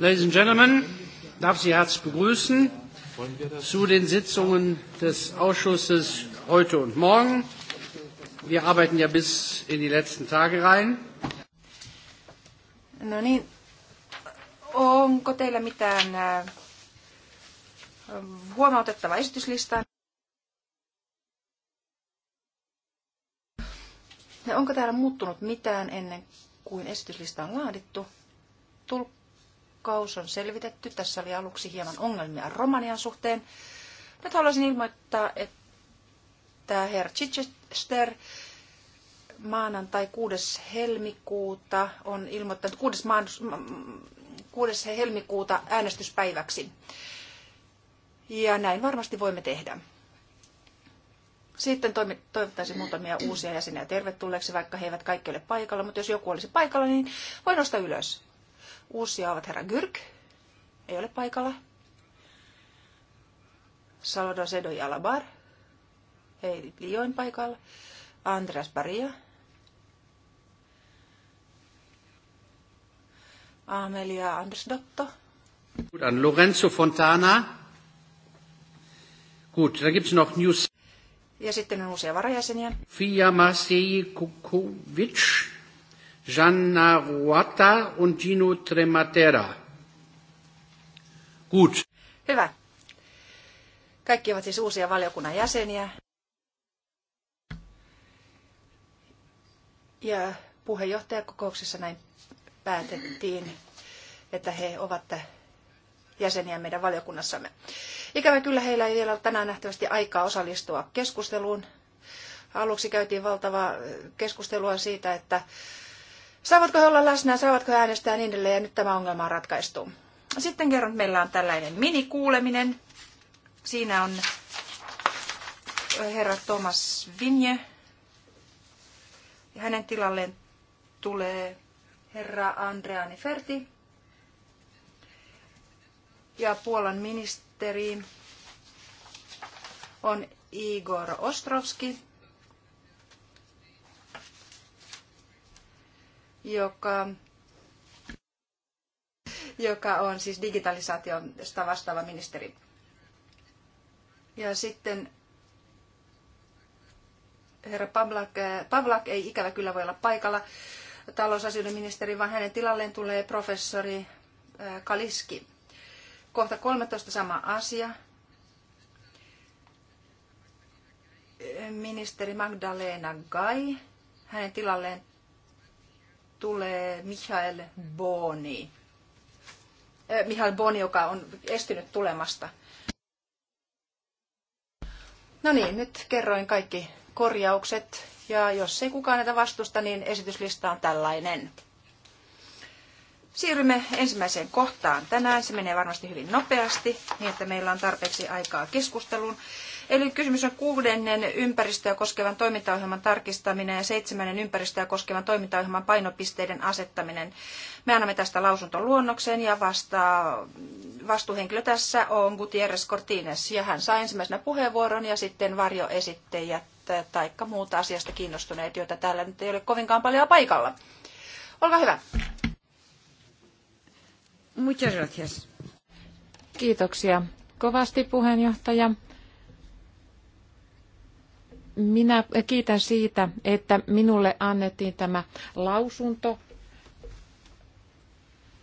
Ladies and Gentlemen, ich darf Sie herzlich begrüßen zu den Sitzungen des Ausschusses heute und morgen. Wir arbeiten ja bis in die letzten Tage rein. No niin. Onko teillä mitään äh, huomautettavaa esityslistaan? No onko täällä muuttunut mitään ennen kuin esityslista on laadittu? Tulkki rikkaus on selvitetty. Tässä oli aluksi hieman ongelmia Romanian suhteen. Nyt haluaisin ilmoittaa, että herra Chichester maanantai 6. helmikuuta on ilmoittanut 6. Maan, 6. helmikuuta äänestyspäiväksi. Ja näin varmasti voimme tehdä. Sitten toivottaisin muutamia uusia jäseniä tervetulleeksi, vaikka he eivät kaikki ole paikalla, mutta jos joku olisi paikalla, niin voi nostaa ylös. Uusia ovat herra Gyrk, ei ole paikalla. Salvador Sedo Jalabar, ei liioin paikalla. Andreas Baria, Amelia Andersdotto. Gut, Lorenzo Fontana. Gut, da gibt's noch News. Ja sitten on uusia varajäseniä. Fia Masejkovic. Gianna Ruota und Gino Trematera. Gut. Hyvä. Kaikki ovat siis uusia valiokunnan jäseniä. Ja puheenjohtajakokouksessa näin päätettiin, että he ovat jäseniä meidän valiokunnassamme. Ikävä kyllä heillä ei vielä tänään nähtävästi aikaa osallistua keskusteluun. Aluksi käytiin valtavaa keskustelua siitä, että Saavatko he olla läsnä, saavatko he äänestää ja niin edelleen, ja nyt tämä ongelma on ratkaistu. Sitten kerron, että meillä on tällainen minikuuleminen. Siinä on herra Thomas Vinje. Ja hänen tilalleen tulee herra Andreani Ferti ja Puolan ministeri on Igor Ostrovski. joka joka on siis digitalisaatiosta vastaava ministeri. Ja sitten herra Pavlak, Pavlak ei ikävä kyllä voi olla paikalla talousasioiden ministeri, vaan hänen tilalleen tulee professori Kaliski. Kohta 13 sama asia. Ministeri Magdalena Gai. Hänen tilalleen tulee Michael Boni. Äh, Michael Boni, joka on estynyt tulemasta. No niin, nyt kerroin kaikki korjaukset. Ja jos ei kukaan näitä vastusta, niin esityslista on tällainen. Siirrymme ensimmäiseen kohtaan tänään. Se menee varmasti hyvin nopeasti, niin että meillä on tarpeeksi aikaa keskusteluun. Eli kysymys on kuudennen ympäristöä koskevan toimintaohjelman tarkistaminen ja seitsemännen ympäristöä koskevan toimintaohjelman painopisteiden asettaminen. Me annamme tästä luonnokseen ja vasta, vastuuhenkilö tässä on Gutierrez Cortines ja hän saa ensimmäisenä puheenvuoron ja sitten varjoesittäjät tai muuta asiasta kiinnostuneet, joita täällä nyt ei ole kovinkaan paljon paikalla. Olkaa hyvä. Muchas gracias. Kiitoksia kovasti puheenjohtaja. Minä kiitän siitä, että minulle annettiin tämä lausunto,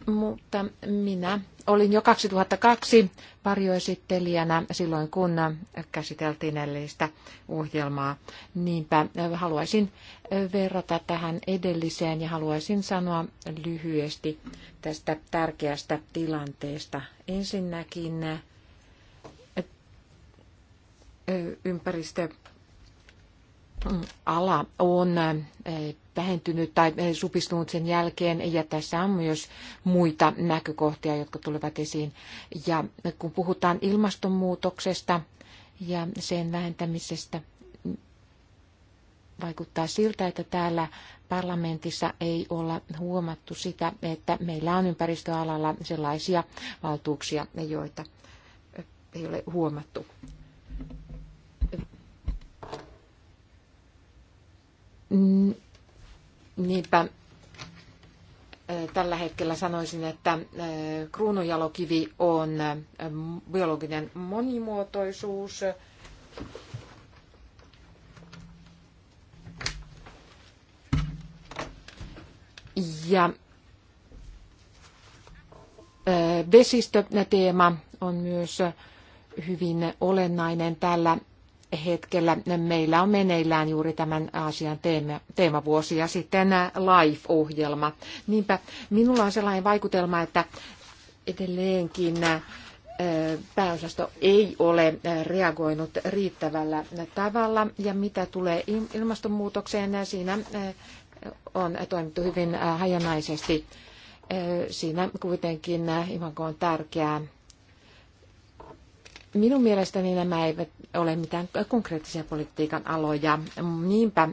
mutta minä olin jo 2002 varjoesittelijänä silloin, kun käsiteltiin edellistä ohjelmaa. Niinpä haluaisin verrata tähän edelliseen ja haluaisin sanoa lyhyesti tästä tärkeästä tilanteesta. Ensinnäkin ympäristö ala on vähentynyt tai supistunut sen jälkeen, ja tässä on myös muita näkökohtia, jotka tulevat esiin. Ja kun puhutaan ilmastonmuutoksesta ja sen vähentämisestä, vaikuttaa siltä, että täällä parlamentissa ei olla huomattu sitä, että meillä on ympäristöalalla sellaisia valtuuksia, joita ei ole huomattu Niinpä tällä hetkellä sanoisin, että kruununjalokivi on biologinen monimuotoisuus. Ja vesistöteema on myös hyvin olennainen tällä hetkellä meillä on meneillään juuri tämän asian teema, teemavuosi ja sitten äh, live-ohjelma. Niinpä minulla on sellainen vaikutelma, että edelleenkin äh, pääosasto ei ole äh, reagoinut riittävällä tavalla. Ja mitä tulee ilmastonmuutokseen, siinä on toimittu hyvin hajanaisesti. Siinä kuitenkin imago on tärkeää Minun mielestäni nämä eivät ole mitään konkreettisia politiikan aloja. Niinpä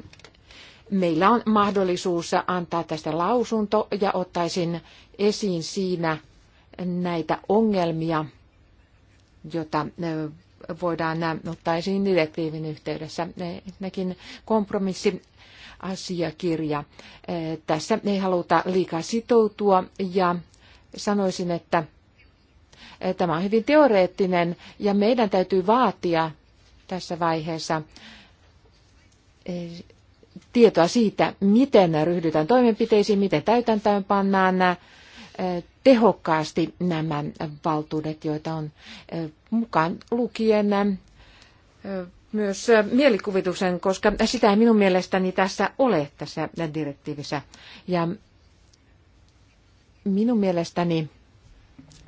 meillä on mahdollisuus antaa tästä lausunto ja ottaisin esiin siinä näitä ongelmia, joita voidaan ottaa esiin direktiivin yhteydessä. Ensinnäkin kompromissi asiakirja. Tässä ei haluta liikaa sitoutua ja sanoisin, että Tämä on hyvin teoreettinen ja meidän täytyy vaatia tässä vaiheessa eh, tietoa siitä, miten ryhdytään toimenpiteisiin, miten täytäntöön pannaan eh, tehokkaasti nämä valtuudet, joita on eh, mukaan lukien myös mielikuvituksen, koska sitä ei minun mielestäni tässä ole tässä direktiivissä. Ja minun mielestäni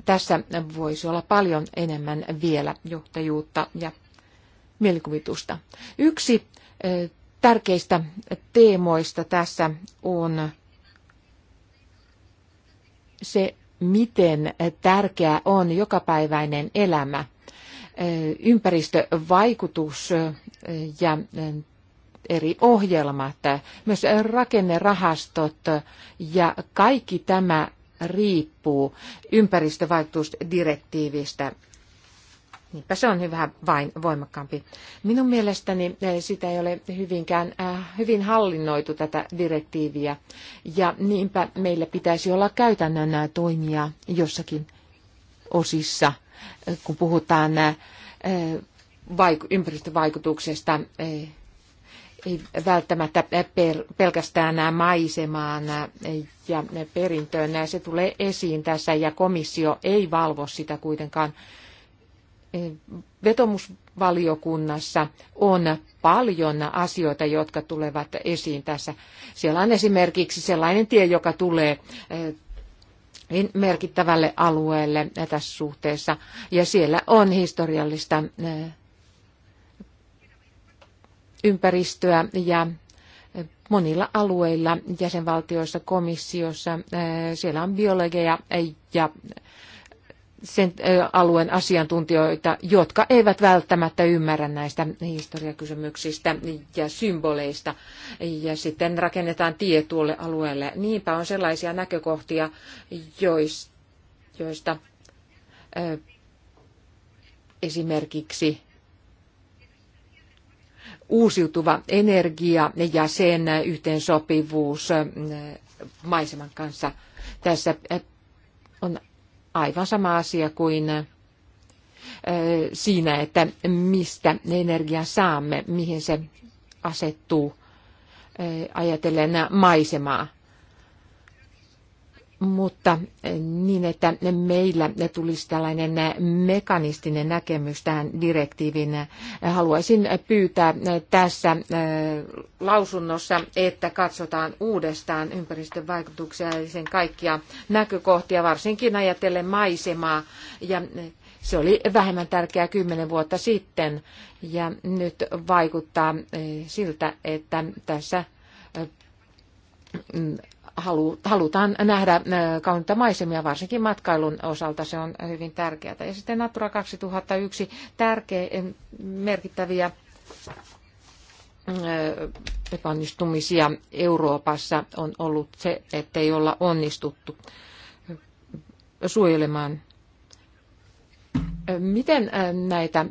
tässä voisi olla paljon enemmän vielä johtajuutta ja mielikuvitusta. Yksi tärkeistä teemoista tässä on se, miten tärkeää on jokapäiväinen elämä, ympäristövaikutus ja eri ohjelmat, myös rakennerahastot ja kaikki tämä riippuu ympäristövaikutusdirektiivistä. Niinpä se on hyvä vain voimakkaampi. Minun mielestäni eh, sitä ei ole hyvinkään äh, hyvin hallinnoitu tätä direktiiviä ja niinpä meillä pitäisi olla käytännön eh, toimia jossakin osissa, kun puhutaan äh, vaik- ympäristövaikutuksesta ei välttämättä pelkästään maisemaan ja perintöön. Se tulee esiin tässä ja komissio ei valvo sitä kuitenkaan. Vetomusvaliokunnassa on paljon asioita, jotka tulevat esiin tässä. Siellä on esimerkiksi sellainen tie, joka tulee eh, merkittävälle alueelle tässä suhteessa. Ja siellä on historiallista eh, ympäristöä ja monilla alueilla, jäsenvaltioissa, komissiossa, eh, siellä on biologeja ja sen eh, alueen asiantuntijoita, jotka eivät välttämättä ymmärrä näistä historiakysymyksistä ja symboleista. Ja sitten rakennetaan tie tuolle alueelle. Niinpä on sellaisia näkökohtia, joista eh, esimerkiksi uusiutuva energia ja sen yhteensopivuus äh, maiseman kanssa. Tässä äh, on aivan sama asia kuin äh, siinä, että mistä energiaa saamme, mihin se asettuu ajatellen maisemaa mutta eh, niin, että meillä tulisi tällainen eh, mekanistinen näkemys tähän direktiivin. Eh, haluaisin pyytää tässä lausunnossa, että katsotaan uudestaan ympäristön vaikutuksia ja sen kaikkia näkökohtia, varsinkin ajatellen maisemaa. Ja se oli vähemmän tärkeää kymmenen vuotta sitten ja nyt vaikuttaa siltä, että tässä halu halutaan nähdä äh, kauniita maisemia, varsinkin matkailun osalta se on hyvin tärkeää. Ja sitten Natura 2001, tärkeä, eh, merkittäviä äh, epäonnistumisia Euroopassa on ollut se, ettei olla onnistuttu suojelemaan. Äh, miten näitä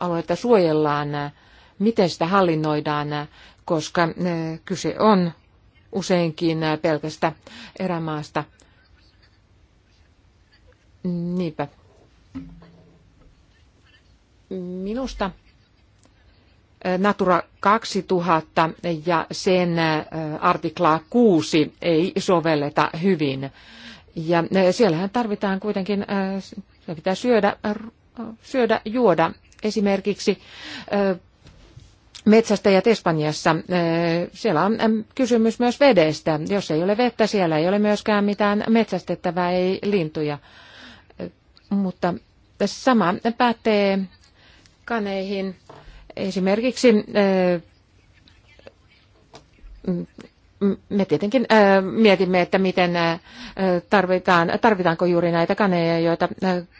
alueita suojellaan, miten sitä hallinnoidaan, koska kyse on useinkin äh, pelkästä erämaasta. Niinpä. Minusta äh, Natura 2000 ja sen äh, artiklaa 6 ei sovelleta hyvin. Ja siellähän tarvitaan kuitenkin, se pitää syödä, syödä juoda. Esimerkiksi metsästäjät Espanjassa, siellä on kysymys myös vedestä. Jos ei ole vettä, siellä ei ole myöskään mitään metsästettävää, ei lintuja. Mutta sama pätee kaneihin. Esimerkiksi me tietenkin mietimme, että miten tarvitaan, tarvitaanko juuri näitä kaneja, joita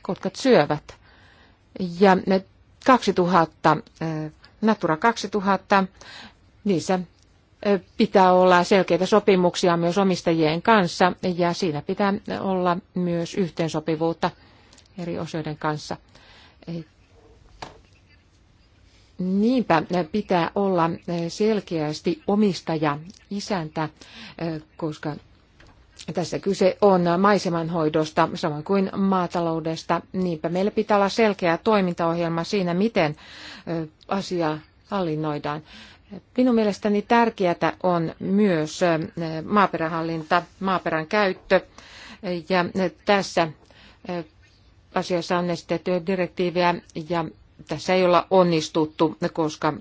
kotkat syövät. Ja 2000 Natura 2000, niissä pitää olla selkeitä sopimuksia myös omistajien kanssa ja siinä pitää olla myös yhteensopivuutta eri osioiden kanssa. Niinpä pitää olla selkeästi omistaja, isäntä, koska tässä kyse on maisemanhoidosta, samoin kuin maataloudesta. Niinpä meillä pitää olla selkeä toimintaohjelma siinä, miten asia hallinnoidaan. Minun mielestäni tärkeää on myös maaperähallinta, maaperän käyttö. Ja tässä asiassa on esitetty direktiiviä ja tässä ei olla onnistuttu, koska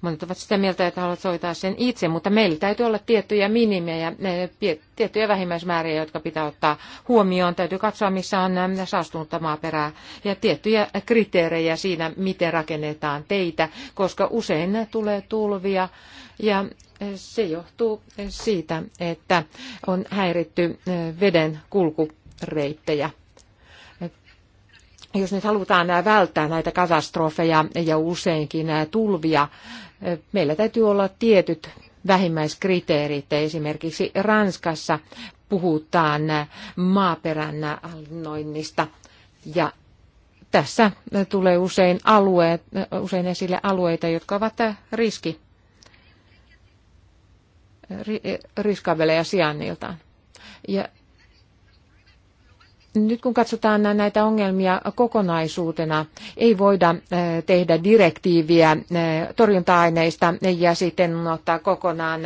Monet ovat sitä mieltä, että haluat soittaa sen itse, mutta meillä täytyy olla tiettyjä minimejä, eh, tiettyjä vähimmäismääriä, jotka pitää ottaa huomioon. Täytyy katsoa, missä on eh, saastunutta maaperää ja tiettyjä kriteerejä siinä, miten rakennetaan teitä, koska usein tulee tulvia ja eh, se johtuu siitä, että on häiritty veden kulkureittejä jos nyt halutaan välttää näitä katastrofeja ja useinkin tulvia, meillä täytyy olla tietyt vähimmäiskriteerit. Esimerkiksi Ranskassa puhutaan maaperän hallinnoinnista ja tässä tulee usein, alueet, usein esille alueita, jotka ovat riski, riskabeleja sijainniltaan. Ja nyt kun katsotaan näitä ongelmia kokonaisuutena, ei voida tehdä direktiiviä torjunta-aineista ja sitten ottaa kokonaan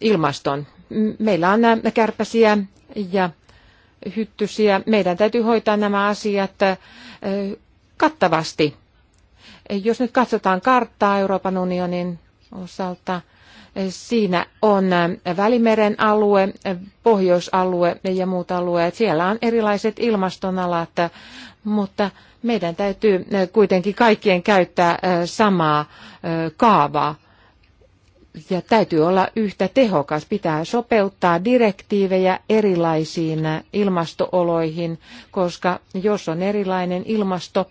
ilmaston. Meillä on kärpäsiä ja hyttysiä. Meidän täytyy hoitaa nämä asiat kattavasti. Jos nyt katsotaan karttaa Euroopan unionin osalta, Siinä on Välimeren alue, pohjoisalue ja muut alueet. Siellä on erilaiset ilmastonalat, mutta meidän täytyy kuitenkin kaikkien käyttää samaa kaavaa ja täytyy olla yhtä tehokas. Pitää sopeuttaa direktiivejä erilaisiin ilmastooloihin, koska jos on erilainen ilmasto,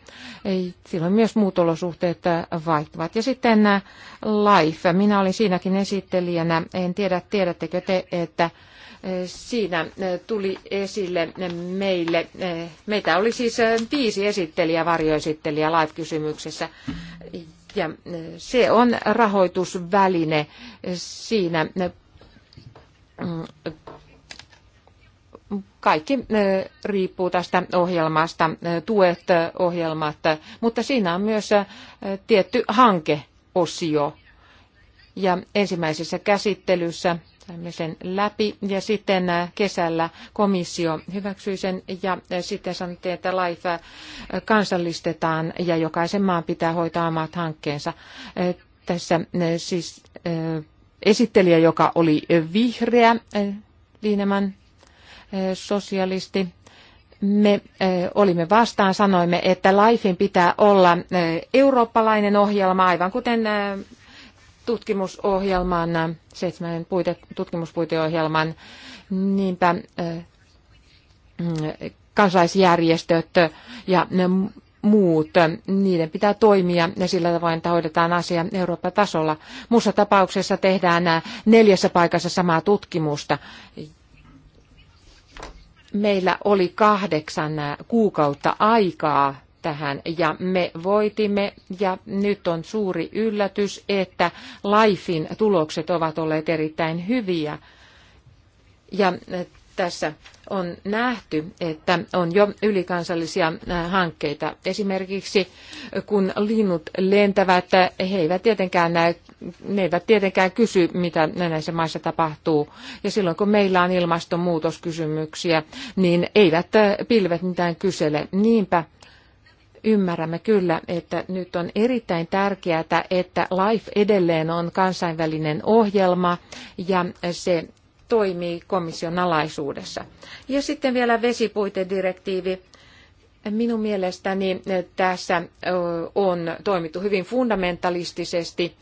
silloin myös muut olosuhteet vaihtuvat. Ja sitten äh, LIFE. Minä olin siinäkin esittelijänä. En tiedä, tiedättekö te, että äh, siinä äh, tuli esille meille, meitä oli siis viisi esittelijä, varjoesittelijä live-kysymyksessä, ja e, se on rahoitusväline. Siinä e, kaikki e, riippuu tästä ohjelmasta, tuet ohjelmat, mutta siinä on myös tietty hankeosio. Ja ensimmäisessä käsittelyssä saimme sen läpi ja sitten äh, kesällä komissio hyväksyi sen ja äh, sitten sanottiin, että LIFE äh, kansallistetaan ja jokaisen maan pitää hoitaa omat hankkeensa. Tässä siis esittelijä, joka oli vihreä, Liineman sosialisti, me olimme vastaan, sanoimme, että LIFEin pitää olla eurooppalainen ohjelma, aivan kuten tutkimusohjelman, seitsemän puite, tutkimuspuiteohjelman, niinpä eh, kansalaisjärjestöt ja ne muut, niiden pitää toimia ja sillä tavoin, että hoidetaan asia Euroopan tasolla. Muussa tapauksessa tehdään neljässä paikassa samaa tutkimusta. Meillä oli kahdeksan kuukautta aikaa tähän ja me voitimme ja nyt on suuri yllätys, että LIFEin tulokset ovat olleet erittäin hyviä. Ja äh, tässä on nähty, että on jo ylikansallisia äh, hankkeita. Esimerkiksi äh, kun linnut lentävät, he eivät tietenkään näy, ne eivät tietenkään kysy, mitä näissä maissa tapahtuu. Ja silloin kun meillä on ilmastonmuutoskysymyksiä, niin eivät pilvet mitään kysele. Niinpä ymmärrämme kyllä, että nyt on erittäin tärkeää, että LIFE edelleen on kansainvälinen ohjelma ja se toimii komission alaisuudessa. Ja sitten vielä vesipuitedirektiivi. Minun mielestäni tässä on toimittu hyvin fundamentalistisesti.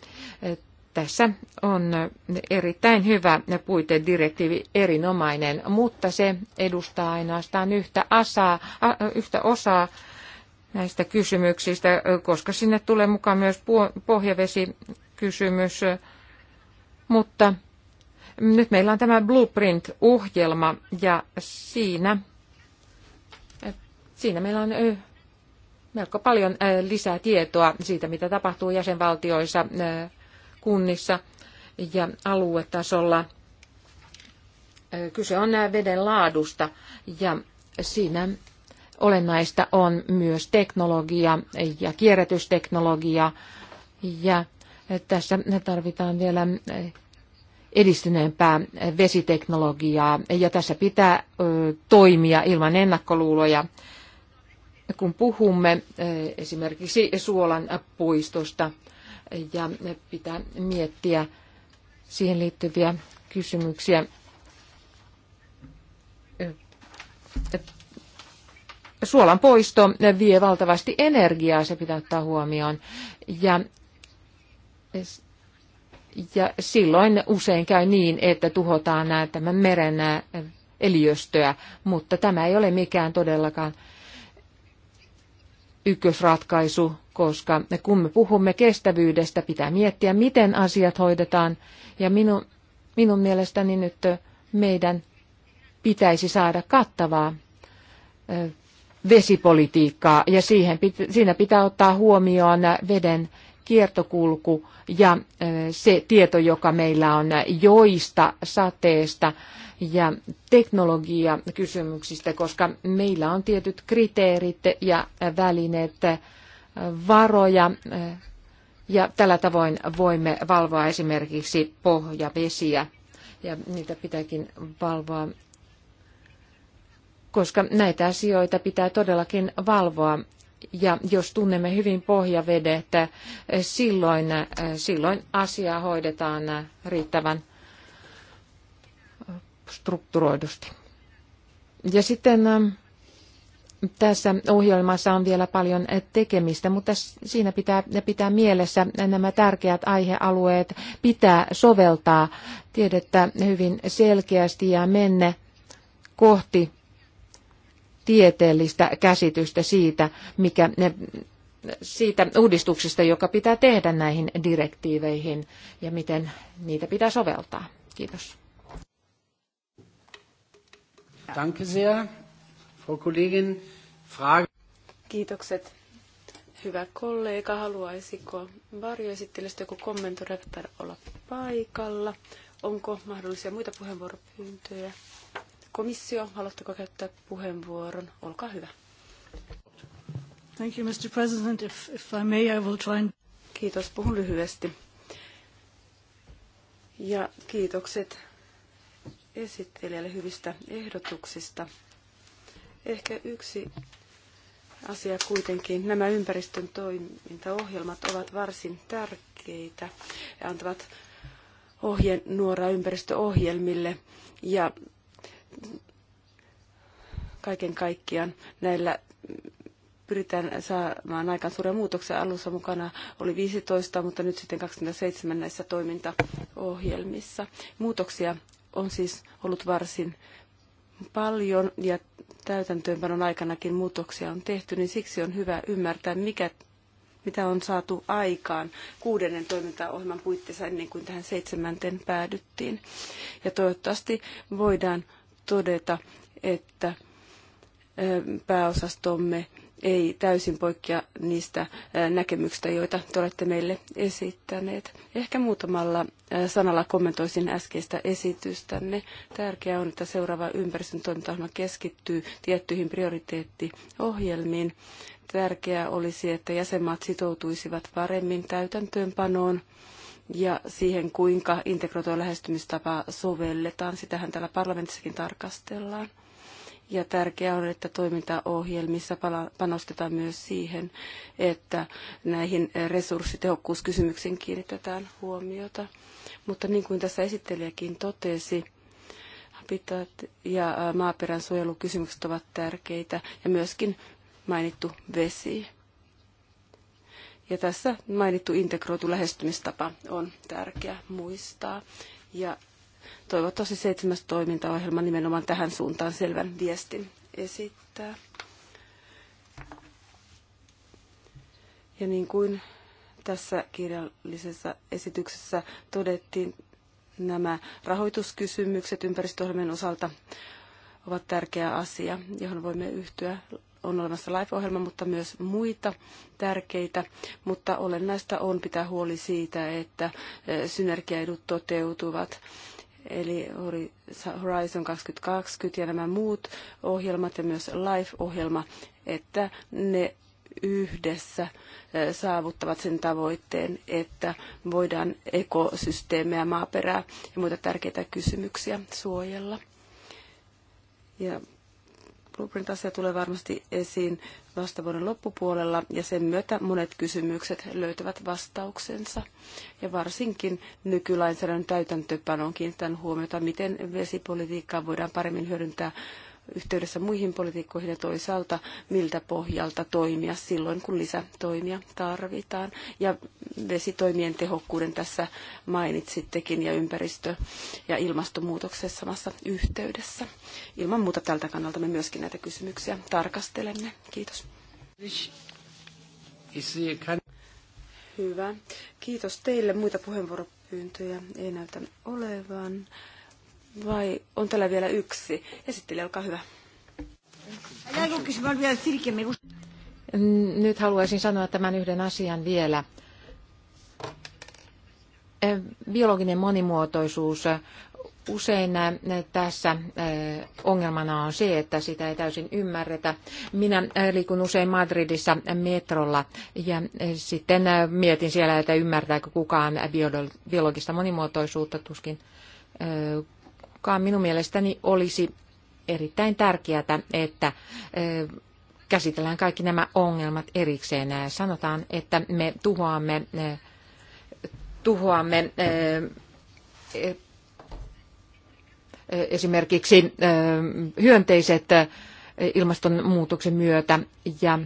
Tässä on erittäin hyvä puitedirektiivi, erinomainen, mutta se edustaa ainoastaan yhtä, asaa, yhtä osaa näistä kysymyksistä, koska sinne tulee mukaan myös pohjavesikysymys. Mutta nyt meillä on tämä Blueprint-ohjelma ja siinä, siinä meillä on melko paljon lisää tietoa siitä, mitä tapahtuu jäsenvaltioissa, kunnissa ja aluetasolla. Kyse on veden laadusta ja siinä olennaista on myös teknologia ja kierrätysteknologia. Ja tässä tarvitaan vielä edistyneempää vesiteknologiaa ja tässä pitää toimia ilman ennakkoluuloja. Kun puhumme esimerkiksi suolan poistosta ja pitää miettiä siihen liittyviä kysymyksiä, suolan poisto vie valtavasti energiaa, se pitää ottaa huomioon. Ja, ja silloin usein käy niin, että tuhotaan tämän meren eliöstöä, mutta tämä ei ole mikään todellakaan ykkösratkaisu, koska kun me puhumme kestävyydestä, pitää miettiä, miten asiat hoidetaan. Ja minu, minun mielestäni nyt meidän pitäisi saada kattavaa vesipolitiikkaa ja siihen, siinä pitää ottaa huomioon veden kiertokulku ja se tieto, joka meillä on joista, sateesta ja teknologiakysymyksistä, koska meillä on tietyt kriteerit ja välineet varoja ja tällä tavoin voimme valvoa esimerkiksi pohjavesiä ja niitä pitääkin valvoa koska näitä asioita pitää todellakin valvoa. Ja jos tunnemme hyvin pohjavedet, eh, silloin, eh, silloin asia hoidetaan eh, riittävän strukturoidusti. Ja sitten tässä ohjelmassa on vielä paljon tekemistä, mutta siinä pitää pitää mielessä nämä tärkeät aihealueet, pitää soveltaa tiedettä hyvin selkeästi ja mennä kohti tieteellistä käsitystä siitä, mikä ne, siitä uudistuksesta, joka pitää tehdä näihin direktiiveihin ja miten niitä pitää soveltaa. Kiitos. Danke sehr, Frau Kollegin. Frage. Kiitokset. Hyvä kollega, haluaisiko varjoesittelystä joku kommentoida olla paikalla? Onko mahdollisia muita puheenvuoropyyntöjä? Komissio, haluatteko käyttää puheenvuoron? Olkaa hyvä. Thank you, Mr. President. If, if I may, I will try and... Kiitos, puhun lyhyesti. Ja kiitokset esittelijälle hyvistä ehdotuksista. Ehkä yksi asia kuitenkin. Nämä ympäristön toimintaohjelmat ovat varsin tärkeitä ja antavat nuora ympäristöohjelmille ja kaiken kaikkiaan näillä pyritään saamaan aikaan suuria muutoksia. Alussa mukana oli 15, mutta nyt sitten 27 näissä toimintaohjelmissa. Muutoksia on siis ollut varsin paljon ja täytäntöönpanon aikanakin muutoksia on tehty, niin siksi on hyvä ymmärtää, mikä, mitä on saatu aikaan kuudennen toimintaohjelman puitteissa ennen kuin tähän seitsemänteen päädyttiin. Ja toivottavasti voidaan todeta, että pääosastomme ei täysin poikkea niistä näkemyksistä, joita te olette meille esittäneet. Ehkä muutamalla sanalla kommentoisin äskeistä esitystänne. Tärkeää on, että seuraava ympäristön toimintaohjelma keskittyy tiettyihin prioriteettiohjelmiin. Tärkeää olisi, että jäsenmaat sitoutuisivat paremmin täytäntöönpanoon ja siihen, kuinka integroitua lähestymistapaa sovelletaan. Sitähän täällä parlamentissakin tarkastellaan. Ja tärkeää on, että toimintaohjelmissa panostetaan myös siihen, että näihin resurssitehokkuuskysymyksiin kiinnitetään huomiota. Mutta niin kuin tässä esittelijäkin totesi, habitat ja maaperän suojelukysymykset ovat tärkeitä ja myöskin mainittu vesi. Ja tässä mainittu integroitu lähestymistapa on tärkeä muistaa. Ja toivottavasti seitsemäs toimintaohjelma nimenomaan tähän suuntaan selvän viestin esittää. Ja niin kuin tässä kirjallisessa esityksessä todettiin, nämä rahoituskysymykset ympäristöohjelmien osalta ovat tärkeä asia, johon voimme yhtyä on olemassa LIFE-ohjelma, mutta myös muita tärkeitä, mutta olennaista on pitää huoli siitä, että eh, synergiaedut toteutuvat eli Horizon 2020 ja nämä muut ohjelmat ja myös LIFE-ohjelma, että ne yhdessä eh, saavuttavat sen tavoitteen, että voidaan ekosysteemejä, maaperää ja muita tärkeitä kysymyksiä suojella. Ja Blueprint-asia tulee varmasti esiin vasta vuoden loppupuolella ja sen myötä monet kysymykset löytävät vastauksensa. Ja varsinkin nykylainsäädännön täytäntöpanoon kiinnitän huomiota, miten vesipolitiikkaa voidaan paremmin hyödyntää yhteydessä muihin politiikkoihin ja toisaalta miltä pohjalta toimia silloin, kun lisätoimia tarvitaan. Ja vesitoimien tehokkuuden tässä mainitsittekin ja ympäristö- ja ilmastonmuutoksessa samassa yhteydessä. Ilman muuta tältä kannalta me myöskin näitä kysymyksiä tarkastelemme. Kiitos. Hyvä. Kiitos teille. Muita puheenvuoropyyntöjä ei näytä olevan. Vai on täällä vielä yksi? Esittele, olkaa hyvä. Nyt haluaisin sanoa tämän yhden asian vielä. Biologinen monimuotoisuus. Usein tässä ongelmana on se, että sitä ei täysin ymmärretä. Minä liikun usein Madridissa metrolla ja sitten mietin siellä, että ymmärtääkö kukaan biologista monimuotoisuutta tuskin mukaan minun mielestäni olisi erittäin tärkeää, että käsitellään kaikki nämä ongelmat erikseen. Sanotaan, että me tuhoamme, tuhoamme e, esimerkiksi hyönteiset ilmastonmuutoksen myötä ja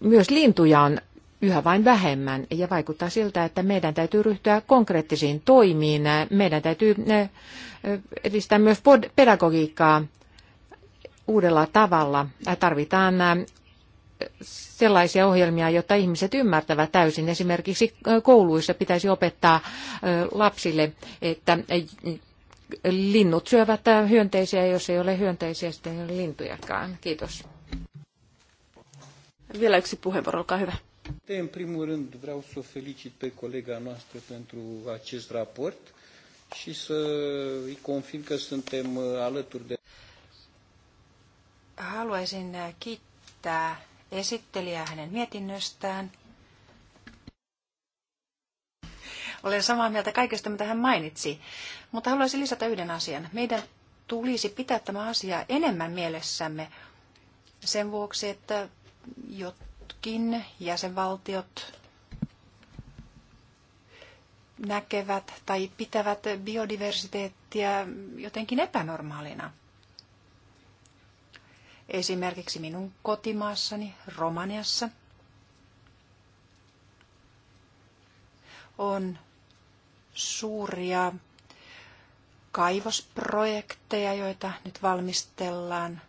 myös lintuja on yhä vain vähemmän ja vaikuttaa siltä, että meidän täytyy ryhtyä konkreettisiin toimiin. Meidän täytyy eh, eh, edistää myös pedagogiikkaa uudella tavalla. Tarvitaan eh, sellaisia ohjelmia, jotta ihmiset ymmärtävät täysin. Esimerkiksi kouluissa pitäisi opettaa lapsille, että linnut syövät hyönteisiä, jos ei ole hyönteisiä, sitten ei ole lintujakaan. Kiitos. Vielä yksi puheenvuoro, olkaa hyvä. În primul rând vreau să o felicit pe colega noastră pentru acest raport și să îi confirm că suntem uh, alături de... Haluaisin uh, kiittää esittelijää hänen mietinnöstään. Olen samaa mieltä kaikesta, mitä hän mainitsi, mutta haluaisin lisätä yhden asian. Meidän tulisi pitää tämä asia enemmän mielessämme sen vuoksi, että jotta myöskin jäsenvaltiot näkevät tai pitävät biodiversiteettiä jotenkin epänormaalina. Esimerkiksi minun kotimaassani Romaniassa on suuria kaivosprojekteja, joita nyt valmistellaan –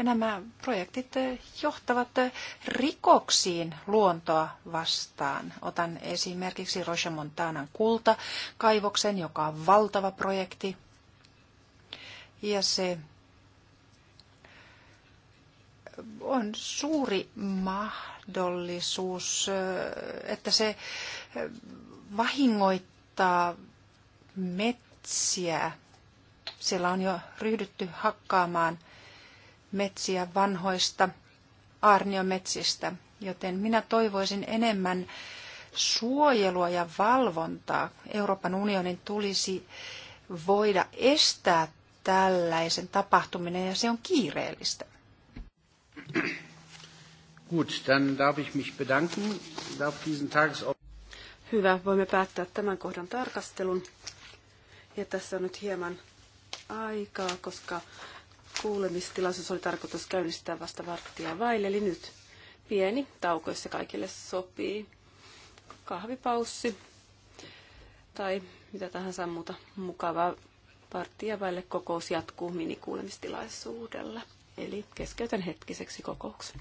ja nämä projektit eh, johtavat eh, rikoksiin luontoa vastaan. Otan esimerkiksi Roche Montanan kultakaivoksen, joka on valtava projekti. Ja se eh, on suuri mahdollisuus, että se vahingoittaa metsiä. Siellä on jo ryhdytty hakkaamaan – metsiä vanhoista aarniometsistä, joten minä toivoisin enemmän suojelua ja valvontaa. Euroopan unionin tulisi voida estää tällaisen tapahtuminen ja se on kiireellistä. Gut, dann darf ich mich bedanken. Darf diesen Hyvä, voimme päättää tämän kohdan tarkastelun. Ja tässä on nyt hieman aikaa, koska kuulemistilaisuus oli tarkoitus käynnistää vasta varttia vaille, eli nyt pieni tauko, jos se kaikille sopii. Kahvipaussi tai mitä tahansa muuta mukavaa varttia vaille kokous jatkuu minikuulemistilaisuudella. Eli keskeytän hetkiseksi kokouksen.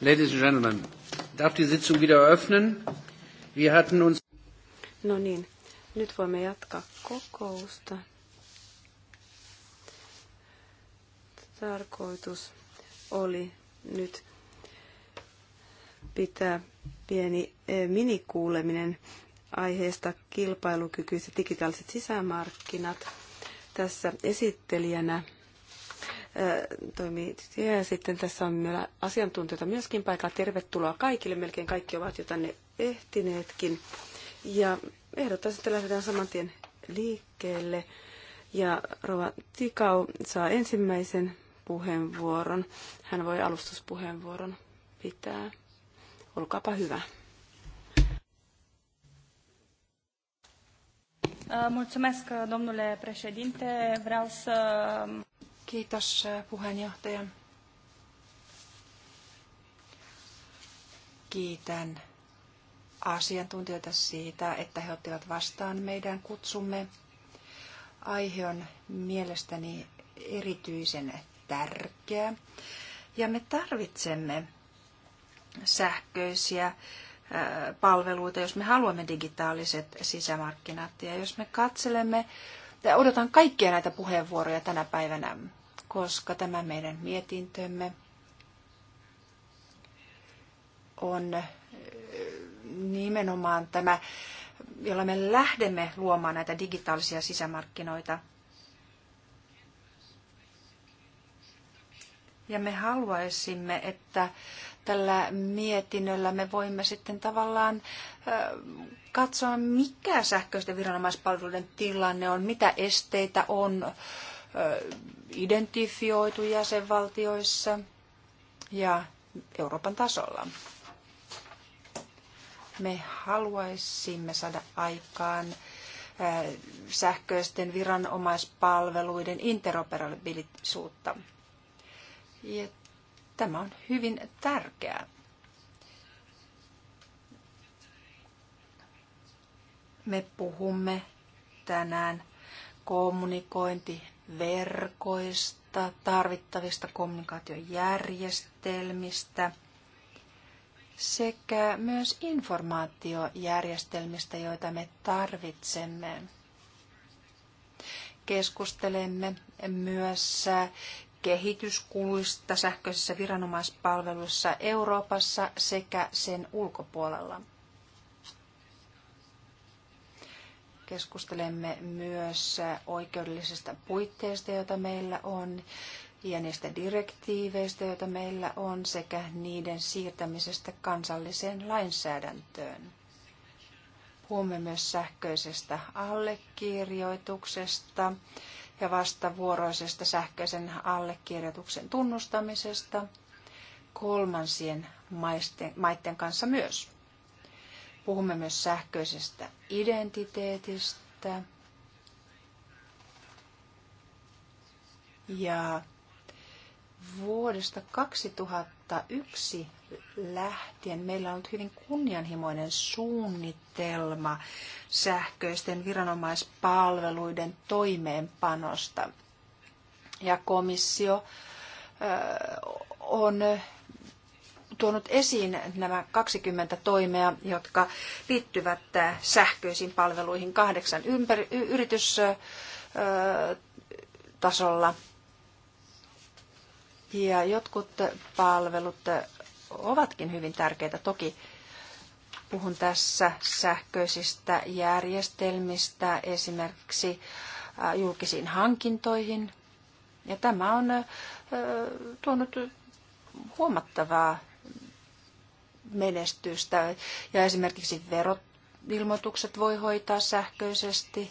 Ladies and gentlemen, darf die Sitzung wieder eröffnen? Wir hatten uns... No niin, nyt voimme jatkaa kokousta. Tarkoitus oli nyt pitää pieni e, minikuuleminen aiheesta kilpailukykyiset digitaaliset sisämarkkinat. Tässä esittelijänä toimii. Ja sitten tässä on meillä asiantuntijoita myöskin paikalla. Tervetuloa kaikille. Melkein kaikki ovat jo tänne ehtineetkin. Ja ehdottaisin, että lähdetään saman tien liikkeelle. Ja Rova Tikau saa ensimmäisen puheenvuoron. Hän voi alustuspuheenvuoron pitää. Olkaapa hyvä. Mulțumesc, domnule președinte. Vreau să... Kiitos puheenjohtaja. Kiitän asiantuntijoita siitä, että he ottivat vastaan meidän kutsumme. Aihe on mielestäni erityisen tärkeä ja me tarvitsemme sähköisiä palveluita, jos me haluamme digitaaliset sisämarkkinat. Ja jos me katselemme, odotan kaikkia näitä puheenvuoroja tänä päivänä, koska tämä meidän mietintömme on nimenomaan tämä, jolla me lähdemme luomaan näitä digitaalisia sisämarkkinoita. Ja me haluaisimme, että tällä mietinnöllä me voimme sitten tavallaan katsoa, mikä sähköisten viranomaispalveluiden tilanne on, mitä esteitä on, identifioitu jäsenvaltioissa ja Euroopan tasolla. Me haluaisimme saada aikaan sähköisten viranomaispalveluiden interoperabilisuutta. Ja tämä on hyvin tärkeää. Me puhumme tänään kommunikointi verkoista, tarvittavista kommunikaatiojärjestelmistä sekä myös informaatiojärjestelmistä, joita me tarvitsemme. Keskustelemme myös kehityskuluista sähköisissä viranomaispalveluissa Euroopassa sekä sen ulkopuolella. Keskustelemme myös oikeudellisista puitteista, joita meillä on, ja niistä direktiiveistä, joita meillä on, sekä niiden siirtämisestä kansalliseen lainsäädäntöön. Puhumme myös sähköisestä allekirjoituksesta ja vastavuoroisesta sähköisen allekirjoituksen tunnustamisesta kolmansien maisten, maiden kanssa myös. Puhumme myös sähköisestä identiteetistä ja vuodesta 2001 lähtien meillä on ollut hyvin kunnianhimoinen suunnitelma sähköisten viranomaispalveluiden toimeenpanosta. Ja komissio on tuonut esiin nämä 20 toimea, jotka liittyvät äh, sähköisiin palveluihin kahdeksan ympär- yritystasolla. Ja jotkut palvelut ovatkin hyvin tärkeitä. Toki puhun tässä sähköisistä järjestelmistä esimerkiksi julkisiin hankintoihin. Ja tämä on tuonut huomattavaa menestystä. Ja esimerkiksi veroilmoitukset voi hoitaa sähköisesti,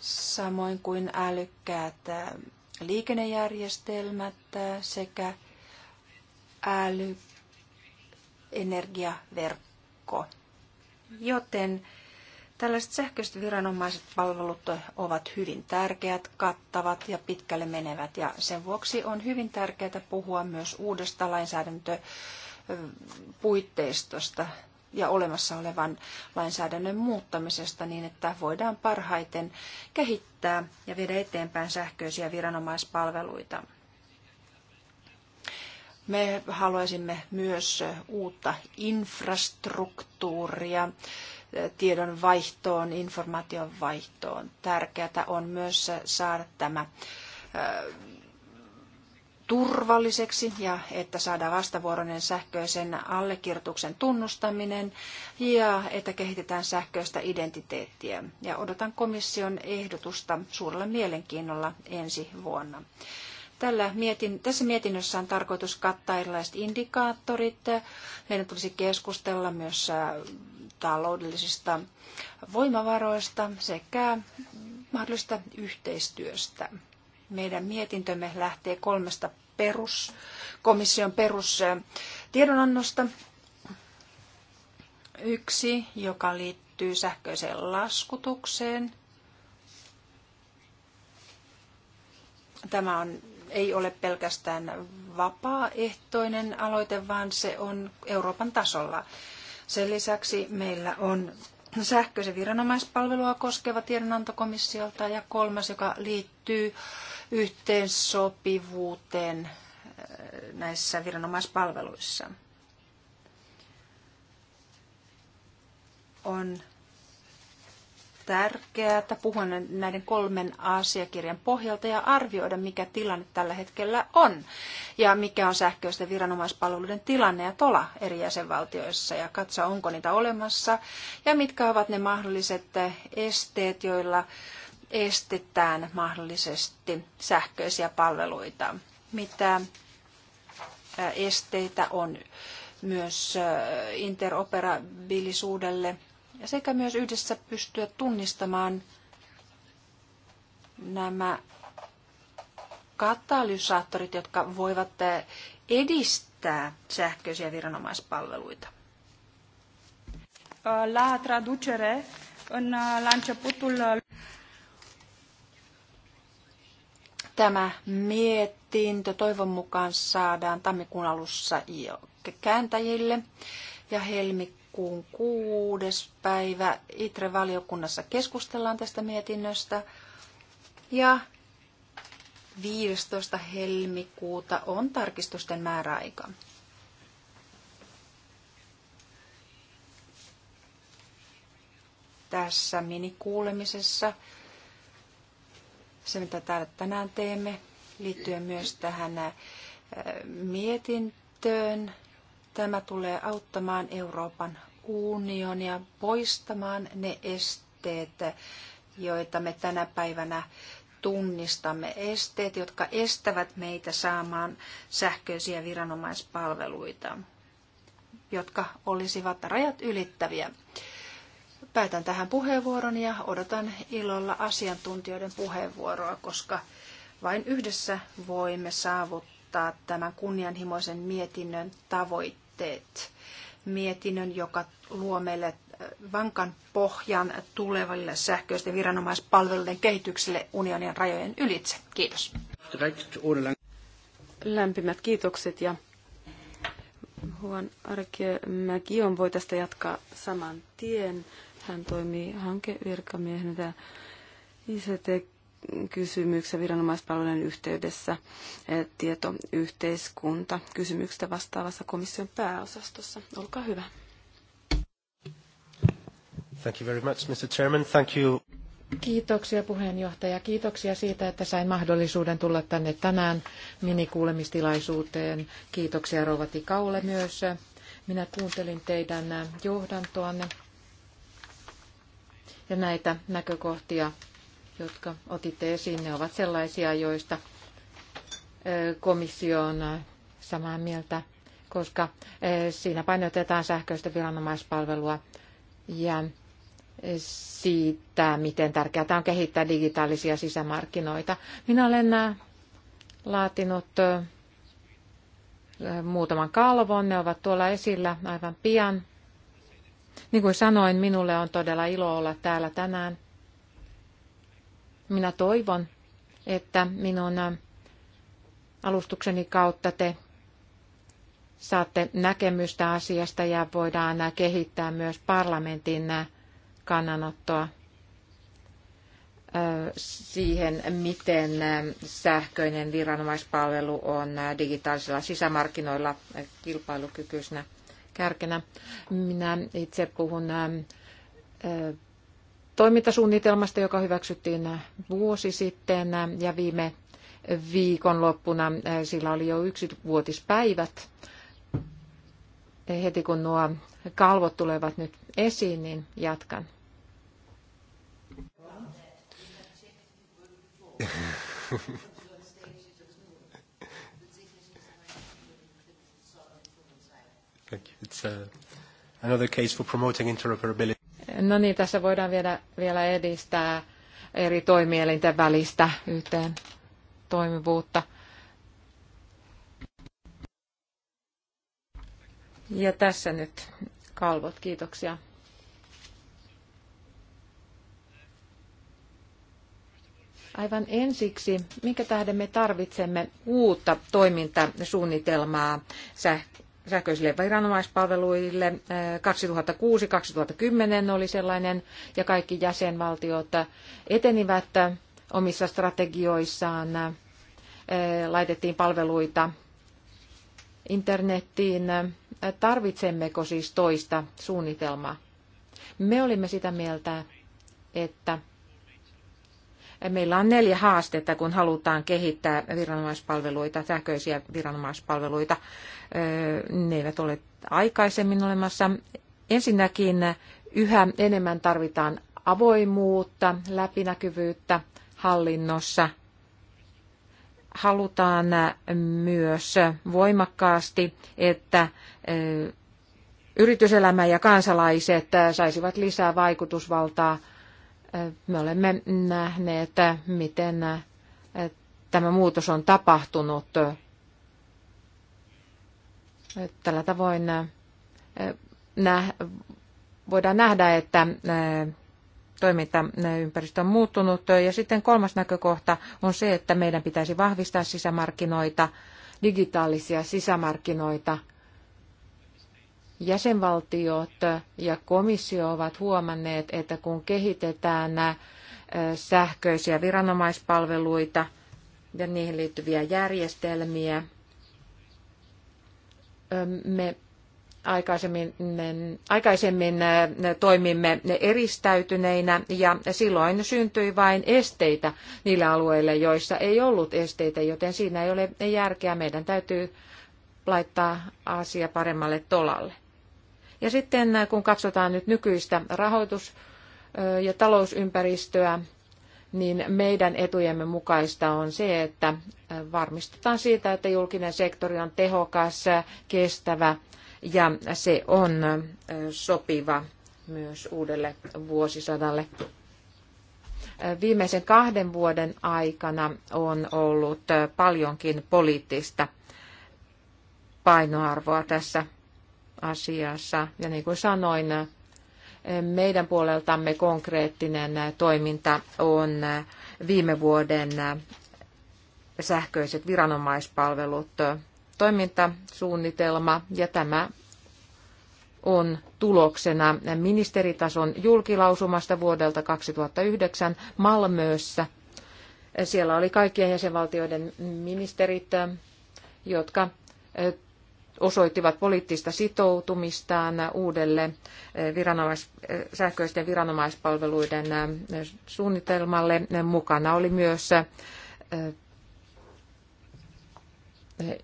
samoin kuin älykkäät äh, liikennejärjestelmät äh, sekä älyenergiaverkko. Joten Tällaiset sähköiset viranomaiset palvelut ovat hyvin tärkeät, kattavat ja pitkälle menevät ja sen vuoksi on hyvin tärkeää puhua myös uudesta lainsäädäntöpuitteistosta ja olemassa olevan lainsäädännön muuttamisesta niin, että voidaan parhaiten kehittää ja viedä eteenpäin sähköisiä viranomaispalveluita. Me haluaisimme myös uutta infrastruktuuria tiedon vaihtoon, informaation vaihtoon. Tärkeää on myös saada tämä turvalliseksi ja että saadaan vastavuoroinen sähköisen allekirjoituksen tunnustaminen ja että kehitetään sähköistä identiteettiä. Ja odotan komission ehdotusta suurella mielenkiinnolla ensi vuonna. Tällä mietin, tässä mietinnössä on tarkoitus kattaa erilaiset indikaattorit. Meidän tulisi keskustella myös taloudellisista voimavaroista sekä mahdollisesta yhteistyöstä. Meidän mietintömme lähtee kolmesta perus, komission perustiedonannosta. Yksi, joka liittyy sähköiseen laskutukseen. Tämä on, ei ole pelkästään vapaaehtoinen aloite, vaan se on Euroopan tasolla. Sen lisäksi meillä on sähköisen viranomaispalvelua koskeva tiedonanto komissiolta ja kolmas, joka liittyy yhteensopivuuteen äh, näissä viranomaispalveluissa. On tärkeää että puhun näiden kolmen asiakirjan pohjalta ja arvioida, mikä tilanne tällä hetkellä on ja mikä on sähköisten viranomaispalveluiden tilanne ja tola eri jäsenvaltioissa ja katsoa, onko niitä olemassa ja mitkä ovat ne mahdolliset esteet, joilla estetään mahdollisesti sähköisiä palveluita. Mitä esteitä on myös interoperabilisuudelle ja sekä myös yhdessä pystyä tunnistamaan nämä katalysaattorit, jotka voivat eh, edistää sähköisiä viranomaispalveluita. Eh, la traducere on eh, la începutul... Tämä mietintö toivon mukaan saadaan tammikuun alussa jo kääntäjille ja helmikuun Lokakuun kuudes päivä ITRE-valiokunnassa keskustellaan tästä mietinnöstä. Ja 15. helmikuuta on tarkistusten määräaika. Tässä minikuulemisessa se, mitä täällä tänään teemme, liittyen myös tähän äh, mietintöön Tämä tulee auttamaan Euroopan unionia poistamaan ne esteet, joita me tänä päivänä tunnistamme. Esteet, jotka estävät meitä saamaan sähköisiä viranomaispalveluita, jotka olisivat rajat ylittäviä. Päätän tähän puheenvuoron ja odotan ilolla asiantuntijoiden puheenvuoroa, koska vain yhdessä voimme saavuttaa tämän kunnianhimoisen mietinnön tavoitteen teet mietinnön, joka luo meille äh, vankan pohjan tuleville sähköisten viranomaispalveluiden kehitykselle unionin rajojen ylitse. Kiitos. Lämpimät kiitokset ja Juan Arke Mäkion voi tästä jatkaa saman tien. Hän toimii hankevirkamiehenä ICT kysymyksiä viranomaispalvelujen yhteydessä eh, tietoyhteiskunta kysymyksistä vastaavassa komission pääosastossa. Olkaa hyvä. Thank you very much, Mr. Chairman. Thank you. Kiitoksia puheenjohtaja. Kiitoksia siitä, että sain mahdollisuuden tulla tänne tänään minikuulemistilaisuuteen. Kiitoksia Rova Tikaulle myös. Minä kuuntelin teidän johdantoanne ja näitä näkökohtia jotka otitte esiin, ne ovat sellaisia, joista komissio on samaa mieltä, koska siinä painotetaan sähköistä viranomaispalvelua ja siitä, miten tärkeää on kehittää digitaalisia sisämarkkinoita. Minä olen laatinut muutaman kalvon, ne ovat tuolla esillä aivan pian. Niin kuin sanoin, minulle on todella ilo olla täällä tänään minä toivon, että minun äh, alustukseni kautta te saatte näkemystä asiasta ja voidaan äh, kehittää myös parlamentin äh, kannanottoa siihen, miten sähköinen viranomaispalvelu on digitaalisilla sisämarkkinoilla kilpailukykyisenä kärkenä. Minä itse puhun toimintasuunnitelmasta, joka hyväksyttiin vuosi sitten ja viime viikonloppuna eh, sillä oli jo yksivuotispäivät. Heti kun nuo kalvot tulevat nyt esiin, niin jatkan. Thank you. It's uh, another case for promoting interoperability. No niin, tässä voidaan vielä, vielä edistää eri toimielinten välistä yhteen toimivuutta. Ja tässä nyt kalvot, kiitoksia. Aivan ensiksi, minkä tähden me tarvitsemme uutta toimintasuunnitelmaa sähköisille viranomaispalveluille. 2006-2010 äh, oli sellainen, ja kaikki jäsenvaltiot etenivät omissa strategioissaan. Äh, laitettiin palveluita internettiin. Tarvitsemmeko siis toista suunnitelmaa? Me olimme sitä mieltä, että Meillä on neljä haastetta, kun halutaan kehittää viranomaispalveluita, sähköisiä viranomaispalveluita. Ne eivät ole aikaisemmin olemassa. Ensinnäkin yhä enemmän tarvitaan avoimuutta, läpinäkyvyyttä hallinnossa. Halutaan myös voimakkaasti, että yrityselämä ja kansalaiset saisivat lisää vaikutusvaltaa – me olemme nähneet, miten äh, tämä muutos on tapahtunut. Tällä tavoin äh, voidaan nähdä, että äh, toimintaympäristö on muuttunut. Ja sitten kolmas näkökohta on se, että meidän pitäisi vahvistaa sisämarkkinoita, digitaalisia sisämarkkinoita – Jäsenvaltiot ja komissio ovat huomanneet, että kun kehitetään äh, sähköisiä viranomaispalveluita ja niihin liittyviä järjestelmiä, ähm, me aikaisemmin, aikaisemmin äh, toimimme eristäytyneinä ja silloin syntyi vain esteitä niillä alueille, joissa ei ollut esteitä, joten siinä ei ole järkeä. Meidän täytyy laittaa asia paremmalle tolalle. Ja sitten äh, kun katsotaan nyt nykyistä rahoitus- ja talousympäristöä, niin meidän etujemme mukaista on se, että äh, varmistetaan siitä, että julkinen sektori on tehokas, kestävä ja se on äh, sopiva myös uudelle vuosisadalle. Viimeisen kahden vuoden aikana on ollut paljonkin poliittista painoarvoa tässä asiassa. Ja niin kuin sanoin, meidän puoleltamme konkreettinen toiminta on viime vuoden sähköiset viranomaispalvelut toimintasuunnitelma ja tämä on tuloksena ministeritason julkilausumasta vuodelta 2009 Malmössä. Siellä oli kaikkien jäsenvaltioiden ministerit, jotka osoittivat poliittista sitoutumistaan uudelle eh, viranomais, eh, sähköisten viranomaispalveluiden eh, suunnitelmalle. Mukana oli myös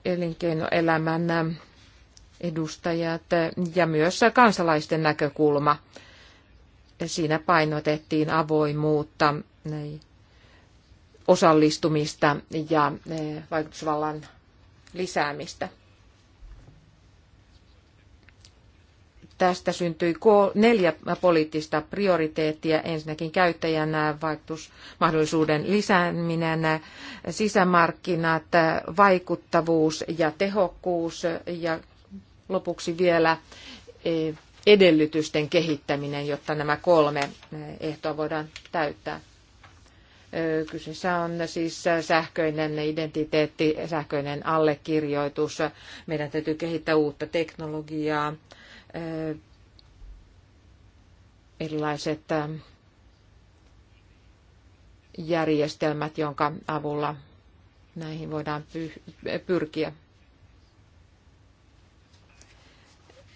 elinkeinoelämän edustajat ja myös kansalaisten näkökulma. Siinä painotettiin avoimuutta, osallistumista ja vaikutusvallan lisäämistä. Tästä syntyi neljä poliittista prioriteettia. Ensinnäkin käyttäjän äh, vaikutusmahdollisuuden lisääminen, äh, sisämarkkinat, äh, vaikuttavuus ja tehokkuus ja lopuksi vielä e, edellytysten kehittäminen, jotta nämä kolme ehtoa voidaan täyttää. Kyseessä on siis sähköinen identiteetti, sähköinen allekirjoitus. Meidän täytyy kehittää uutta teknologiaa, erilaiset järjestelmät, jonka avulla näihin voidaan pyrkiä.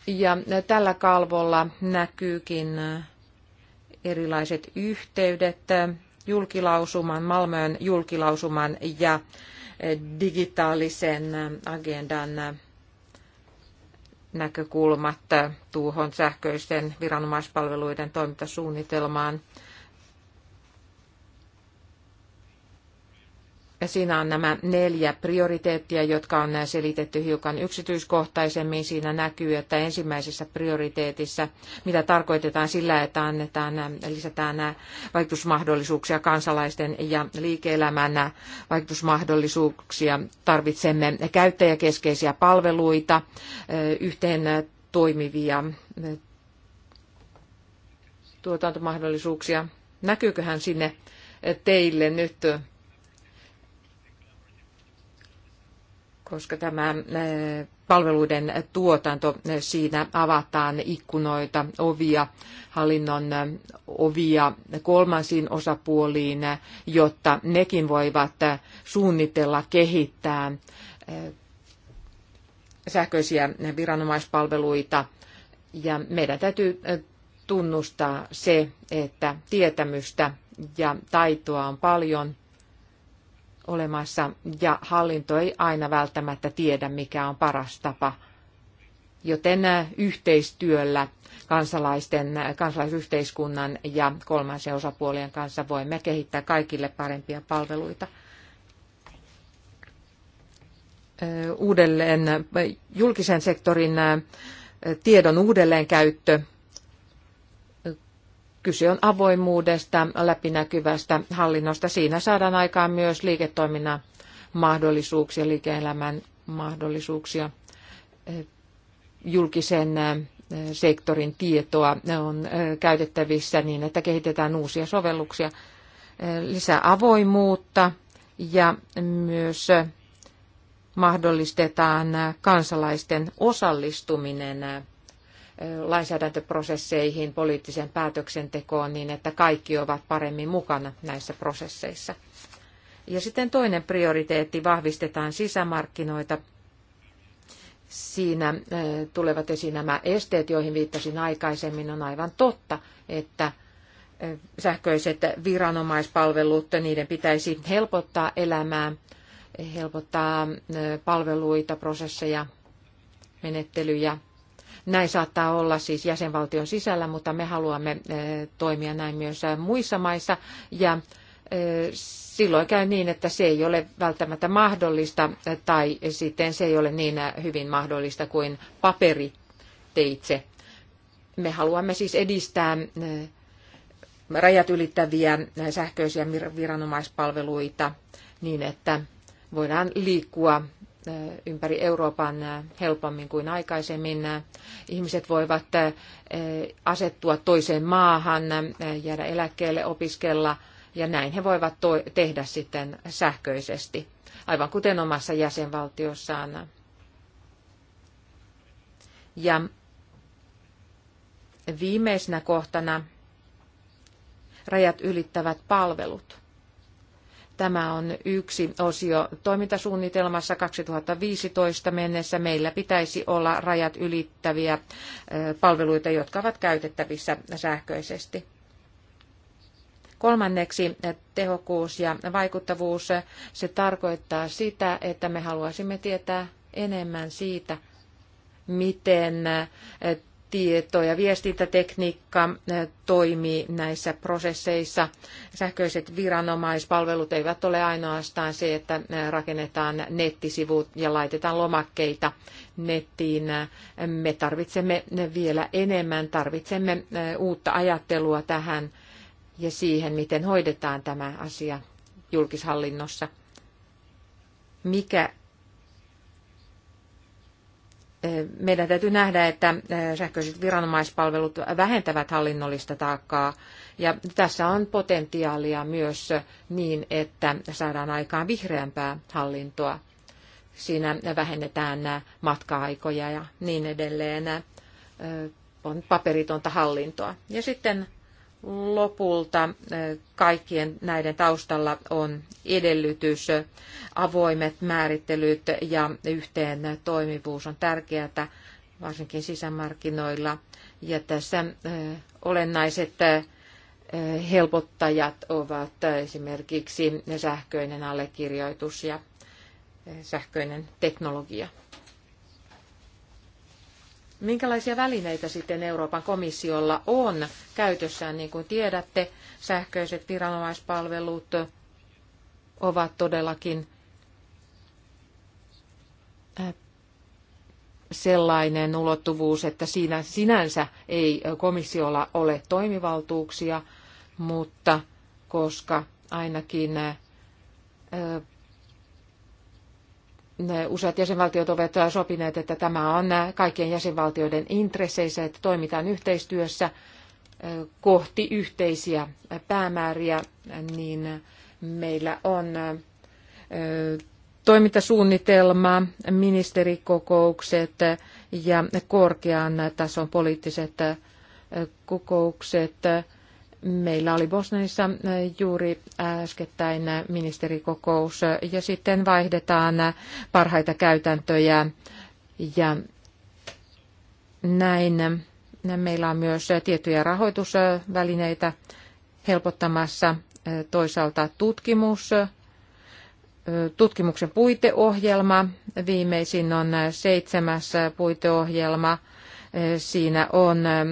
Ja tällä kalvolla näkyykin erilaiset yhteydet julkilausuman, Malmöön julkilausuman ja digitaalisen agendan näkökulmat tuohon sähköisten viranomaispalveluiden toimintasuunnitelmaan – Siinä on nämä neljä prioriteettia, jotka on selitetty hiukan yksityiskohtaisemmin. Siinä näkyy, että ensimmäisessä prioriteetissa, mitä tarkoitetaan sillä, että annetaan, lisätään vaikutusmahdollisuuksia kansalaisten ja liike-elämän vaikutusmahdollisuuksia. Tarvitsemme käyttäjäkeskeisiä palveluita, yhteen toimivia tuotantomahdollisuuksia. Näkyyköhän sinne teille nyt koska tämä eh, palveluiden tuotanto, eh, siinä avataan ikkunoita, ovia, hallinnon eh, ovia kolmansiin osapuoliin, jotta nekin voivat suunnitella, kehittää sähköisiä viranomaispalveluita. Ja meidän täytyy tunnustaa se, että tietämystä ja taitoa on paljon olemassa ja hallinto ei aina välttämättä tiedä, mikä on paras tapa. Joten yhteistyöllä kansalaisten, kansalaisyhteiskunnan ja kolmansien osapuolien kanssa voimme kehittää kaikille parempia palveluita. Uudelleen, julkisen sektorin tiedon uudelleenkäyttö Kyse on avoimuudesta, läpinäkyvästä hallinnosta. Siinä saadaan aikaan myös liiketoiminnan mahdollisuuksia, liike-elämän mahdollisuuksia, eh, julkisen eh, sektorin tietoa on eh, käytettävissä niin, että kehitetään uusia sovelluksia, lisää avoimuutta ja myös mahdollistetaan kansalaisten osallistuminen lainsäädäntöprosesseihin, poliittiseen päätöksentekoon niin, että kaikki ovat paremmin mukana näissä prosesseissa. Ja sitten toinen prioriteetti, vahvistetaan sisämarkkinoita. Siinä eh, tulevat esiin nämä esteet, joihin viittasin aikaisemmin. On aivan totta, että eh, sähköiset viranomaispalvelut, niiden pitäisi helpottaa elämää, helpottaa eh, palveluita, prosesseja, menettelyjä, näin saattaa olla siis jäsenvaltion sisällä, mutta me haluamme eh, toimia näin myös eh, muissa maissa. Ja eh, silloin käy niin, että se ei ole välttämättä mahdollista tai sitten se ei ole niin hyvin mahdollista kuin paperiteitse. Me haluamme siis edistää rajat ylittäviä sähköisiä viranomaispalveluita niin, että voidaan liikkua Eh, ympäri Euroopan eh, helpommin kuin aikaisemmin. Ihmiset voivat eh, asettua toiseen maahan, jäädä eläkkeelle, opiskella ja näin he voivat tehdä sitten sähköisesti, aivan kuten omassa jäsenvaltiossaan. Ja viimeisenä kohtana rajat ylittävät palvelut. Tämä on yksi osio toimintasuunnitelmassa 2015 mennessä. Meillä pitäisi olla rajat ylittäviä palveluita, jotka ovat käytettävissä sähköisesti. Kolmanneksi tehokkuus ja vaikuttavuus. Se tarkoittaa sitä, että me haluaisimme tietää enemmän siitä, miten tieto- ja viestintätekniikka eh, toimii näissä prosesseissa. Sähköiset viranomaispalvelut eivät ole ainoastaan se, että eh, rakennetaan nettisivut ja laitetaan lomakkeita nettiin. Me tarvitsemme eh, vielä enemmän, tarvitsemme uutta ajattelua tähän ja siihen, miten hoidetaan tämä asia julkishallinnossa. Mikä meidän täytyy nähdä, että äh, sähköiset viranomaispalvelut vähentävät hallinnollista taakkaa ja tässä on potentiaalia myös niin, että saadaan aikaan vihreämpää hallintoa. Siinä vähennetään äh, matka-aikoja ja niin edelleen. Äh, on paperitonta hallintoa. Ja sitten lopulta eh, kaikkien näiden taustalla on edellytys, avoimet määrittelyt ja yhteen toimivuus on tärkeää, varsinkin sisämarkkinoilla. Ja tässä eh, olennaiset eh, helpottajat ovat esimerkiksi sähköinen allekirjoitus ja sähköinen teknologia. Minkälaisia välineitä sitten Euroopan komissiolla on käytössään, niin kuin tiedätte, sähköiset viranomaispalvelut ovat todellakin äh, sellainen ulottuvuus, että siinä sinänsä ei komissiolla ole toimivaltuuksia, mutta koska ainakin äh, useat jäsenvaltiot ovat sopineet, että tämä on kaikkien jäsenvaltioiden intresseissä, että toimitaan yhteistyössä kohti yhteisiä päämääriä, niin meillä on toimintasuunnitelma, ministerikokoukset ja korkean tason poliittiset kokoukset Meillä oli Bosnissa äh, juuri äskettäin ministerikokous äh, ja sitten vaihdetaan äh, parhaita käytäntöjä ja näin. Meillä on myös tiettyjä rahoitusvälineitä helpottamassa toisaalta tutkimus, tutkimuksen puiteohjelma. Viimeisin on seitsemäs puiteohjelma – Siinä on ähm,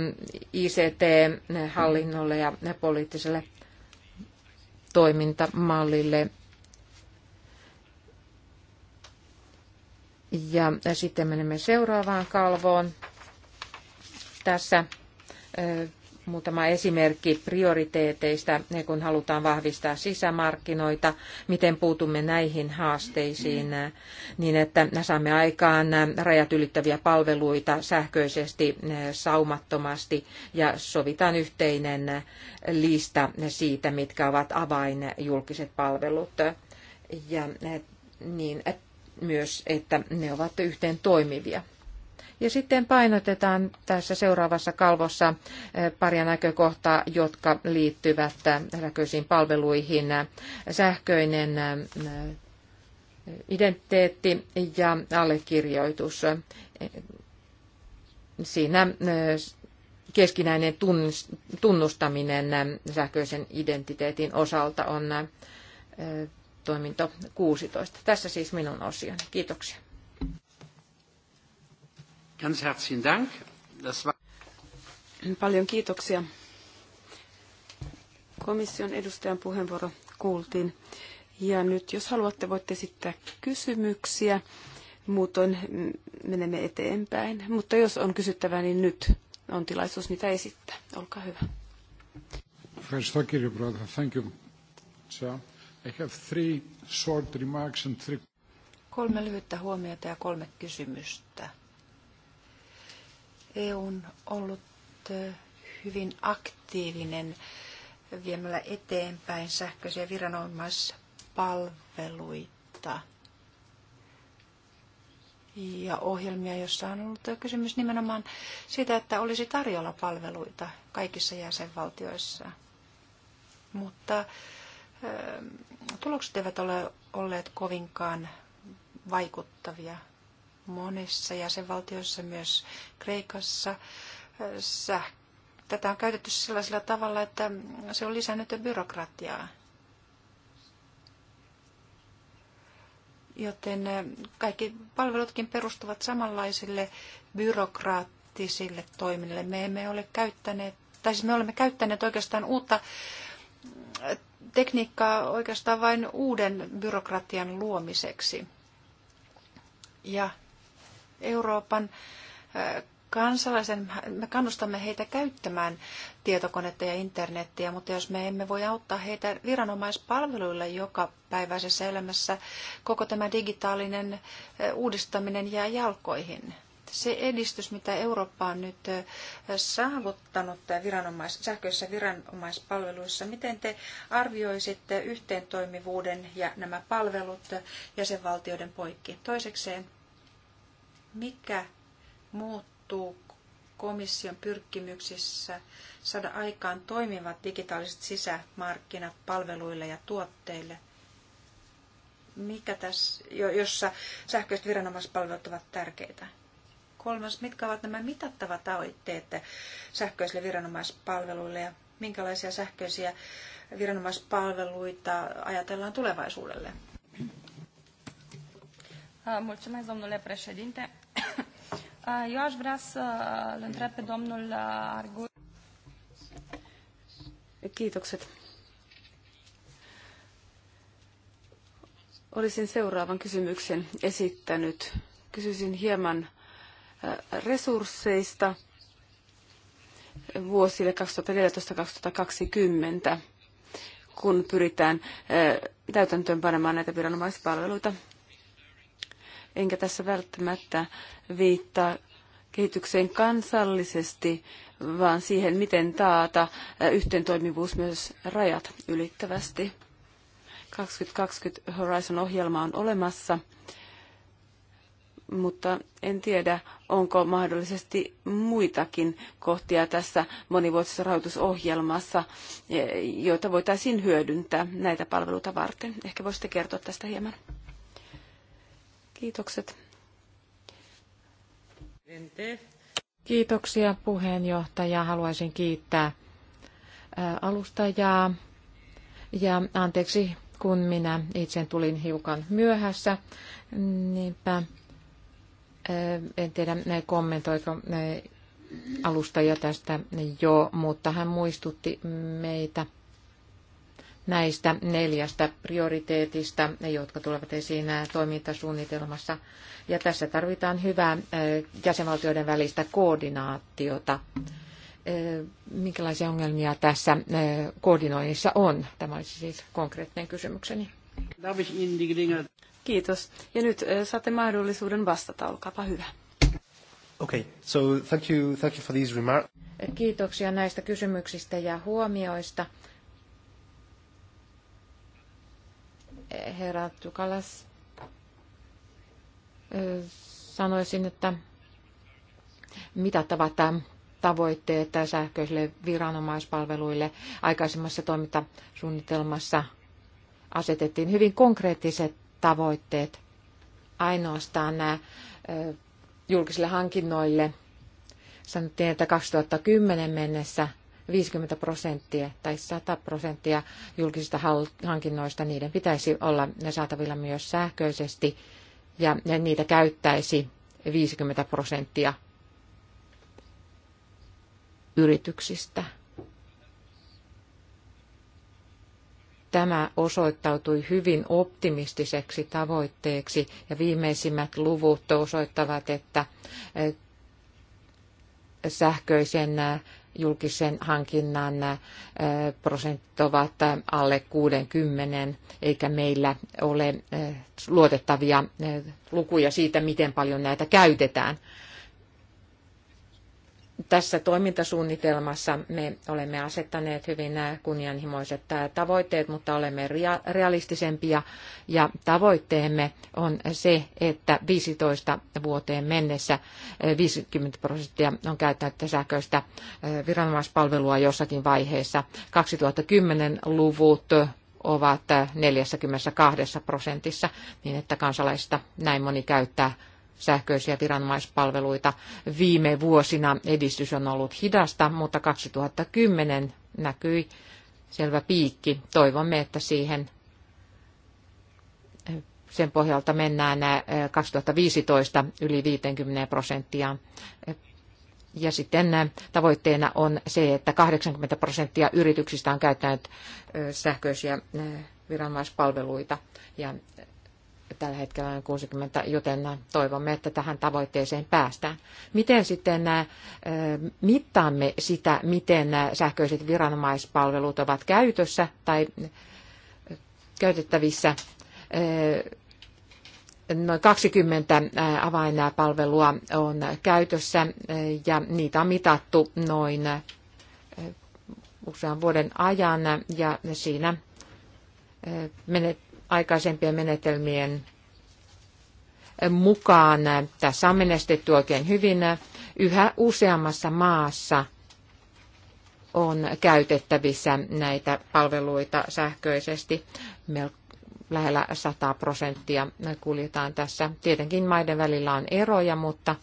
ICT-hallinnolle äh, ja poliittiselle toimintamallille. Ja äh, sitten menemme seuraavaan kalvoon. Tässä äh, muutama esimerkki prioriteeteista, kun halutaan vahvistaa sisämarkkinoita, miten puutumme näihin haasteisiin niin, että saamme aikaan rajat ylittäviä palveluita sähköisesti, eh, saumattomasti ja sovitaan yhteinen lista siitä, mitkä ovat avain julkiset palvelut. Ja eh, niin myös, että ne ovat yhteen toimivia. Ja sitten painotetaan tässä seuraavassa kalvossa eh, paria näkökohtaa, jotka liittyvät näköisiin eh, palveluihin. Sähköinen eh, identiteetti ja allekirjoitus. Siinä keskinäinen tunnustaminen sähköisen identiteetin osalta on toiminto 16. Tässä siis minun osioni. Kiitoksia. Ganz herzlichen Dank. Das war... Paljon kiitoksia. Komission edustajan puheenvuoro kuultiin. Ja nyt, jos haluatte, voitte esittää kysymyksiä. Muutoin menemme eteenpäin. Mutta jos on kysyttävää, niin nyt on tilaisuus niitä esittää. Olkaa hyvä. Thank you. So, I have three short remarks and three... Kolme lyhyttä huomiota ja kolme kysymystä. EU on ollut hyvin aktiivinen viemällä eteenpäin sähköisiä viranomaispalveluita ja ohjelmia, joissa on ollut kysymys nimenomaan siitä, että olisi tarjolla palveluita kaikissa jäsenvaltioissa. Mutta tulokset eivät ole olleet kovinkaan vaikuttavia monissa jäsenvaltioissa, myös Kreikassa. Tätä on käytetty sellaisella tavalla, että se on lisännyt byrokratiaa. Joten eh, kaikki palvelutkin perustuvat samanlaisille byrokraattisille toimille. Me emme ole käyttäneet, tai siis me olemme käyttäneet oikeastaan uutta eh, tekniikkaa oikeastaan vain uuden byrokratian luomiseksi. Ja Euroopan kansalaisen, me kannustamme heitä käyttämään tietokonetta ja internettiä, mutta jos me emme voi auttaa heitä viranomaispalveluilla joka päiväisessä elämässä, koko tämä digitaalinen uudistaminen jää jalkoihin. Se edistys, mitä Eurooppa on nyt saavuttanut viranomais, sähköisissä viranomaispalveluissa, miten te arvioisitte yhteentoimivuuden ja nämä palvelut jäsenvaltioiden poikki? Toisekseen, mikä muuttuu komission pyrkimyksissä saada aikaan toimivat digitaaliset sisämarkkinat palveluille ja tuotteille, mikä tässä, jossa sähköiset viranomaispalvelut ovat tärkeitä. Kolmas, mitkä ovat nämä mitattavat tavoitteet sähköisille viranomaispalveluille ja minkälaisia sähköisiä viranomaispalveluita ajatellaan tulevaisuudelle? Mulțumesc, domnule președinte. Uh, eu aș vrea să uh, îl întreb pe domnul uh, Argur. Olisin seuraavan kysymyksen esittänyt. Kysyisin hieman resursseista vuosille 2014-2020, kun pyritään täytäntöön panemaan näitä viranomaispalveluita enkä tässä välttämättä viittaa kehitykseen kansallisesti, vaan siihen, miten taata yhteentoimivuus myös rajat ylittävästi. 2020 Horizon-ohjelma on olemassa, mutta en tiedä, onko mahdollisesti muitakin kohtia tässä monivuotisessa rahoitusohjelmassa, e, joita voitaisiin hyödyntää näitä palveluita varten. Ehkä voisitte kertoa tästä hieman. Kiitokset. Kiitoksia puheenjohtaja. Haluaisin kiittää alustajaa. Ja anteeksi, kun minä itse tulin hiukan myöhässä, niinpä en tiedä kommentoiko alustaja tästä jo, mutta hän muistutti meitä – näistä neljästä prioriteetista, jotka tulevat esiin toimintasuunnitelmassa. Ja tässä tarvitaan hyvää jäsenvaltioiden välistä koordinaatiota. Minkälaisia ongelmia tässä koordinoinnissa on? Tämä olisi siis konkreettinen kysymykseni. Kiitos. Ja nyt saatte mahdollisuuden vastata. Olkaapa hyvä. Okay, so thank you, thank you for these remarks. Kiitoksia näistä kysymyksistä ja huomioista. herra Tukalas, sanoisin, että mitattavat tavoitteet sähköisille viranomaispalveluille aikaisemmassa toimintasuunnitelmassa asetettiin hyvin konkreettiset tavoitteet ainoastaan nämä julkisille hankinnoille. Sanottiin, että 2010 mennessä 50 prosenttia tai 100 prosenttia julkisista hankinnoista, niiden pitäisi olla saatavilla myös sähköisesti ja niitä käyttäisi 50 prosenttia yrityksistä. Tämä osoittautui hyvin optimistiseksi tavoitteeksi ja viimeisimmät luvut osoittavat, että eh, sähköisen eh, julkisen hankinnan prosentit ovat alle 60, eikä meillä ole luotettavia lukuja siitä, miten paljon näitä käytetään tässä toimintasuunnitelmassa me olemme asettaneet hyvin nämä kunnianhimoiset tavoitteet, mutta olemme realistisempia ja tavoitteemme on se, että 15 vuoteen mennessä 50 eh, prosenttia on käyttänyt sähköistä eh, viranomaispalvelua jossakin vaiheessa. 2010-luvut ovat 42 eh, prosentissa niin, että kansalaista näin moni käyttää sähköisiä viranomaispalveluita. Viime vuosina edistys on ollut hidasta, mutta 2010 näkyi selvä piikki. Toivomme, että siihen sen pohjalta mennään 2015 eh, yli 50 prosenttia. Ja sitten eh, tavoitteena on se, että 80 prosenttia yrityksistä on käyttänyt eh, sähköisiä viranomaispalveluita ja tällä hetkellä on 60, joten toivomme, että tähän tavoitteeseen päästään. Miten sitten mittaamme sitä, miten sähköiset viranomaispalvelut ovat käytössä tai käytettävissä? Noin 20 avainpalvelua on käytössä ja niitä on mitattu noin usean vuoden ajan ja siinä menet aikaisempien menetelmien mukaan. Tässä on menestetty oikein hyvin. Yhä useammassa maassa on käytettävissä näitä palveluita sähköisesti. Melko lähellä 100 prosenttia kuljetaan tässä. Tietenkin maiden välillä on eroja, mutta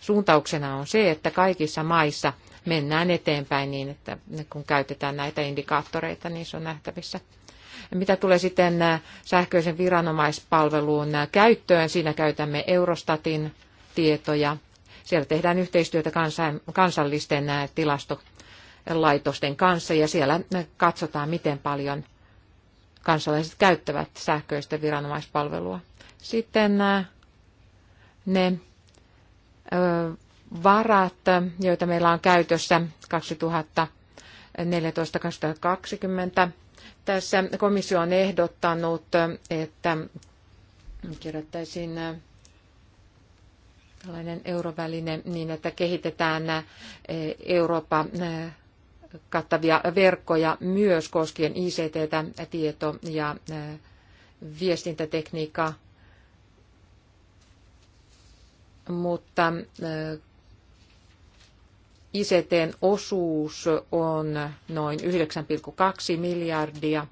suuntauksena on se, että kaikissa maissa mennään eteenpäin niin, että kun käytetään näitä indikaattoreita, niin se on nähtävissä. Mitä tulee sitten äh, sähköisen viranomaispalveluun äh, käyttöön, siinä käytämme Eurostatin tietoja. Siellä tehdään yhteistyötä kansallisten äh, tilastolaitosten kanssa ja siellä katsotaan, miten paljon kansalaiset käyttävät sähköistä viranomaispalvelua. Sitten ne varat, joita meillä on käytössä 2014-2020 tässä komissio on ehdottanut, että kirjoittaisin äh, tällainen euroväline niin, että kehitetään äh, Eurooppa äh, kattavia verkkoja myös koskien ict -tä, tieto- ja viestintätekniikkaa. Mutta ICTn osuus on noin 9,2 miljardia.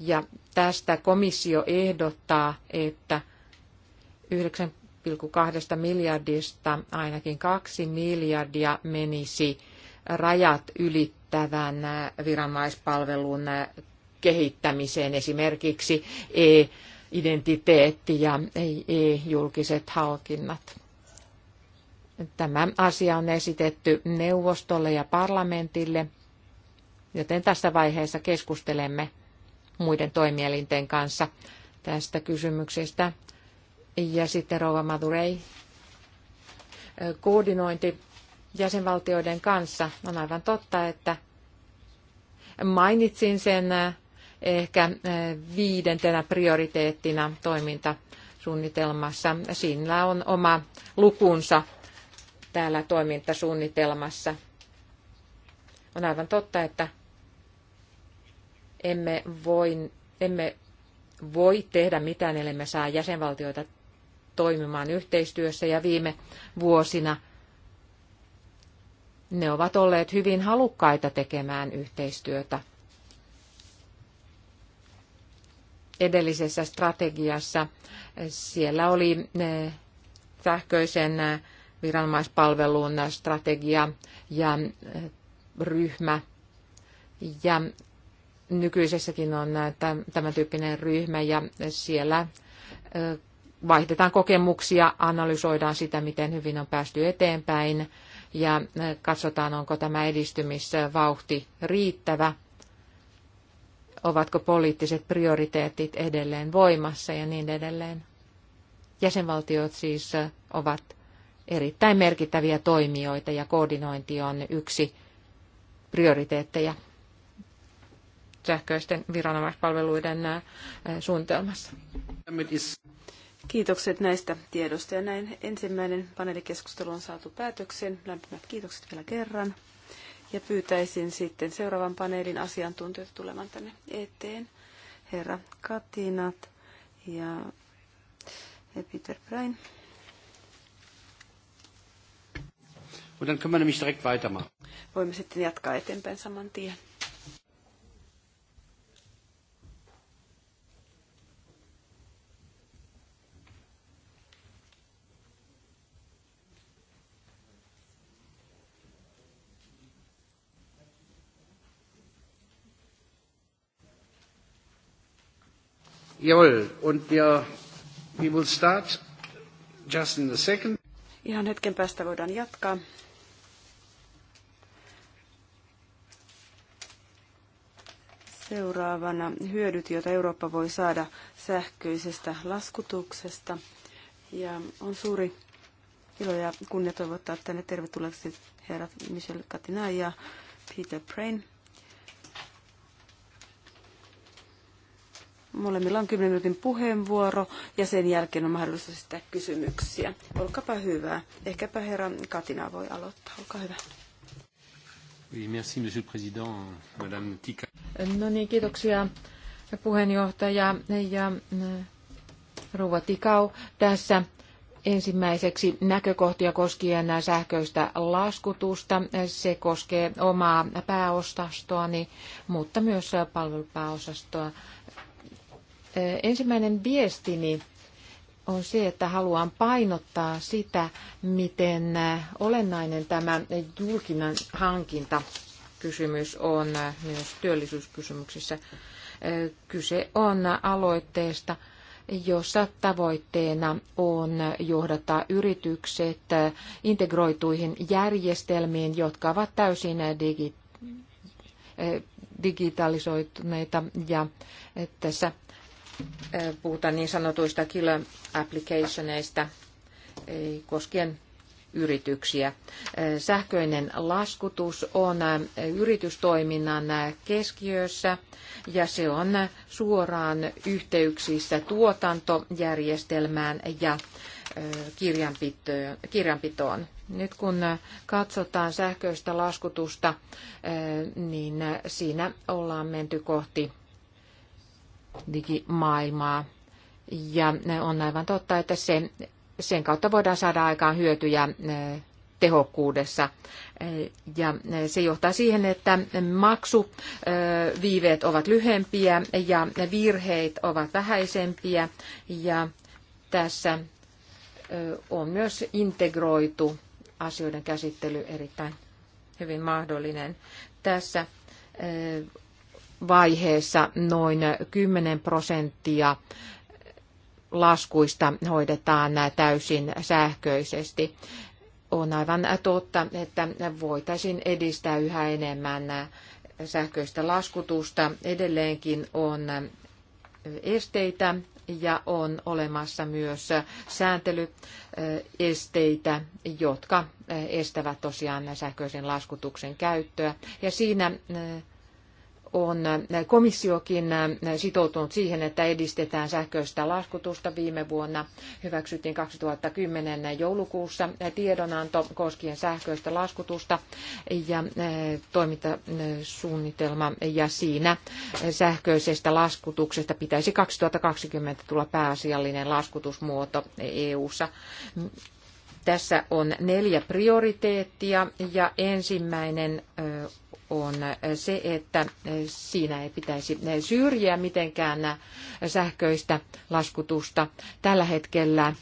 Ja tästä komissio ehdottaa, että 9,2 miljardista ainakin 2 miljardia menisi rajat ylittävän viranomaispalvelun kehittämiseen, esimerkiksi e-identiteetti ja e-julkiset haukinnat. Tämä asia on esitetty neuvostolle ja parlamentille, joten tässä vaiheessa keskustelemme muiden toimielinten kanssa tästä kysymyksestä. Ja sitten Rova Madurei. Koordinointi jäsenvaltioiden kanssa on aivan totta, että mainitsin sen äh, ehkä äh, viidentenä prioriteettina toimintasuunnitelmassa. Siinä on oma lukunsa täällä toimintasuunnitelmassa. On aivan totta, että emme voi, emme voi tehdä mitään, me saa jäsenvaltioita toimimaan yhteistyössä ja viime vuosina ne ovat olleet hyvin halukkaita tekemään yhteistyötä. Edellisessä strategiassa siellä oli eh, sähköisen eh, viranomaispalveluun strategia ja eh, ryhmä. Ja nykyisessäkin on eh, tämän tyyppinen ryhmä ja siellä eh, vaihdetaan kokemuksia, analysoidaan sitä, miten hyvin on päästy eteenpäin ja katsotaan, onko tämä edistymisvauhti riittävä, ovatko poliittiset prioriteetit edelleen voimassa ja niin edelleen. Jäsenvaltiot siis ovat erittäin merkittäviä toimijoita ja koordinointi on yksi prioriteetteja sähköisten viranomaispalveluiden suunnitelmassa. Kiitokset näistä tiedosta ja näin ensimmäinen paneelikeskustelu on saatu päätökseen. Lämpimät kiitokset vielä kerran ja pyytäisin sitten seuraavan paneelin asiantuntijoita tulemaan tänne eteen. Herra Katinat ja Peter Brain. Und dann können wir nämlich direkt weitermachen. Voimme sitten jatkaa eteenpäin saman tien. Jawohl, und wir, we will start just in a second. Ihan hetken päästä voidaan jatkaa. Seuraavana hyödyt, joita Eurooppa voi saada sähköisestä laskutuksesta. Ja on suuri ilo ja kunnia toivottaa tänne tervetulleeksi herrat Michel Katina ja Peter Prain. Molemmilla on 10 minuutin puheenvuoro ja sen jälkeen on mahdollista esittää kysymyksiä. Olkaapa hyvä. Ehkäpä herra Katina voi aloittaa. Olkaa hyvä merci, monsieur le président, madame Tika. No niin, kiitoksia puheenjohtaja ja mm, Rouva Tikau tässä ensimmäiseksi näkökohtia koskien sähköistä laskutusta. Se koskee omaa pääosastoani, mutta myös palvelupääosastoa. Ensimmäinen viestini on se, että haluan painottaa sitä, miten olennainen tämä julkinen hankinta kysymys on myös työllisyyskysymyksissä. Kyse on aloitteesta, jossa tavoitteena on johdata yritykset integroituihin järjestelmiin, jotka ovat täysin digi- digitalisoituneita. Ja tässä Äh, puhutaan niin sanotuista killer applicationeista koskien yrityksiä. Äh, sähköinen laskutus on äh, yritystoiminnan keskiössä ja se on suoraan yhteyksissä tuotantojärjestelmään ja kirjanpitoon. Nyt kun katsotaan sähköistä laskutusta, niin siinä ollaan menty kohti digimaailmaa. Ja eh, on aivan totta, että se, sen kautta voidaan saada aikaan hyötyjä eh, tehokkuudessa. Eh, ja se johtaa siihen, että maksuviiveet ovat lyhempiä ja virheet ovat vähäisempiä. Ja tässä on myös integroitu asioiden käsittely erittäin hyvin mahdollinen. Tässä vaiheessa noin 10 prosenttia laskuista hoidetaan täysin sähköisesti. On aivan totta, että voitaisiin edistää yhä enemmän sähköistä laskutusta. Edelleenkin on esteitä ja on olemassa myös sääntelyesteitä, jotka estävät tosiaan sähköisen laskutuksen käyttöä. Ja siinä on komissiokin sitoutunut siihen, että edistetään sähköistä laskutusta. Viime vuonna hyväksyttiin 2010 joulukuussa tiedonanto koskien sähköistä laskutusta ja eh, toimintasuunnitelma ja siinä sähköisestä laskutuksesta pitäisi 2020 tulla pääasiallinen laskutusmuoto EU-ssa. Tässä on neljä prioriteettia ja ensimmäinen eh, on se, että siinä ei pitäisi syrjiä mitenkään sähköistä laskutusta. Tällä hetkellä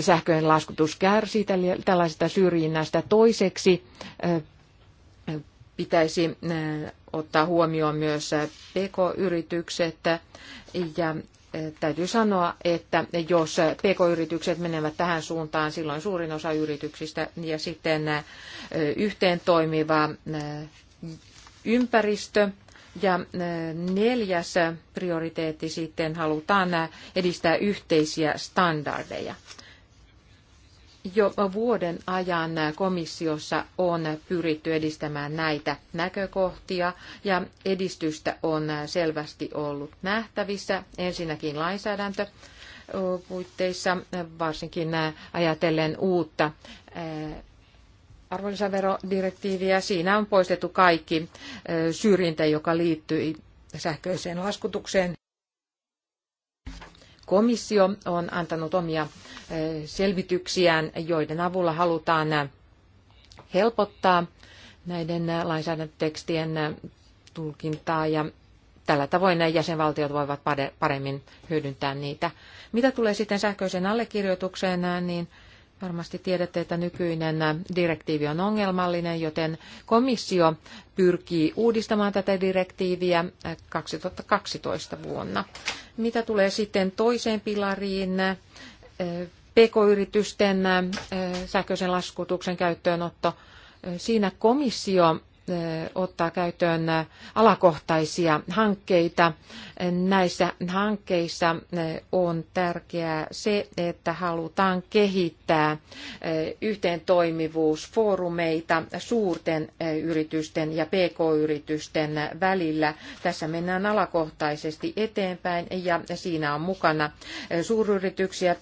sähköinen laskutus kärsii tällaisesta syrjinnästä. Toiseksi pitäisi ottaa huomioon myös pk-yritykset ja täytyy sanoa, että jos pk-yritykset menevät tähän suuntaan, silloin suurin osa yrityksistä ja sitten yhteen toimiva ympäristö ja neljäs prioriteetti sitten halutaan edistää yhteisiä standardeja jo vuoden ajan komissiossa on pyritty edistämään näitä näkökohtia ja edistystä on selvästi ollut nähtävissä. Ensinnäkin lainsäädäntö puitteissa, varsinkin ajatellen uutta arvonlisäverodirektiiviä. Siinä on poistettu kaikki syrjintä, joka liittyy sähköiseen laskutukseen. Komissio on antanut omia selvityksiään, joiden avulla halutaan helpottaa näiden lainsäädäntötekstien tulkintaa ja tällä tavoin jäsenvaltiot voivat paremmin hyödyntää niitä. Mitä tulee sitten sähköiseen allekirjoitukseen, niin varmasti tiedätte, että nykyinen direktiivi on ongelmallinen, joten komissio pyrkii uudistamaan tätä direktiiviä 2012 vuonna. Mitä tulee sitten toiseen pilariin, PK-yritysten sähköisen laskutuksen käyttöönotto. Siinä komissio ottaa käyttöön alakohtaisia hankkeita. Näissä hankkeissa on tärkeää se, että halutaan kehittää yhteen toimivuusfoorumeita suurten yritysten ja pk-yritysten välillä. Tässä mennään alakohtaisesti eteenpäin ja siinä on mukana suuryrityksiä,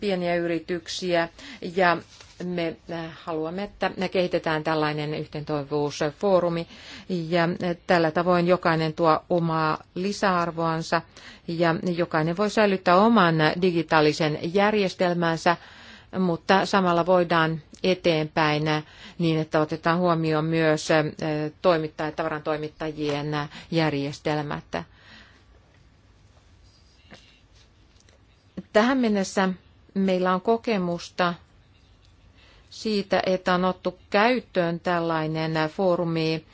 pieniä yrityksiä ja me äh, haluamme, että me kehitetään tällainen yhteentoivuusfoorumi ja äh, tällä tavoin jokainen tuo omaa lisäarvoansa ja jokainen voi säilyttää oman digitaalisen järjestelmänsä, mutta samalla voidaan eteenpäin niin, että otetaan huomioon myös äh, toimittajat, toimittajien järjestelmät. Tähän mennessä meillä on kokemusta siitä, että on ottu käyttöön tällainen foorumi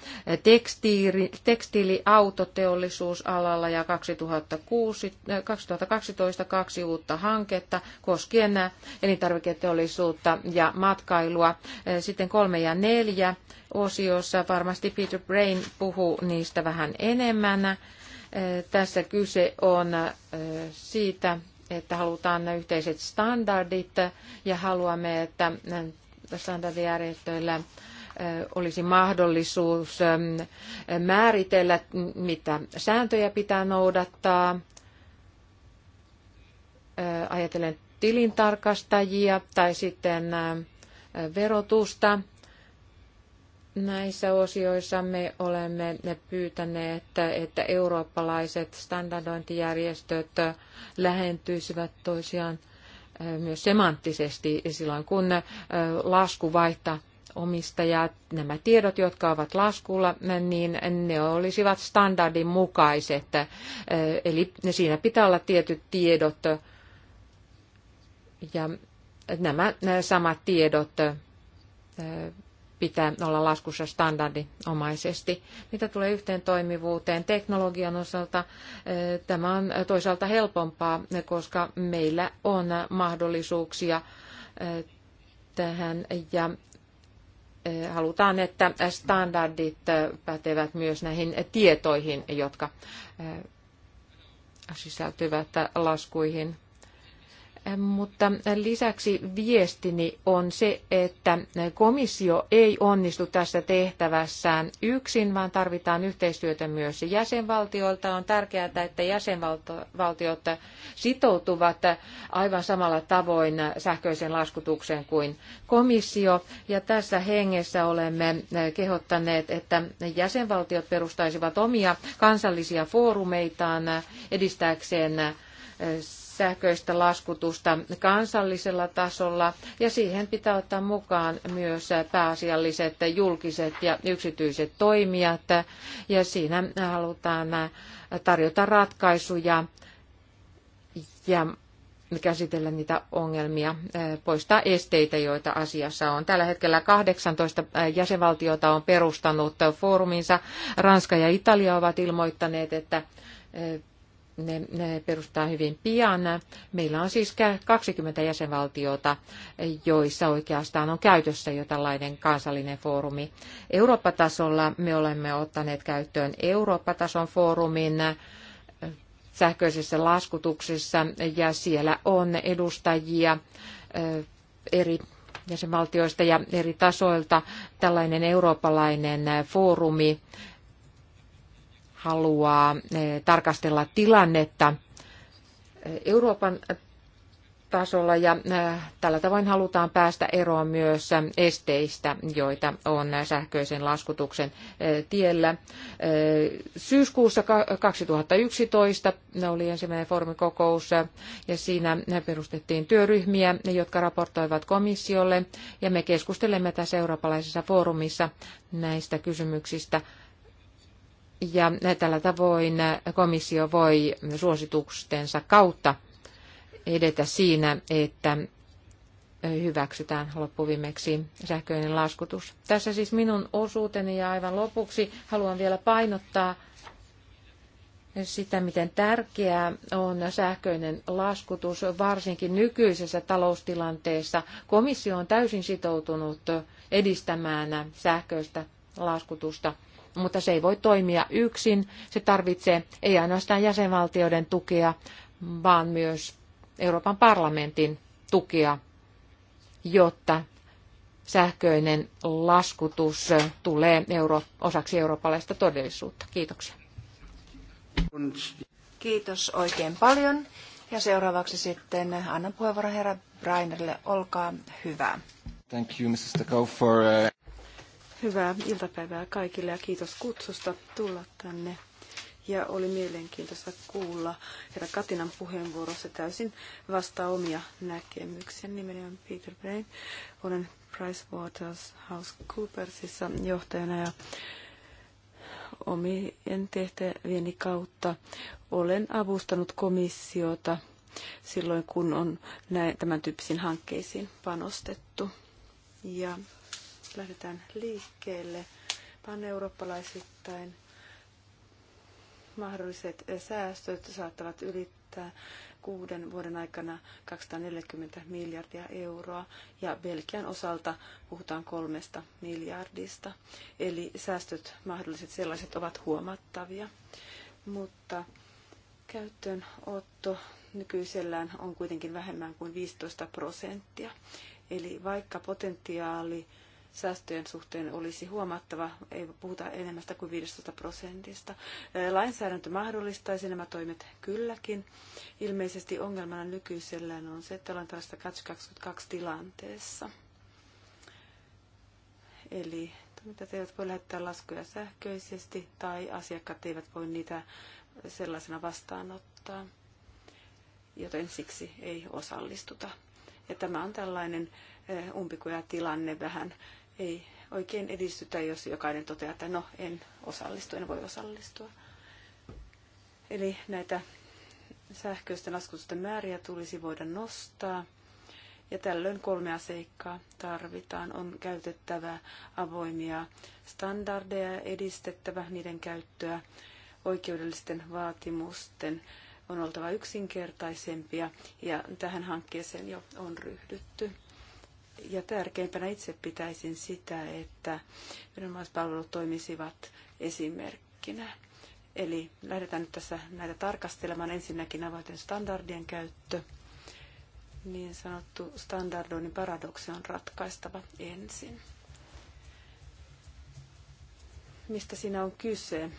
tekstiili, tekstiiliautoteollisuusalalla ja 2006, 2012 äh, kaksi uutta hanketta koskien elintarviketeollisuutta ja matkailua. Äh, sitten kolme ja neljä osiossa varmasti Peter Brain puhuu niistä vähän enemmän. Äh, tässä kyse on siitä, että halutaan yhteiset standardit ja haluamme, että standardijärjestöillä olisi mahdollisuus määritellä, mitä sääntöjä pitää noudattaa. Ajatellen tilintarkastajia tai sitten verotusta. Näissä osioissa me olemme pyytäneet, että eurooppalaiset standardointijärjestöt lähentyisivät toisiaan myös semanttisesti silloin, kun lasku vaihtaa omistajat, nämä tiedot, jotka ovat laskulla, niin ne olisivat standardin mukaiset. Eli siinä pitää olla tietyt tiedot ja nämä samat tiedot pitää olla laskussa standardinomaisesti. Mitä tulee yhteen toimivuuteen teknologian osalta, eh, tämä on toisaalta helpompaa, koska meillä on mahdollisuuksia eh, tähän ja eh, halutaan, että standardit pätevät myös näihin tietoihin, jotka sisältyvät laskuihin. Mutta lisäksi viestini on se, että komissio ei onnistu tässä tehtävässään yksin, vaan tarvitaan yhteistyötä myös jäsenvaltioilta. On tärkeää, että jäsenvaltiot sitoutuvat aivan samalla tavoin sähköisen laskutukseen kuin komissio. Ja tässä hengessä olemme kehottaneet, että jäsenvaltiot perustaisivat omia kansallisia foorumeitaan edistääkseen sähköistä laskutusta kansallisella tasolla ja siihen pitää ottaa mukaan myös pääasialliset julkiset ja yksityiset toimijat ja siinä halutaan tarjota ratkaisuja ja käsitellä niitä ongelmia, poistaa esteitä, joita asiassa on. Tällä hetkellä 18 jäsenvaltiota on perustanut foorumiinsa. Ranska ja Italia ovat ilmoittaneet, että ne, ne perustaa hyvin pian. Meillä on siis 20 jäsenvaltiota, joissa oikeastaan on käytössä jo tällainen kansallinen foorumi. Eurooppa-tasolla me olemme ottaneet käyttöön Eurooppa-tason foorumin äh, sähköisessä laskutuksessa ja siellä on edustajia äh, eri jäsenvaltioista ja eri tasoilta tällainen eurooppalainen foorumi haluaa eh, tarkastella tilannetta eh, Euroopan tasolla ja eh, tällä tavoin halutaan päästä eroon myös esteistä, joita on sähköisen laskutuksen tiellä. Syyskuussa 2011 oli ensimmäinen formikokous ja siinä perustettiin työryhmiä, jotka raportoivat komissiolle ja me keskustelemme tässä eurooppalaisessa foorumissa näistä kysymyksistä ja tällä tavoin komissio voi suositustensa kautta edetä siinä, että hyväksytään loppuviimeksi sähköinen laskutus. Tässä siis minun osuuteni ja aivan lopuksi haluan vielä painottaa sitä, miten tärkeää on sähköinen laskutus varsinkin nykyisessä taloustilanteessa. Komissio on täysin sitoutunut edistämään sähköistä laskutusta mutta se ei voi toimia yksin. Se tarvitsee ei ainoastaan jäsenvaltioiden tukea, vaan myös Euroopan parlamentin tukea, jotta sähköinen laskutus tulee euro, osaksi eurooppalaista todellisuutta. Kiitoksia. Kiitos oikein paljon. Ja seuraavaksi sitten annan puheenvuoron herra Brainerille. Olkaa hyvä. Thank you, Mrs. Stakov, for... Uh... Hyvää iltapäivää kaikille ja kiitos kutsusta tulla tänne. Ja oli mielenkiintoista kuulla herra Katinan puheenvuorossa täysin vastaa omia näkemyksiä. Nimeni on Peter Brain. Olen Coopersissa johtajana ja omien tehtävieni kautta olen avustanut komissiota silloin, kun on näin, tämän tyyppisiin hankkeisiin panostettu. Ja lähdetään liikkeelle paneurooppalaisittain, mahdolliset säästöt saattavat ylittää kuuden vuoden aikana 240 miljardia euroa ja Belgian osalta puhutaan kolmesta miljardista. Eli säästöt, mahdolliset sellaiset, ovat huomattavia. Mutta käyttöönotto nykyisellään on kuitenkin vähemmän kuin 15 prosenttia. Eli vaikka potentiaali säästöjen suhteen olisi huomattava, ei puhuta enemmästä kuin 15 prosentista. Lainsäädäntö mahdollistaisi nämä toimet kylläkin. Ilmeisesti ongelmana nykyisellään on se, että ollaan tällaista 22 tilanteessa. Eli mitä teidät eivät voi lähettää laskuja sähköisesti tai asiakkaat eivät voi niitä sellaisena vastaanottaa, joten siksi ei osallistuta. Ja tämä on tällainen tilanne vähän, ei oikein edistytä, jos jokainen toteaa, että no en osallistu, en voi osallistua. Eli näitä sähköisten laskutusten määriä tulisi voida nostaa. Ja tällöin kolmea seikkaa tarvitaan. On käytettävä avoimia standardeja, edistettävä niiden käyttöä, oikeudellisten vaatimusten on oltava yksinkertaisempia ja tähän hankkeeseen jo on ryhdytty. Ja tärkeimpänä itse pitäisin sitä, että viranomaispalvelut toimisivat esimerkkinä. Eli lähdetään nyt tässä näitä tarkastelemaan. Ensinnäkin avaiten standardien käyttö. Niin sanottu standardoinnin paradoksi on ratkaistava ensin. Mistä siinä on kyse?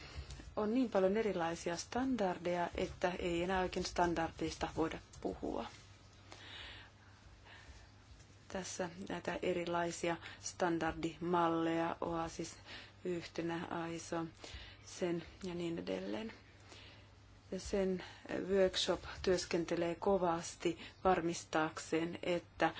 On niin paljon erilaisia standardeja, että ei enää oikein standardeista voida puhua tässä näitä erilaisia standardimalleja, OASIS yhtenä, AISO, sen ja niin edelleen. Sen workshop työskentelee kovasti varmistaakseen, että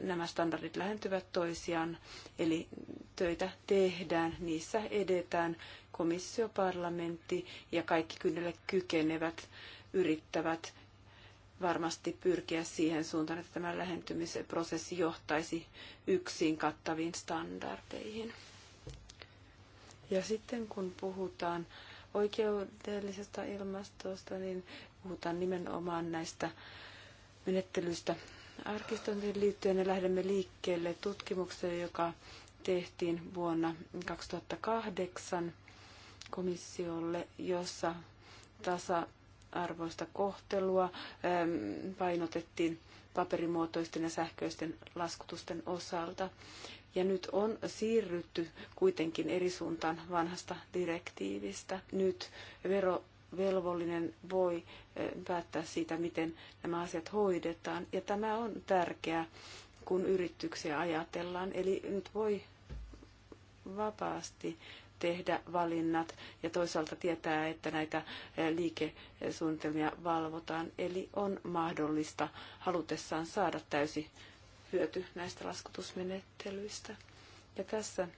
nämä standardit lähentyvät toisiaan, eli töitä tehdään, niissä edetään, komissio, parlamentti ja kaikki kynnelle kykenevät yrittävät varmasti pyrkiä siihen suuntaan, että tämä lähentymisprosessi johtaisi yksin kattaviin standardeihin. Ja sitten kun puhutaan oikeudellisesta ilmastosta, niin puhutaan nimenomaan näistä menettelyistä arkistointiin liittyen ja lähdemme liikkeelle tutkimukseen, joka tehtiin vuonna 2008 komissiolle, jossa tasa arvoista kohtelua painotettiin paperimuotoisten ja sähköisten laskutusten osalta. Ja nyt on siirrytty kuitenkin eri suuntaan vanhasta direktiivistä. Nyt verovelvollinen voi päättää siitä, miten nämä asiat hoidetaan. Ja tämä on tärkeää, kun yrityksiä ajatellaan. Eli nyt voi vapaasti tehdä valinnat ja toisaalta tietää, että näitä eh, liikesuunnitelmia valvotaan. Eli on mahdollista halutessaan saada täysi hyöty näistä laskutusmenettelyistä. Ja tässä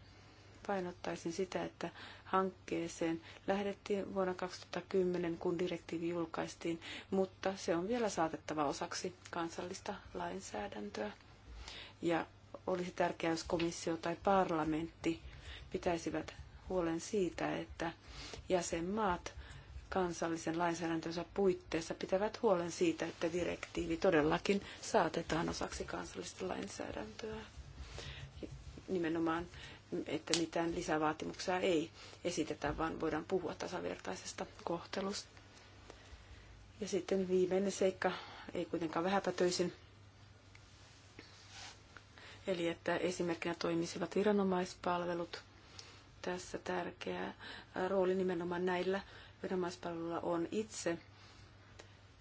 painottaisin sitä, että hankkeeseen lähdettiin vuonna 2010, kun direktiivi julkaistiin, mutta se on vielä saatettava osaksi kansallista lainsäädäntöä. Ja olisi tärkeää, jos komissio tai parlamentti pitäisivät huolen siitä, että jäsenmaat kansallisen lainsäädäntönsä puitteissa pitävät huolen siitä, että direktiivi todellakin saatetaan osaksi kansallista lainsäädäntöä. Nimenomaan, että mitään lisävaatimuksia ei esitetä, vaan voidaan puhua tasavertaisesta kohtelusta. Ja sitten viimeinen seikka, ei kuitenkaan vähäpätöisin, eli että esimerkkinä toimisivat viranomaispalvelut – tässä tärkeä rooli nimenomaan näillä viranomaispalveluilla on itse.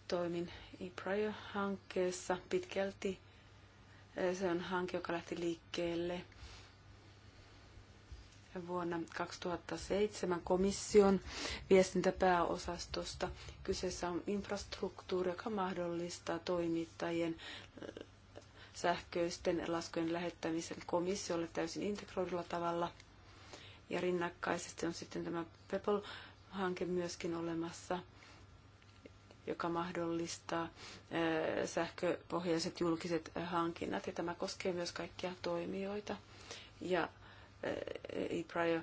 Toimin ePrior-hankkeessa pitkälti. Se on hanke, joka lähti liikkeelle vuonna 2007 komission viestintäpääosastosta. Kyseessä on infrastruktuuri, joka mahdollistaa toimittajien sähköisten laskujen lähettämisen komissiolle täysin integroidulla tavalla – ja rinnakkaisesti on sitten tämä pebble hanke myöskin olemassa, joka mahdollistaa eh, sähköpohjaiset julkiset eh, hankinnat ja tämä koskee myös kaikkia toimijoita. Ja eh, e-prior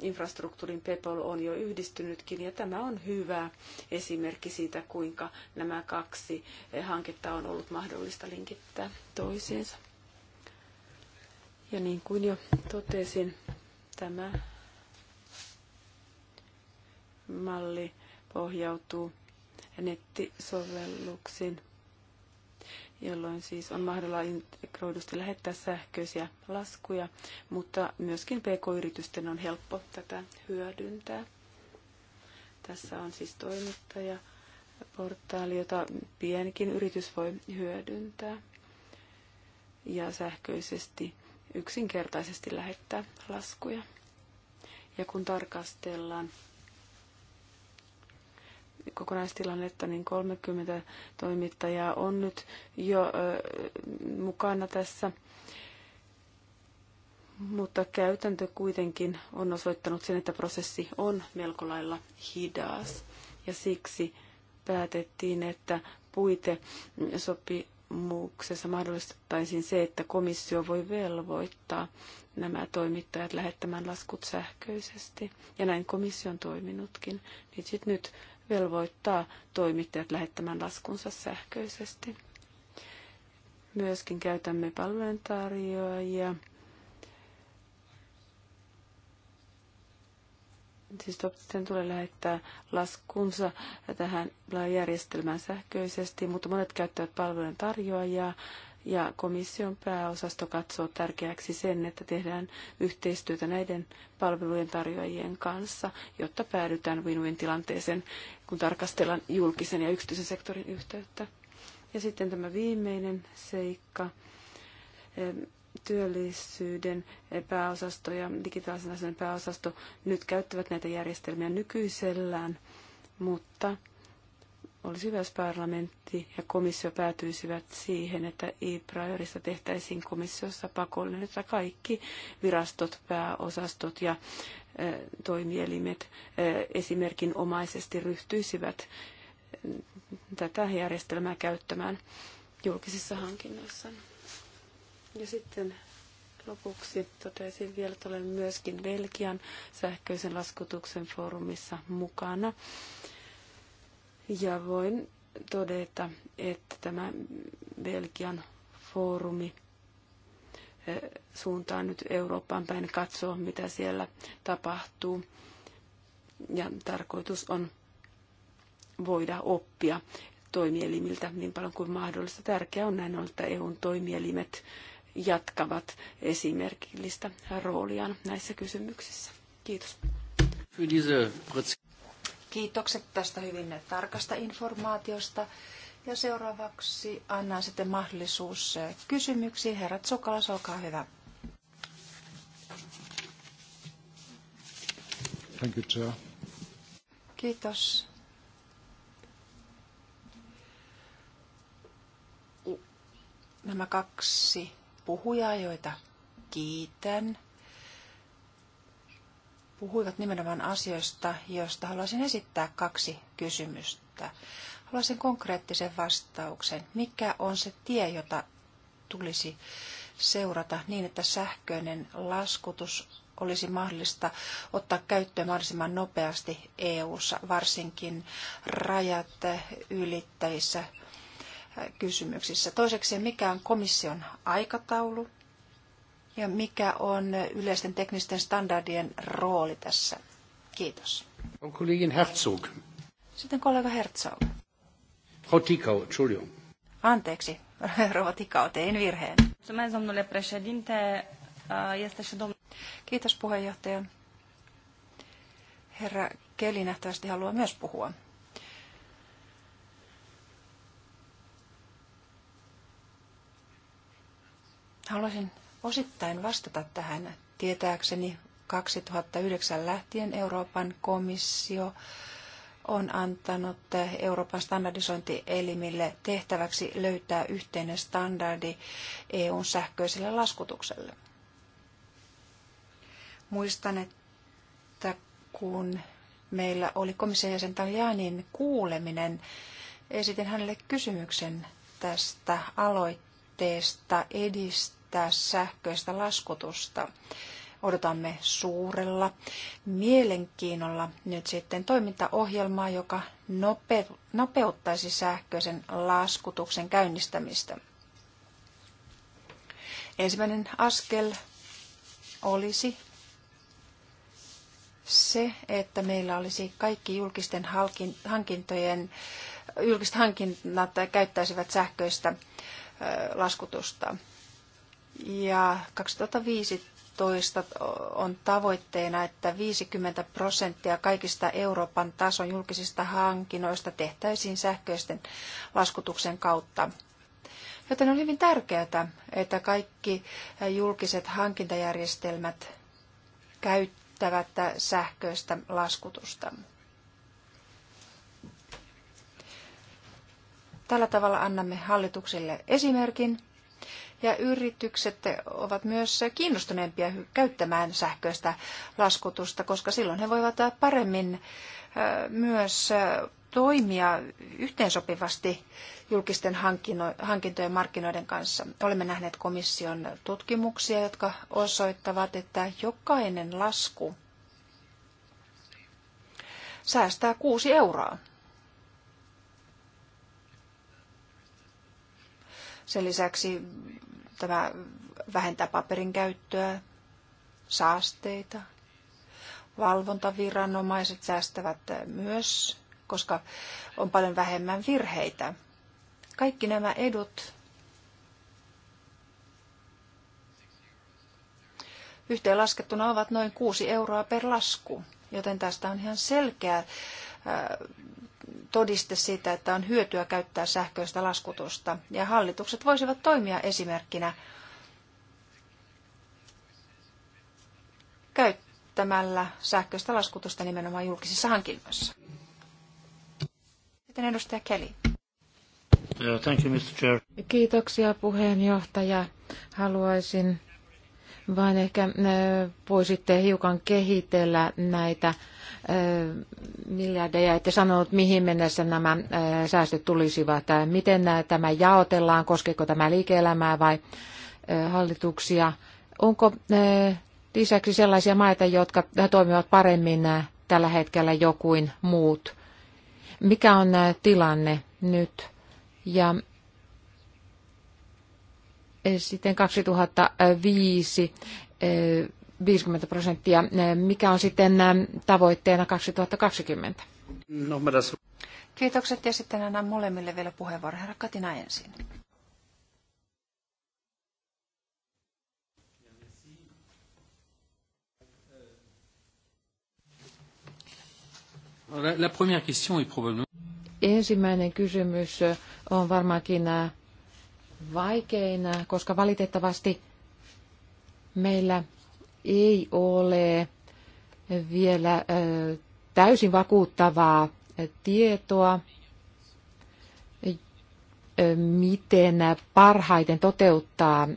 infrastruktuurin PEPOL on jo yhdistynytkin ja tämä on hyvä esimerkki siitä, kuinka nämä kaksi hanketta on ollut mahdollista linkittää toisiinsa. Ja niin kuin jo totesin, tämä malli pohjautuu nettisovelluksiin, jolloin siis on mahdollista integroidusti lähettää sähköisiä laskuja, mutta myöskin pk-yritysten on helppo tätä hyödyntää. Tässä on siis toimittaja portaali, jota pienikin yritys voi hyödyntää ja sähköisesti yksinkertaisesti lähettää laskuja. Ja kun tarkastellaan kokonaistilannetta, niin 30 toimittajaa on nyt jo ö, mukana tässä. Mutta käytäntö kuitenkin on osoittanut sen, että prosessi on melko lailla hidas. Ja siksi päätettiin, että puite sopi sopimuksessa mahdollistettaisiin se, että komissio voi velvoittaa nämä toimittajat lähettämään laskut sähköisesti. Ja näin komissio on toiminutkin. Niin sit nyt velvoittaa toimittajat lähettämään laskunsa sähköisesti. Myöskin käytämme palveluntarjoajia siis sitten tulee lähettää laskunsa tähän järjestelmään sähköisesti, mutta monet käyttävät palvelujen tarjoajaa ja komission pääosasto katsoo tärkeäksi sen, että tehdään yhteistyötä näiden palvelujen tarjoajien kanssa, jotta päädytään win-win tilanteeseen, kun tarkastellaan julkisen ja yksityisen sektorin yhteyttä. Ja sitten tämä viimeinen seikka työllisyyden pääosasto ja digitaalisen asioiden pääosasto nyt käyttävät näitä järjestelmiä nykyisellään, mutta olisi hyvä, jos parlamentti ja komissio päätyisivät siihen, että e-priorista tehtäisiin komissiossa pakollinen, että kaikki virastot, pääosastot ja e, toimielimet e, esimerkinomaisesti ryhtyisivät e, tätä järjestelmää käyttämään julkisissa hankinnoissa. Ja sitten lopuksi totesin vielä, että olen myöskin Belgian sähköisen laskutuksen foorumissa mukana. Ja voin todeta, että tämä Belgian foorumi eh, suuntaa nyt Eurooppaan päin katsoa, mitä siellä tapahtuu. Ja tarkoitus on voida oppia toimielimiltä niin paljon kuin mahdollista. Tärkeää on näin ollut, että EUn toimielimet jatkavat esimerkillistä rooliaan näissä kysymyksissä. Kiitos. Kiitokset tästä hyvin tarkasta informaatiosta. Ja seuraavaksi annan sitten mahdollisuus kysymyksiin. Herra Tsukalas, olkaa hyvä. Thank you, Chair. Kiitos. Nämä kaksi puhujaa, joita kiitän. Puhuivat nimenomaan asioista, joista haluaisin esittää kaksi kysymystä. Haluaisin konkreettisen vastauksen. Mikä on se tie, jota tulisi seurata niin, että sähköinen laskutus olisi mahdollista ottaa käyttöön mahdollisimman nopeasti EU-ssa, varsinkin rajat ylittävissä kysymyksissä. Toiseksi, mikä on komission aikataulu ja mikä on yleisten teknisten standardien rooli tässä? Kiitos. On kollegin Herzog. Sitten kollega Herzog. Frau Tikau, Entschuldigung. Anteeksi, rouva Tikau, tein virheen. Kiitos puheenjohtaja. Herra Keli nähtävästi haluaa myös puhua. Haluaisin osittain vastata tähän. Tietääkseni 2009 lähtien Euroopan komissio on antanut Euroopan standardisointielimille tehtäväksi löytää yhteinen standardi EUn sähköiselle laskutukselle. Muistan, että kun meillä oli komission jäsen Talianin kuuleminen, esitin hänelle kysymyksen tästä aloitteesta edistää kehittää sähköistä laskutusta. Odotamme suurella mielenkiinnolla nyt sitten toimintaohjelmaa, joka nopeuttaisi sähköisen laskutuksen käynnistämistä. Ensimmäinen askel olisi se, että meillä olisi kaikki julkisten hankintojen, julkiset hankinnat käyttäisivät sähköistä laskutusta. Ja 2015 on tavoitteena, että 50 prosenttia kaikista Euroopan tason julkisista hankinnoista tehtäisiin sähköisten laskutuksen kautta. Joten on hyvin tärkeää, että kaikki julkiset hankintajärjestelmät käyttävät sähköistä laskutusta. Tällä tavalla annamme hallituksille esimerkin ja yritykset ovat myös kiinnostuneempia käyttämään sähköistä laskutusta, koska silloin he voivat paremmin myös toimia yhteensopivasti julkisten hankintojen markkinoiden kanssa. Olemme nähneet komission tutkimuksia, jotka osoittavat, että jokainen lasku säästää kuusi euroa. Sen lisäksi Tämä vähentää paperin käyttöä, saasteita. Valvontaviranomaiset säästävät myös, koska on paljon vähemmän virheitä. Kaikki nämä edut yhteenlaskettuna ovat noin 6 euroa per lasku, joten tästä on ihan selkeä äh, todiste siitä, että on hyötyä käyttää sähköistä laskutusta. Ja hallitukset voisivat toimia esimerkkinä käyttämällä sähköistä laskutusta nimenomaan julkisissa hankinnoissa. Sitten edustaja Kelly. Thank you, Mr. Chair. Kiitoksia puheenjohtaja. Haluaisin vaan ehkä äh, voisitte hiukan kehitellä näitä äh, miljardeja, että sanonut mihin mennessä nämä äh, säästöt tulisivat, miten tämä jaotellaan, koskeeko tämä liike-elämää vai hallituksia. Onko lisäksi sellaisia maita, jotka toimivat paremmin tällä hetkellä jokuin muut? Mikä on tilanne nyt? Ja Eh, sitten 2005 50 eh, prosenttia. Eh, mikä on sitten tavoitteena 2020? No, Kiitokset ja sitten annan molemmille vielä puheenvuoro. Herra Katina ensin. Ensimmäinen kysymys on varmaankin vaikeina, koska valitettavasti meillä ei ole vielä täysin vakuuttavaa tietoa, miten parhaiten toteuttaa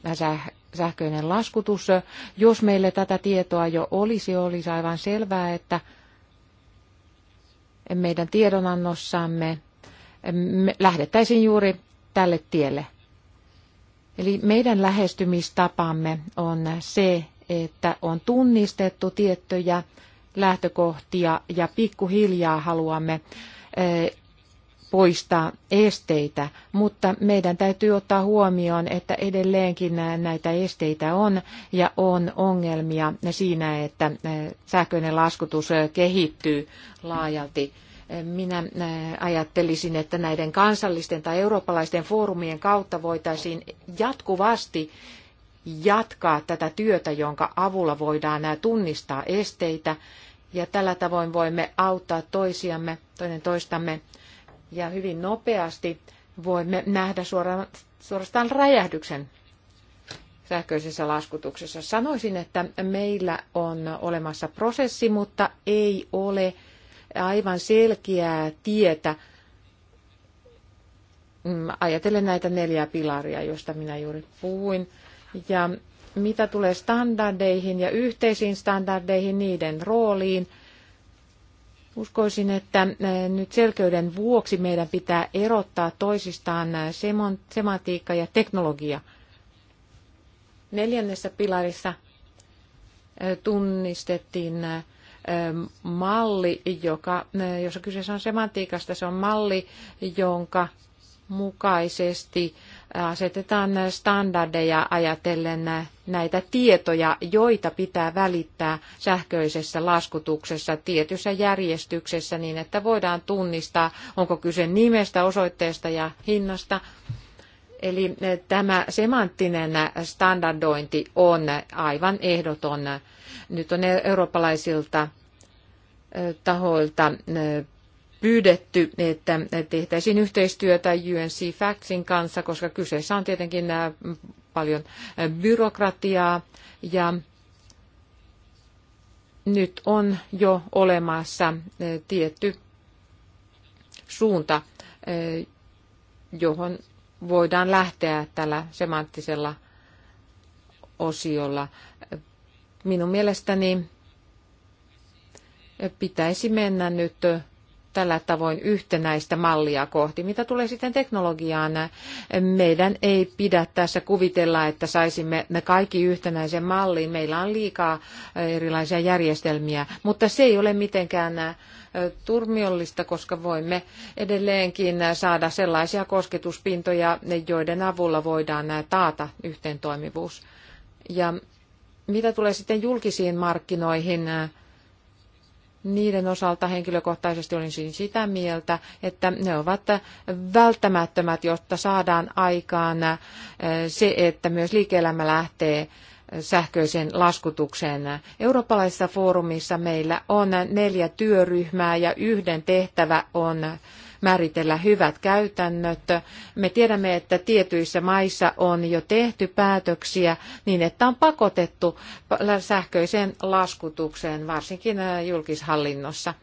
sähköinen laskutus. Jos meille tätä tietoa jo olisi, olisi aivan selvää, että meidän tiedonannossamme lähdettäisiin juuri tälle tielle. Eli meidän lähestymistapamme on se, että on tunnistettu tiettyjä lähtökohtia ja pikkuhiljaa haluamme eh, poistaa esteitä, mutta meidän täytyy ottaa huomioon, että edelleenkin näitä esteitä on ja on ongelmia siinä, että eh, sähköinen laskutus kehittyy laajalti minä ajattelisin, että näiden kansallisten tai eurooppalaisten foorumien kautta voitaisiin jatkuvasti jatkaa tätä työtä, jonka avulla voidaan tunnistaa esteitä ja tällä tavoin voimme auttaa toisiamme, toinen toistamme ja hyvin nopeasti voimme nähdä suoraan, suorastaan räjähdyksen sähköisessä laskutuksessa. Sanoisin, että meillä on olemassa prosessi, mutta ei ole aivan selkeää tietä mm, ajatellen näitä neljää pilaria, joista minä juuri puhuin. Ja mitä tulee standardeihin ja yhteisiin standardeihin, niiden rooliin, uskoisin, että nyt selkeyden vuoksi meidän pitää erottaa toisistaan semantiikka ja teknologia. Neljännessä pilarissa tunnistettiin Ähm, malli, joka, äh, jossa kyseessä on semantiikasta, se on malli, jonka mukaisesti asetetaan standardeja ajatellen näitä tietoja, joita pitää välittää sähköisessä laskutuksessa tietyssä järjestyksessä niin, että voidaan tunnistaa, onko kyse nimestä, osoitteesta ja hinnasta. Eli eh, tämä semanttinen standardointi on aivan ehdoton. Nyt on e- eurooppalaisilta eh, tahoilta eh, pyydetty, että tehtäisiin yhteistyötä UNC Factsin kanssa, koska kyseessä on tietenkin paljon byrokratiaa ja nyt on jo olemassa tietty suunta, johon voidaan lähteä tällä semanttisella osiolla. Minun mielestäni pitäisi mennä nyt tällä tavoin yhtenäistä mallia kohti. Mitä tulee sitten teknologiaan, meidän ei pidä tässä kuvitella, että saisimme ne kaikki yhtenäisen malliin. Meillä on liikaa erilaisia järjestelmiä, mutta se ei ole mitenkään turmiollista, koska voimme edelleenkin saada sellaisia kosketuspintoja, joiden avulla voidaan taata yhteentoimivuus. Ja mitä tulee sitten julkisiin markkinoihin, niiden osalta henkilökohtaisesti olisin sitä mieltä, että ne ovat välttämättömät, jotta saadaan aikaan se, että myös liike-elämä lähtee sähköisen laskutukseen Eurooppalaisessa foorumissa meillä on neljä työryhmää ja yhden tehtävä on määritellä hyvät käytännöt. Me tiedämme, että tietyissä maissa on jo tehty päätöksiä niin, että on pakotettu sähköiseen laskutukseen, varsinkin äh, julkishallinnossa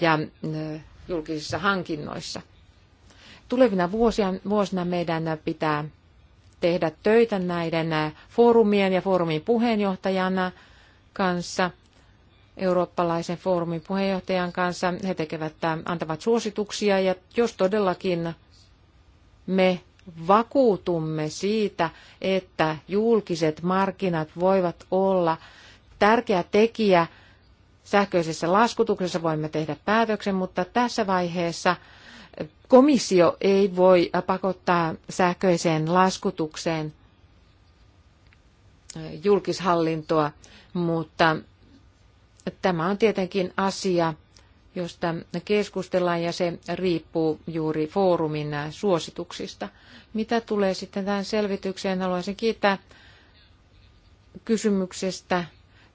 ja äh, julkisissa hankinnoissa. Tulevina vuosina meidän pitää tehdä töitä näiden foorumien ja foorumin puheenjohtajana kanssa, eurooppalaisen foorumin puheenjohtajan kanssa. He tekevät, äh, antavat suosituksia ja jos todellakin me vakuutumme siitä, että julkiset markkinat voivat olla tärkeä tekijä sähköisessä laskutuksessa, voimme tehdä päätöksen, mutta tässä vaiheessa – Komissio ei voi pakottaa sähköiseen laskutukseen julkishallintoa, mutta tämä on tietenkin asia, josta keskustellaan ja se riippuu juuri foorumin suosituksista. Mitä tulee sitten tähän selvitykseen, haluaisin kiittää kysymyksestä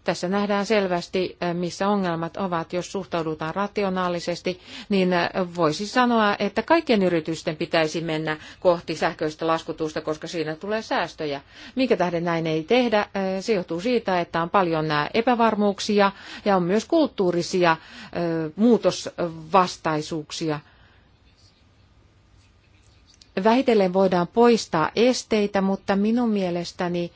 tässä nähdään selvästi, eh, missä ongelmat ovat. Jos suhtaudutaan rationaalisesti, niin eh, voisi sanoa, että kaikkien yritysten pitäisi mennä kohti sähköistä laskutusta, koska siinä tulee säästöjä. Minkä tähden näin ei tehdä? Eh, se johtuu siitä, että on paljon nämä epävarmuuksia ja on myös kulttuurisia muutosvastaisuuksia. Vähitellen voidaan poistaa esteitä, mutta minun mielestäni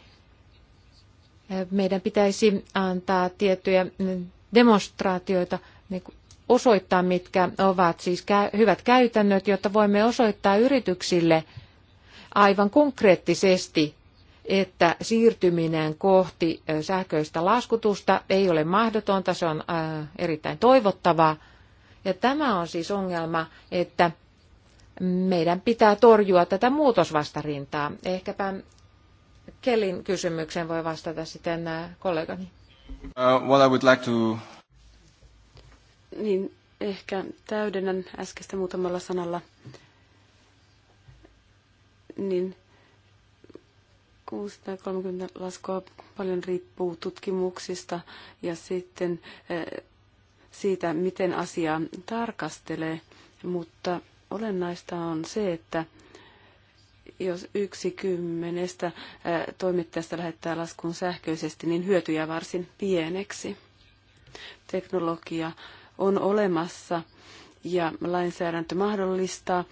meidän pitäisi antaa tiettyjä mm, demonstraatioita, niin osoittaa, mitkä ovat siis hyvät käytännöt, jotta voimme osoittaa yrityksille aivan konkreettisesti, että siirtyminen kohti sähköistä laskutusta ei ole mahdotonta, se on erittäin toivottavaa. Ja tämä on siis ongelma, että meidän pitää torjua tätä muutosvastarintaa. Ehkäpä Kelin kysymykseen voi vastata sitten äh, kollegani. Uh, what I would like to... Niin, ehkä täydennän äskeistä muutamalla sanalla. Niin 630 laskua paljon riippuu tutkimuksista ja sitten eh, siitä, miten asiaa tarkastelee, mutta olennaista on se, että jos yksi kymmenestä toimittajasta lähettää laskun sähköisesti, niin hyötyjä varsin pieneksi. Teknologia on olemassa ja lainsäädäntö mahdollistaa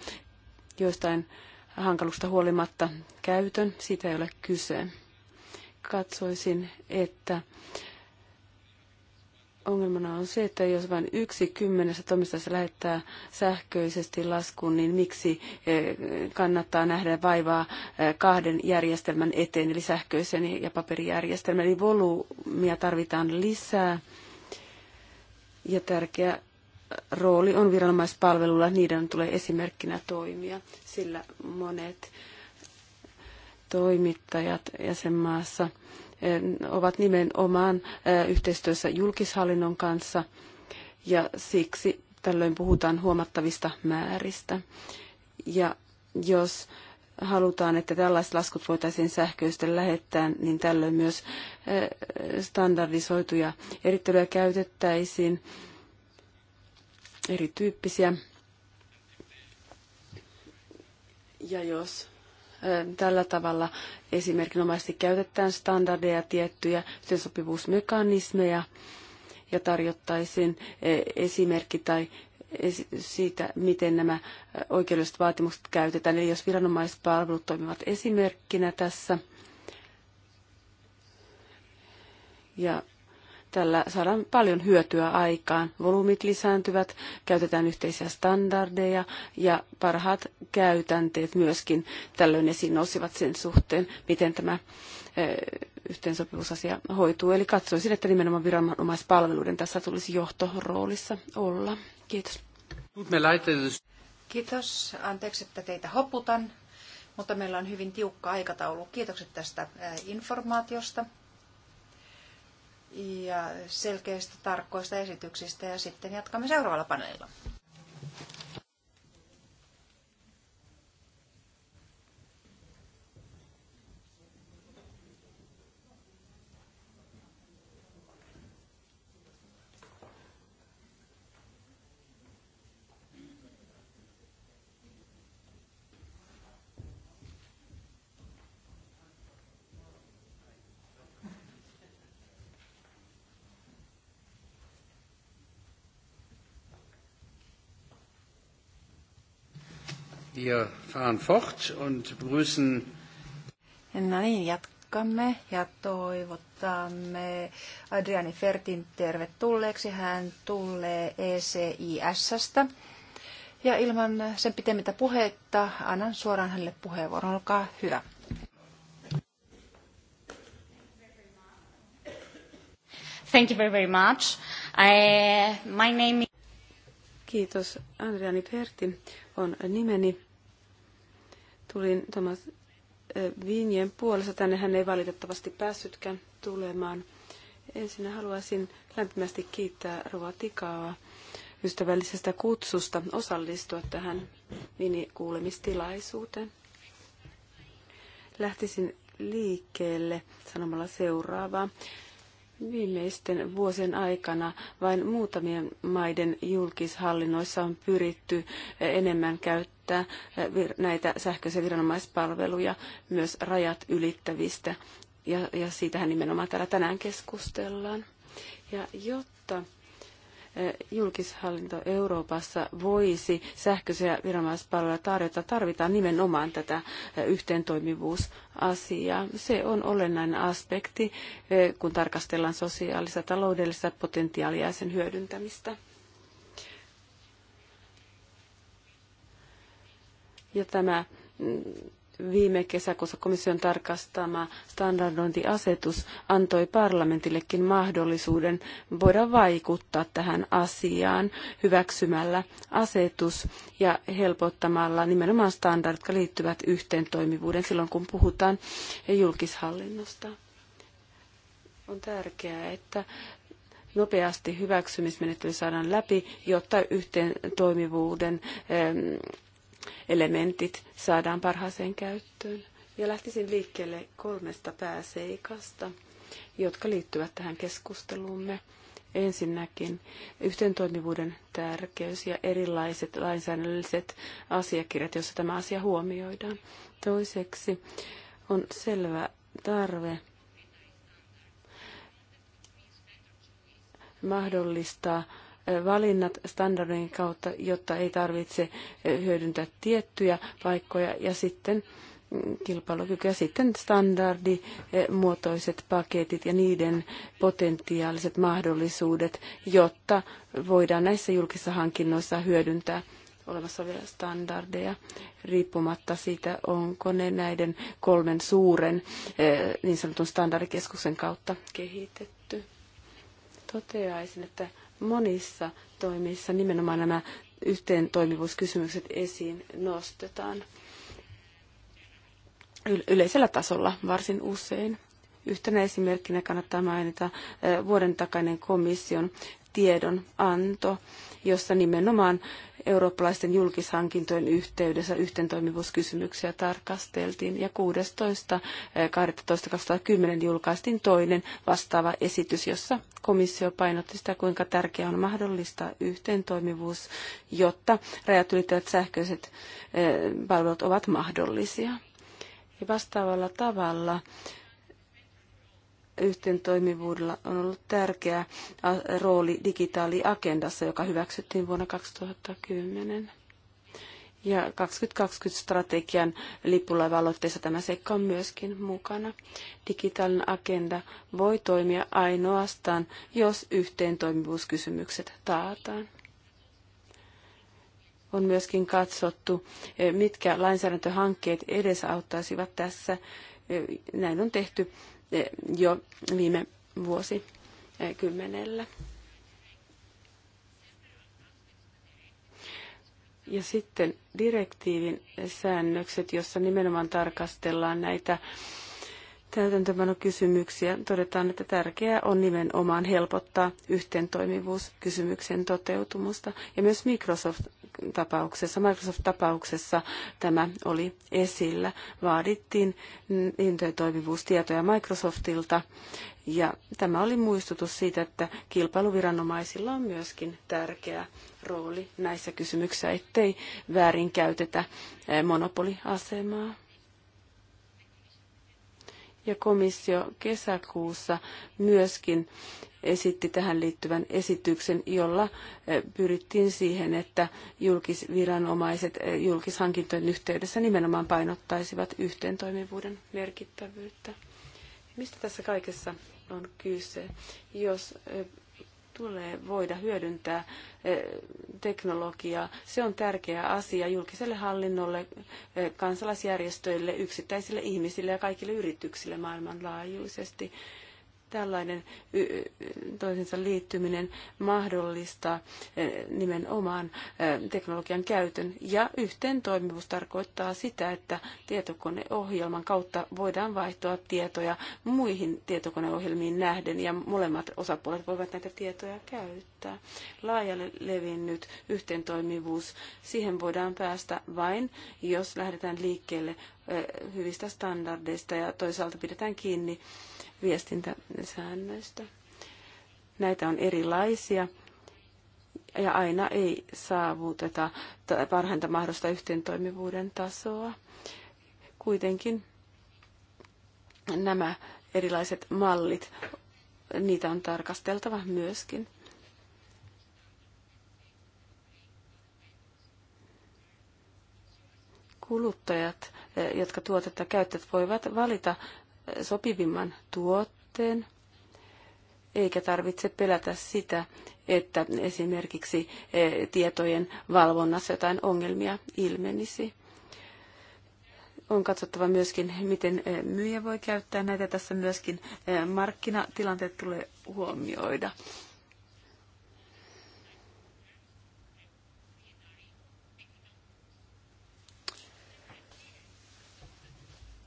joistain hankalusta huolimatta käytön. Siitä ei ole kyse. Katsoisin, että ongelmana on se, että jos vain yksi kymmenestä toimistosta lähettää sähköisesti laskun, niin miksi eh, kannattaa nähdä vaivaa eh, kahden järjestelmän eteen, eli sähköisen ja paperijärjestelmän. Eli volyymia tarvitaan lisää. Ja tärkeä rooli on viranomaispalvelulla, niiden tulee esimerkkinä toimia, sillä monet toimittajat jäsenmaassa – ovat nimenomaan yhteistyössä julkishallinnon kanssa ja siksi tällöin puhutaan huomattavista määristä. Ja jos halutaan, että tällaiset laskut voitaisiin sähköisten lähettää, niin tällöin myös standardisoituja erittelyjä käytettäisiin, erityyppisiä. Ja jos Tällä tavalla esimerkinomaisesti käytetään standardeja, tiettyjä yhteensopivuusmekanismeja ja tarjottaisiin esimerkki tai siitä, miten nämä oikeudelliset vaatimukset käytetään. Eli jos viranomaispalvelut toimivat esimerkkinä tässä, ja Tällä saadaan paljon hyötyä aikaan. Volyymit lisääntyvät, käytetään yhteisiä standardeja ja parhaat käytänteet myöskin tällöin esiin nousivat sen suhteen, miten tämä eh, yhteensopivuusasia hoituu. Eli katsoisin, että nimenomaan viranomaispalveluiden tässä tulisi johtoroolissa olla. Kiitos. Kiitos. Anteeksi, että teitä hoputan, mutta meillä on hyvin tiukka aikataulu. Kiitokset tästä eh, informaatiosta ja selkeistä tarkkoista esityksistä ja sitten jatkamme seuraavalla paneelilla. Wir fahren fort und begrüßen. No niin, jatkamme ja toivotamme Adriani Fertin tervetulleeksi. Hän tulee ECISstä. Ja ilman sen pitemmittä puhetta annan suoraan hänelle puheenvuoron. Olkaa hyvä. Thank you very, very much. I, my name is... Kiitos. Andriani Pertti on nimeni. Tulin Thomas eh, Vinjen puolesta. Tänne hän ei valitettavasti päässytkään tulemaan. Ensin haluaisin lämpimästi kiittää Rova Tikaa ystävällisestä kutsusta osallistua tähän minikuulemistilaisuuteen. Lähtisin liikkeelle sanomalla seuraavaa. Viimeisten vuosien aikana vain muutamien maiden julkishallinnoissa on pyritty enemmän käyttää näitä sähköisiä viranomaispalveluja myös rajat ylittävistä. Ja, ja siitähän nimenomaan täällä tänään keskustellaan. Ja jotta julkishallinto Euroopassa voisi sähköisiä viranomaispalveluja tarjota, tarvitaan nimenomaan tätä yhteentoimivuusasiaa. Se on olennainen aspekti, kun tarkastellaan sosiaalista taloudellista potentiaalia ja sen hyödyntämistä. Ja tämä mm, viime kesäkuussa komission tarkastama standardointiasetus antoi parlamentillekin mahdollisuuden voida vaikuttaa tähän asiaan hyväksymällä asetus ja helpottamalla nimenomaan standardit, jotka liittyvät yhteentoimivuuden silloin, kun puhutaan julkishallinnosta. On tärkeää, että nopeasti hyväksymismenettely saadaan läpi, jotta yhteen toimivuuden elementit saadaan parhaaseen käyttöön. Ja lähtisin liikkeelle kolmesta pääseikasta, jotka liittyvät tähän keskusteluumme. Ensinnäkin yhteentoimivuuden tärkeys ja erilaiset lainsäädännölliset asiakirjat, joissa tämä asia huomioidaan. Toiseksi on selvä tarve mahdollistaa valinnat standardin kautta, jotta ei tarvitse hyödyntää tiettyjä paikkoja ja sitten kilpailukyky ja sitten standardimuotoiset paketit ja niiden potentiaaliset mahdollisuudet, jotta voidaan näissä julkisissa hankinnoissa hyödyntää olemassa olevia standardeja, riippumatta siitä, onko ne näiden kolmen suuren eh, niin sanotun standardikeskuksen kautta kehitetty. Toteaisin, että monissa toimissa nimenomaan nämä yhteen toimivuuskysymykset esiin nostetaan yleisellä tasolla varsin usein. Yhtenä esimerkkinä kannattaa mainita eh, vuoden takainen komission tiedonanto, jossa nimenomaan eurooppalaisten julkishankintojen yhteydessä yhteentoimivuuskysymyksiä tarkasteltiin ja 16.12.2010 eh, julkaistiin toinen vastaava esitys, jossa komissio painotti sitä, kuinka tärkeää on mahdollistaa yhteentoimivuus, jotta rajat ylittävät sähköiset eh, palvelut ovat mahdollisia. Ja vastaavalla tavalla yhteen toimivuudella on ollut tärkeä rooli digitaaliagendassa, joka hyväksyttiin vuonna 2010. Ja 2020-strategian lippulaiva-aloitteessa tämä seikka on myöskin mukana. Digitaalinen agenda voi toimia ainoastaan, jos yhteentoimivuuskysymykset taataan. On myöskin katsottu, mitkä lainsäädäntöhankkeet edesauttaisivat tässä. Näin on tehty jo viime vuosi eh, kymmenellä. Ja sitten direktiivin säännökset, jossa nimenomaan tarkastellaan näitä täytäntöpanokysymyksiä. Todetaan, että tärkeää on nimenomaan helpottaa yhteentoimivuuskysymyksen toteutumusta. Ja myös Microsoft tapauksessa, Microsoft-tapauksessa tämä oli esillä. Vaadittiin integroivuustietoja Microsoftilta ja tämä oli muistutus siitä, että kilpailuviranomaisilla on myöskin tärkeä rooli näissä kysymyksissä, ettei väärinkäytetä eh, monopoliasemaa ja komissio kesäkuussa myöskin esitti tähän liittyvän esityksen, jolla eh, pyrittiin siihen, että julkisviranomaiset eh, julkishankintojen yhteydessä nimenomaan painottaisivat yhteentoimivuuden merkittävyyttä. Mistä tässä kaikessa on kyse? Jos eh, tulee voida hyödyntää teknologiaa. Se on tärkeä asia julkiselle hallinnolle, kansalaisjärjestöille, yksittäisille ihmisille ja kaikille yrityksille maailmanlaajuisesti tällainen toisensa liittyminen mahdollistaa e, nimenomaan e, teknologian käytön. Ja yhteen toimivuus tarkoittaa sitä, että tietokoneohjelman kautta voidaan vaihtoa tietoja muihin tietokoneohjelmiin nähden ja molemmat osapuolet voivat näitä tietoja käyttää. Laajalle levinnyt toimivuus, siihen voidaan päästä vain, jos lähdetään liikkeelle hyvistä standardeista ja toisaalta pidetään kiinni viestintäsäännöistä. Näitä on erilaisia ja aina ei saavuteta parhainta mahdollista yhteentoimivuuden tasoa. Kuitenkin nämä erilaiset mallit, niitä on tarkasteltava myöskin. Kuluttajat jotka tuotetta käyttävät, voivat valita sopivimman tuotteen, eikä tarvitse pelätä sitä, että esimerkiksi e, tietojen valvonnassa jotain ongelmia ilmenisi. On katsottava myöskin, miten e, myyjä voi käyttää näitä. Tässä myöskin e, markkinatilanteet tulee huomioida.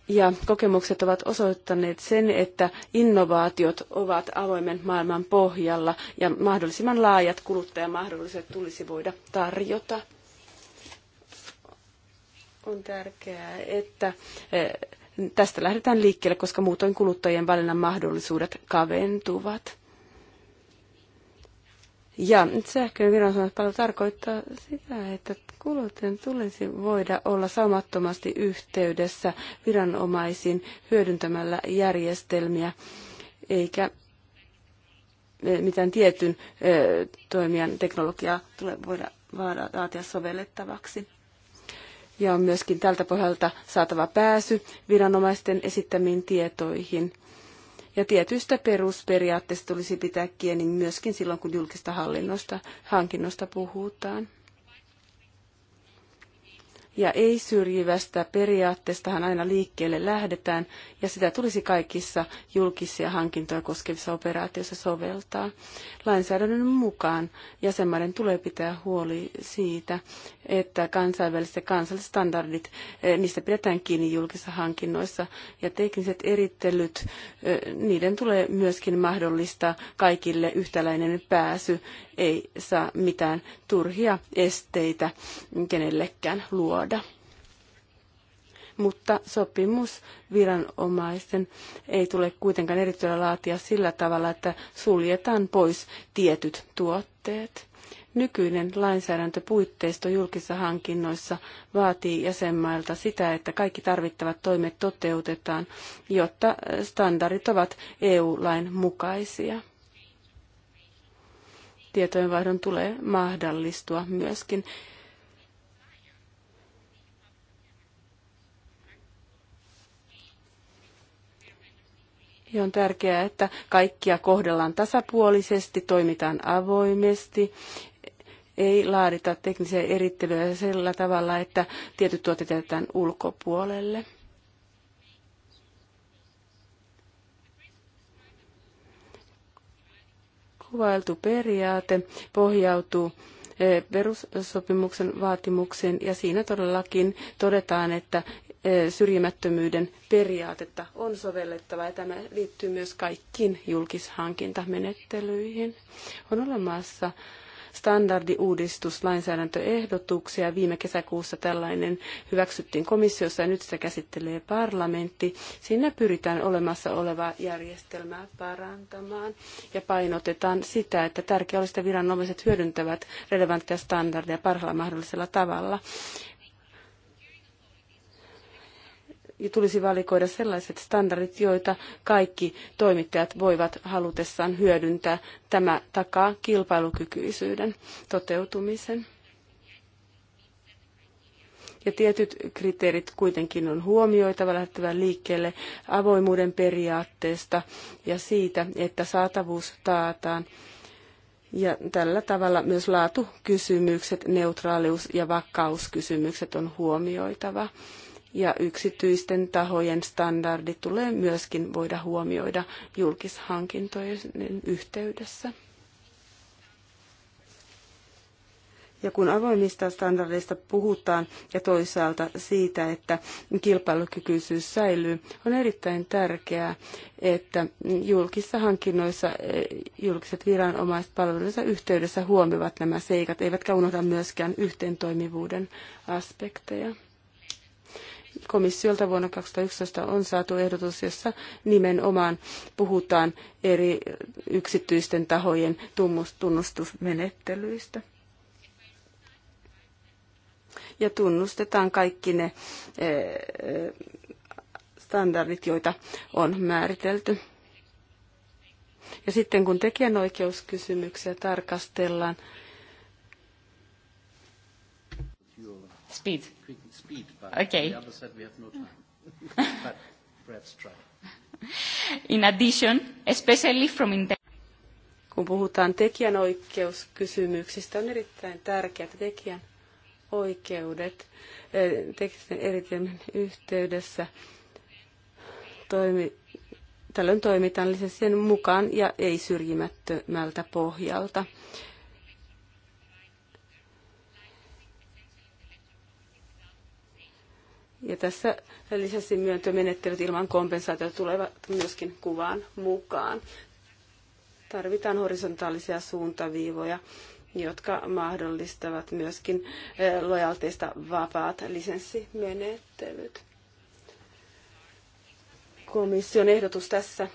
Ja kokemukset ovat osoittaneet sen, että innovaatiot ovat avoimen maailman pohjalla ja mahdollisimman laajat kuluttajamahdollisuudet tulisi voida tarjota. On tärkeää, että eh, tästä lähdetään liikkeelle, koska muutoin kuluttajien valinnan mahdollisuudet kaventuvat. Ja sähköinen viranomaispalvelu tarkoittaa sitä, että kuluttajan tulisi voida olla saumattomasti yhteydessä viranomaisiin hyödyntämällä järjestelmiä, eikä eh, mitään tietyn eh, toimijan teknologiaa tule voida vaatia sovellettavaksi. Ja on myöskin tältä pohjalta saatava pääsy viranomaisten esittämiin tietoihin – ja tietyistä perusperiaatteista tulisi pitää kiinni myöskin silloin, kun julkista hallinnosta, hankinnosta puhutaan ja ei-syrjivästä periaatteestahan aina liikkeelle lähdetään, ja sitä tulisi kaikissa julkisia hankintoja koskevissa operaatioissa soveltaa. Lainsäädännön mukaan jäsenmaiden tulee pitää huoli siitä, että kansainväliset ja kansalliset standardit, eh, niistä pidetään kiinni julkisissa hankinnoissa, ja tekniset erittelyt, eh, niiden tulee myöskin mahdollistaa kaikille yhtäläinen pääsy, ei saa mitään turhia esteitä kenellekään luoda luoda. Mutta sopimus viranomaisten ei tule kuitenkaan erityillä laatia sillä tavalla, että suljetaan pois tietyt tuotteet. Nykyinen lainsäädäntö puitteisto julkisissa hankinnoissa vaatii jäsenmailta sitä, että kaikki tarvittavat toimet toteutetaan, jotta standardit ovat EU-lain mukaisia tietojenvaihdon tulee mahdollistua myöskin Ja on tärkeää, että kaikkia kohdellaan tasapuolisesti, toimitaan avoimesti, ei laadita teknisiä erittelyjä sillä tavalla, että tietyt tuotteet jätetään ulkopuolelle. Kuvailtu periaate pohjautuu eh, perussopimuksen vaatimuksiin ja siinä todellakin todetaan, että syrjimättömyyden periaatetta on sovellettava ja tämä liittyy myös kaikkiin julkishankintamenettelyihin. On olemassa standardiuudistuslainsäädäntöehdotuksia. lainsäädäntöehdotuksia. Viime kesäkuussa tällainen hyväksyttiin komissiossa ja nyt sitä käsittelee parlamentti. Siinä pyritään olemassa olevaa järjestelmää parantamaan ja painotetaan sitä, että tärkeää olisi, että viranomaiset hyödyntävät relevantteja standardeja parhaalla mahdollisella tavalla tulisi valikoida sellaiset standardit, joita kaikki toimittajat voivat halutessaan hyödyntää. Tämä takaa kilpailukykyisyyden toteutumisen. Ja tietyt kriteerit kuitenkin on huomioitava lähettävän liikkeelle avoimuuden periaatteesta ja siitä, että saatavuus taataan. Ja tällä tavalla myös laatukysymykset, neutraalius- ja vakauskysymykset on huomioitava ja yksityisten tahojen standardit tulee myöskin voida huomioida julkishankintojen yhteydessä. Ja kun avoimista standardeista puhutaan ja toisaalta siitä, että kilpailukykyisyys säilyy, on erittäin tärkeää, että julkissa hankinnoissa julkiset viranomaiset palveluissa yhteydessä huomioivat nämä seikat, eivätkä unohda myöskään yhteentoimivuuden aspekteja komissiolta vuonna 2011 on saatu ehdotus, jossa nimenomaan puhutaan eri yksityisten tahojen tunnustusmenettelyistä. Ja tunnustetaan kaikki ne eh, standardit, joita on määritelty. Ja sitten kun tekijänoikeuskysymyksiä tarkastellaan. Speed speed, but okay. the other said we have no time. but perhaps try. In addition, especially from kun puhutaan tekijänoikeuskysymyksistä, on erittäin tärkeää, että tekijän oikeudet eh, tekstin eritelmän yhteydessä toimi, tällöin toimitaan lisäksi sen mukaan ja ei syrjimättömältä pohjalta. Ja tässä lisäksi myöntömenettelyt ilman kompensaatiota tulevat myöskin kuvaan mukaan. Tarvitaan horisontaalisia suuntaviivoja, jotka mahdollistavat myöskin eh, lojalteista vapaat lisenssimenettelyt. Komission ehdotus tässä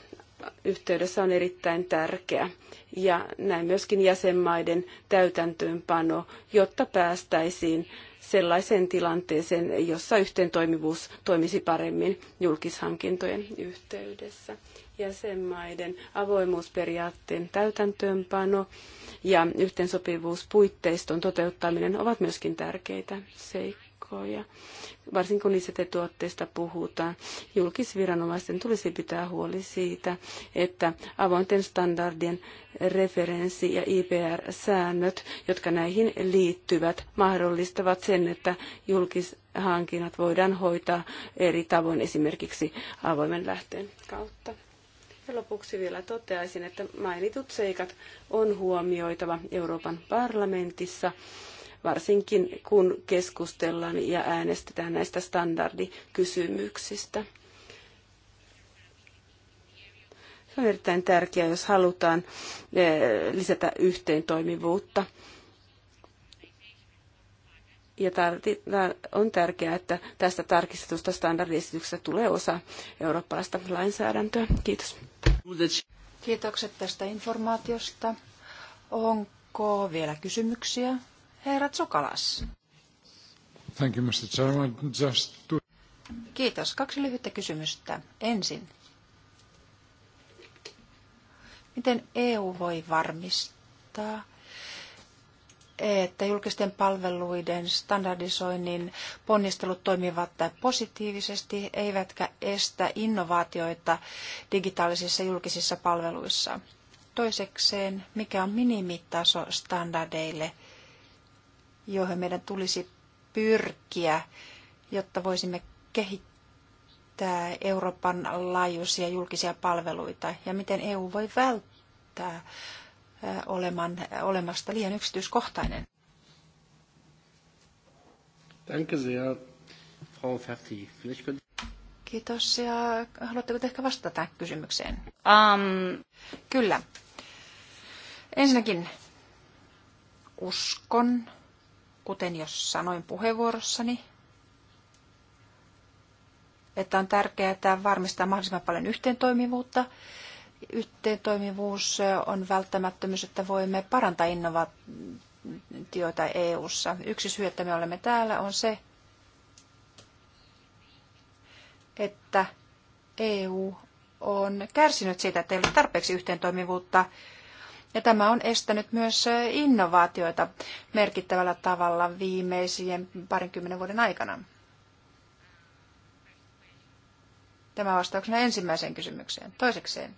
yhteydessä on erittäin tärkeä ja näin myöskin jäsenmaiden täytäntöönpano, jotta päästäisiin sellaiseen tilanteeseen, jossa yhteen toimivuus toimisi paremmin julkishankintojen yhteydessä. Jäsenmaiden avoimuusperiaatteen täytäntöönpano ja yhteensopivuuspuitteiston toteuttaminen ovat myöskin tärkeitä seikkoja ja Varsinkin kun ICT-tuotteista puhutaan, julkisviranomaisten tulisi pitää huoli siitä, että avointen standardien referenssi- ja IPR-säännöt, jotka näihin liittyvät, mahdollistavat sen, että julkishankinnat voidaan hoitaa eri tavoin esimerkiksi avoimen lähteen kautta. Ja lopuksi vielä toteaisin, että mainitut seikat on huomioitava Euroopan parlamentissa varsinkin kun keskustellaan ja äänestetään näistä standardikysymyksistä. Se on erittäin tärkeää, jos halutaan eh, lisätä yhteentoimivuutta. Ja on tärkeää, että tästä tarkistetusta standardiesityksestä tulee osa eurooppalaista lainsäädäntöä. Kiitos. Kiitokset tästä informaatiosta. Onko vielä kysymyksiä? Herra Tsukalas. Thank you, Mr. Chairman. Just to... Kiitos. Kaksi lyhyttä kysymystä. Ensin. Miten EU voi varmistaa, että julkisten palveluiden standardisoinnin ponnistelut toimivat positiivisesti, eivätkä estä innovaatioita digitaalisissa julkisissa palveluissa? Toisekseen, mikä on minimitaso standardeille joihin meidän tulisi pyrkiä, jotta voisimme kehittää Euroopan laajuisia julkisia palveluita ja miten EU voi välttää oleman, olemasta liian yksityiskohtainen. Danke sehr, Frau Ferti. Kiitos. Ja haluatteko te ehkä vastata kysymykseen? Um, kyllä. Ensinnäkin uskon, kuten jos sanoin puheenvuorossani, että on tärkeää varmistaa mahdollisimman paljon yhteentoimivuutta. Yhteentoimivuus on välttämättömyys, että voimme parantaa innovaatioita EU-ssa. Yksi syy, että me olemme täällä, on se, että EU on kärsinyt siitä, että ei ole tarpeeksi yhteentoimivuutta ja tämä on estänyt myös innovaatioita merkittävällä tavalla viimeisien parinkymmenen vuoden aikana. Tämä vastauksena ensimmäiseen kysymykseen. Toisekseen,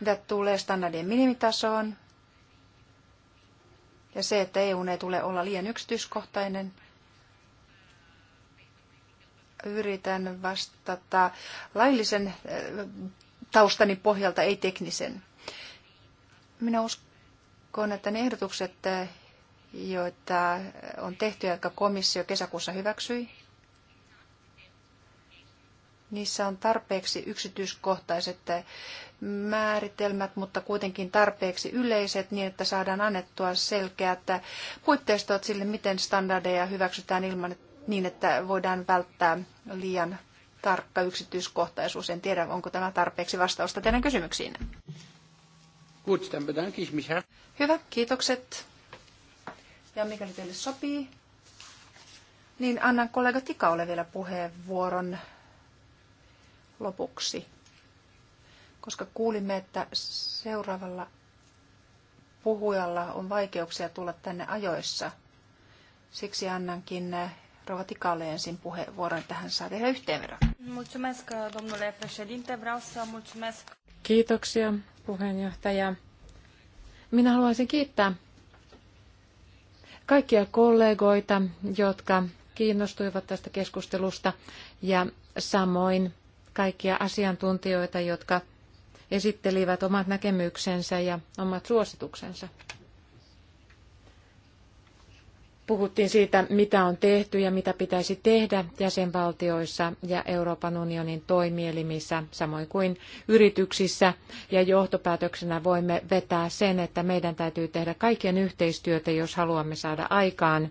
mitä tulee standardien minimitasoon ja se, että EU ei tule olla liian yksityiskohtainen, yritän vastata laillisen taustani pohjalta, ei teknisen. Minä uskon, että ne ehdotukset, joita on tehty ja jotka komissio kesäkuussa hyväksyi, niissä on tarpeeksi yksityiskohtaiset määritelmät, mutta kuitenkin tarpeeksi yleiset niin, että saadaan annettua selkeät puitteistot sille, miten standardeja hyväksytään ilman, niin, että voidaan välttää liian tarkka yksityiskohtaisuus. En tiedä, onko tämä tarpeeksi vastausta teidän kysymyksiinne. Gut, dann bedanke ich mich Hyvä, kiitokset. Ja mikäli teille sopii, niin annan kollega Tikaolle vielä puheenvuoron lopuksi, koska kuulimme, että seuraavalla puhujalla on vaikeuksia tulla tänne ajoissa. Siksi annankin eh, Rova Tikalle ensin puheenvuoron, että hän saa tehdä yhteenvedon. Kiitoksia puheenjohtaja. Minä haluaisin kiittää kaikkia kollegoita, jotka kiinnostuivat tästä keskustelusta ja samoin kaikkia asiantuntijoita, jotka esittelivät omat näkemyksensä ja omat suosituksensa puhuttiin siitä, mitä on tehty ja mitä pitäisi tehdä jäsenvaltioissa ja Euroopan unionin toimielimissä, samoin kuin yrityksissä. Ja johtopäätöksenä voimme vetää sen, että meidän täytyy tehdä kaikkien yhteistyötä, jos haluamme saada aikaan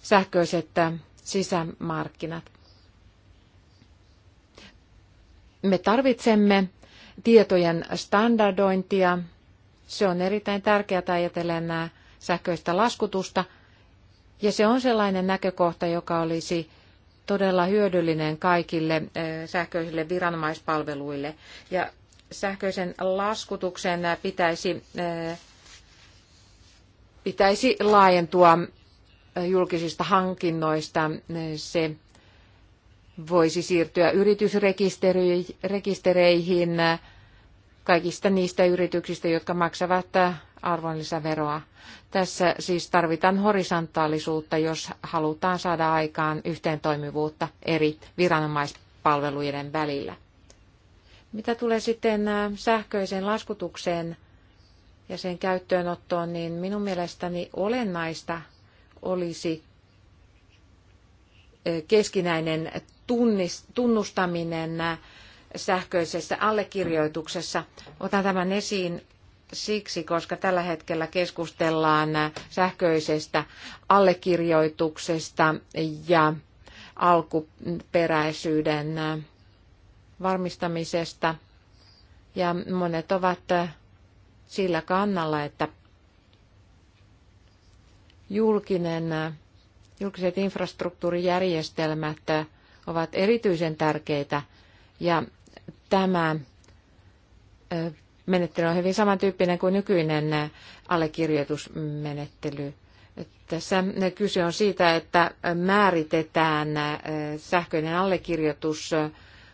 sähköiset äh, sisämarkkinat. Me tarvitsemme tietojen standardointia. Se on erittäin tärkeää ajatellen äh, sähköistä laskutusta, ja se on sellainen näkökohta, joka olisi todella hyödyllinen kaikille eh, sähköisille viranomaispalveluille. Ja sähköisen laskutuksen eh, pitäisi, eh, pitäisi laajentua julkisista hankinnoista. Se voisi siirtyä yritysrekistereihin, kaikista niistä yrityksistä, jotka maksavat äh, arvonlisäveroa. Tässä siis tarvitaan horisontaalisuutta, jos halutaan saada aikaan yhteentoimivuutta eri viranomaispalvelujen välillä. Mitä tulee sitten äh, sähköiseen laskutukseen ja sen käyttöönottoon, niin minun mielestäni olennaista olisi äh, keskinäinen tunnustaminen sähköisessä allekirjoituksessa. Otan tämän esiin siksi, koska tällä hetkellä keskustellaan sähköisestä allekirjoituksesta ja alkuperäisyyden varmistamisesta. Ja monet ovat sillä kannalla, että julkinen, julkiset infrastruktuurijärjestelmät ovat erityisen tärkeitä ja tämä menettely on hyvin samantyyppinen kuin nykyinen allekirjoitusmenettely. Tässä kyse on siitä, että määritetään sähköinen allekirjoitus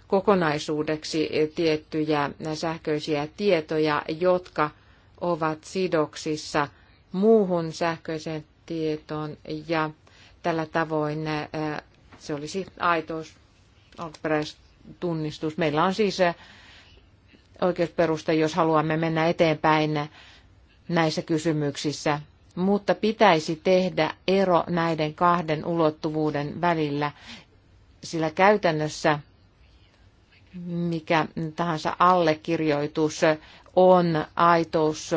kokonaisuudeksi tiettyjä sähköisiä tietoja, jotka ovat sidoksissa muuhun sähköiseen tietoon ja tällä tavoin se olisi aitous, alkuperäis, tunnistus. Meillä on siis eh, oikeusperuste, jos haluamme mennä eteenpäin näissä kysymyksissä, mutta pitäisi tehdä ero näiden kahden ulottuvuuden välillä, sillä käytännössä mikä tahansa allekirjoitus on aitous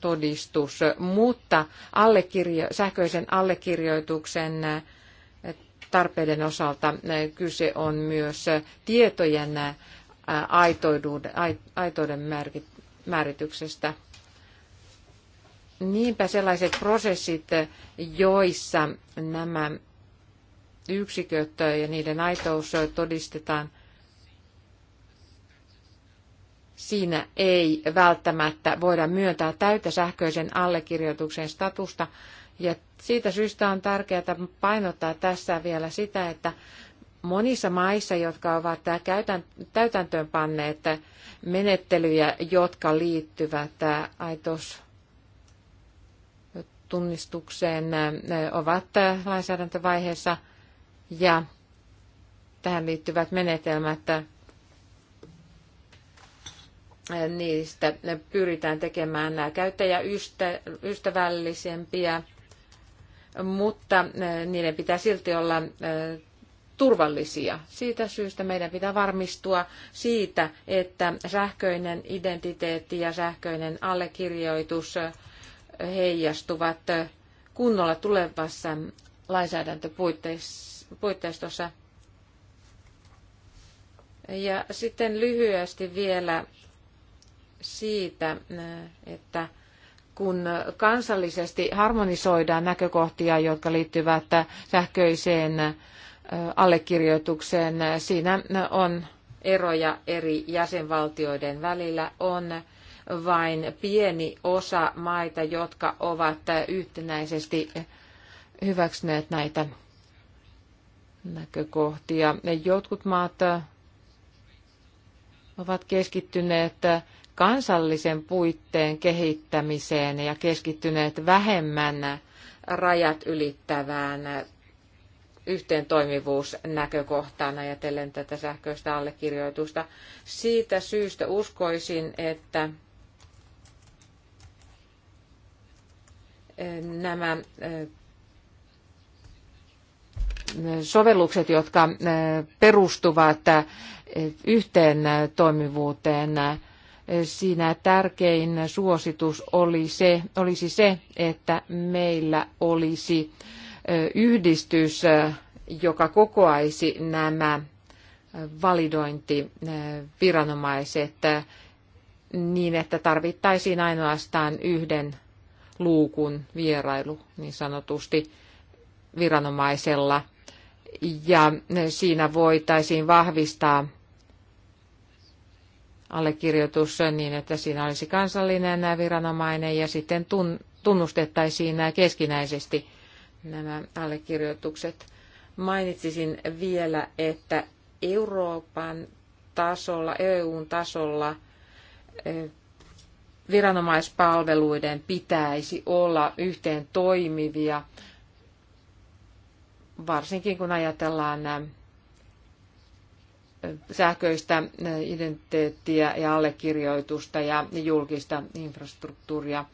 todistus, mutta allekirjo- sähköisen allekirjoituksen tarpeiden osalta. Kyse on myös tietojen aitouden määrityksestä. Niinpä sellaiset prosessit, joissa nämä yksiköt ja niiden aitous todistetaan, siinä ei välttämättä voida myöntää täyttä sähköisen allekirjoituksen statusta, ja siitä syystä on tärkeää painottaa tässä vielä sitä, että monissa maissa, jotka ovat täytäntöön panneet menettelyjä, jotka liittyvät aitos tunnistukseen, ovat lainsäädäntövaiheessa ja tähän liittyvät menetelmät niistä pyritään tekemään nämä käyttäjäystävällisempiä mutta äh, niiden pitää silti olla äh, turvallisia. Siitä syystä meidän pitää varmistua siitä, että sähköinen identiteetti ja sähköinen allekirjoitus äh, heijastuvat kunnolla tulevassa lainsäädäntöpuitteistossa. Ja sitten lyhyesti vielä siitä, että kun kansallisesti harmonisoidaan näkökohtia, jotka liittyvät sähköiseen allekirjoitukseen, siinä on eroja eri jäsenvaltioiden välillä. On vain pieni osa maita, jotka ovat yhtenäisesti hyväksyneet näitä näkökohtia. Jotkut maat ovat keskittyneet kansallisen puitteen kehittämiseen ja keskittyneet vähemmän rajat ylittävään yhteentoimivuusnäkökohtaan ajatellen tätä sähköistä allekirjoitusta. Siitä syystä uskoisin, että nämä sovellukset, jotka perustuvat yhteen toimivuuteen, Siinä tärkein suositus oli se, olisi se, että meillä olisi yhdistys, joka kokoaisi nämä validointiviranomaiset niin, että tarvittaisiin ainoastaan yhden luukun vierailu niin sanotusti viranomaisella. Ja siinä voitaisiin vahvistaa allekirjoitus niin, että siinä olisi kansallinen viranomainen ja sitten tunnustettaisiin nämä keskinäisesti nämä allekirjoitukset. Mainitsisin vielä, että Euroopan tasolla, EUn tasolla eh, viranomaispalveluiden pitäisi olla yhteen toimivia, varsinkin kun ajatellaan eh, sähköistä identiteettiä ja allekirjoitusta ja julkista infrastruktuuria.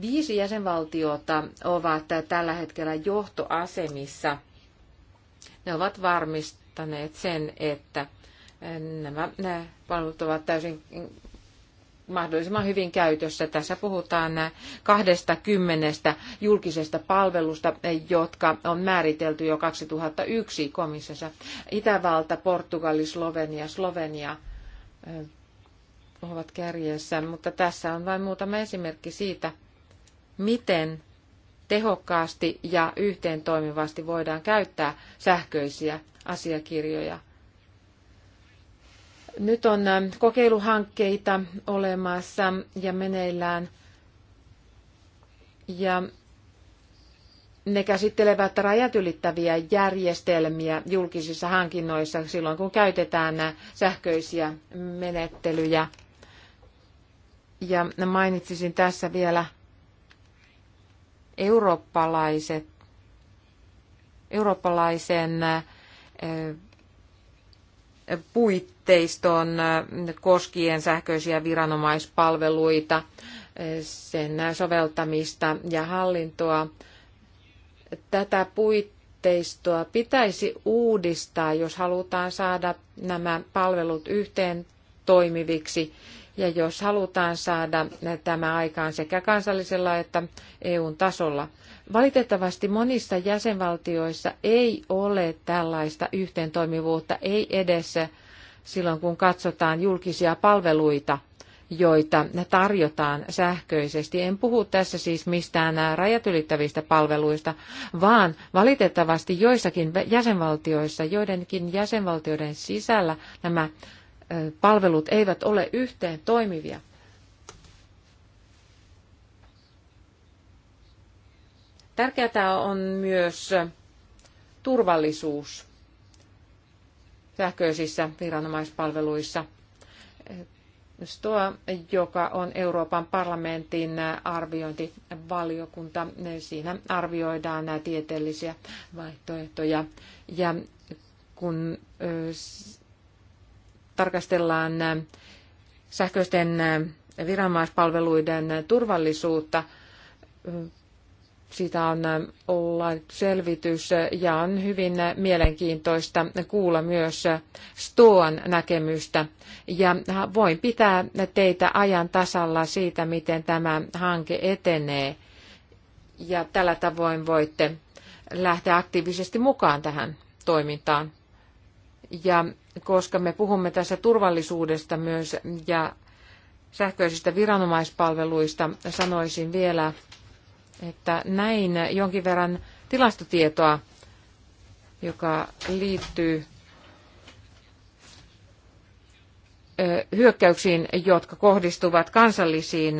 Viisi jäsenvaltiota ovat tällä hetkellä johtoasemissa. Ne ovat varmistaneet sen, että nämä, nämä palvelut ovat täysin mahdollisimman hyvin käytössä. Tässä puhutaan kymmenestä julkisesta palvelusta, jotka on määritelty jo 2001 komissiossa. Itävalta, Portugali, Slovenia, Slovenia eh, ovat kärjessä, mutta tässä on vain muutama esimerkki siitä, miten tehokkaasti ja yhteentoimivasti voidaan käyttää sähköisiä asiakirjoja – nyt on äh, kokeiluhankkeita olemassa ja meneillään. Ja ne käsittelevät rajat ylittäviä järjestelmiä julkisissa hankinnoissa silloin, kun käytetään sähköisiä menettelyjä. Ja mainitsisin tässä vielä eurooppalaiset, eurooppalaisen äh, puitteiston koskien sähköisiä viranomaispalveluita, sen soveltamista ja hallintoa. Tätä puitteistoa pitäisi uudistaa, jos halutaan saada nämä palvelut yhteen toimiviksi ja jos halutaan saada tämä aikaan sekä kansallisella että EUn tasolla. Valitettavasti monissa jäsenvaltioissa ei ole tällaista yhteentoimivuutta, ei edes silloin kun katsotaan julkisia palveluita, joita tarjotaan sähköisesti. En puhu tässä siis mistään rajat ylittävistä palveluista, vaan valitettavasti joissakin jäsenvaltioissa, joidenkin jäsenvaltioiden sisällä nämä palvelut eivät ole yhteen toimivia. Tärkeää on myös turvallisuus sähköisissä viranomaispalveluissa. STOA, joka on Euroopan parlamentin arviointivaliokunta, siinä arvioidaan nämä tieteellisiä vaihtoehtoja. Ja kun tarkastellaan sähköisten viranomaispalveluiden turvallisuutta, siitä on ollut selvitys ja on hyvin mielenkiintoista kuulla myös Stoan näkemystä. Ja voin pitää teitä ajan tasalla siitä, miten tämä hanke etenee. Ja tällä tavoin voitte lähteä aktiivisesti mukaan tähän toimintaan. Ja koska me puhumme tässä turvallisuudesta myös ja sähköisistä viranomaispalveluista, sanoisin vielä, että näin jonkin verran tilastotietoa, joka liittyy hyökkäyksiin, jotka kohdistuvat kansallisiin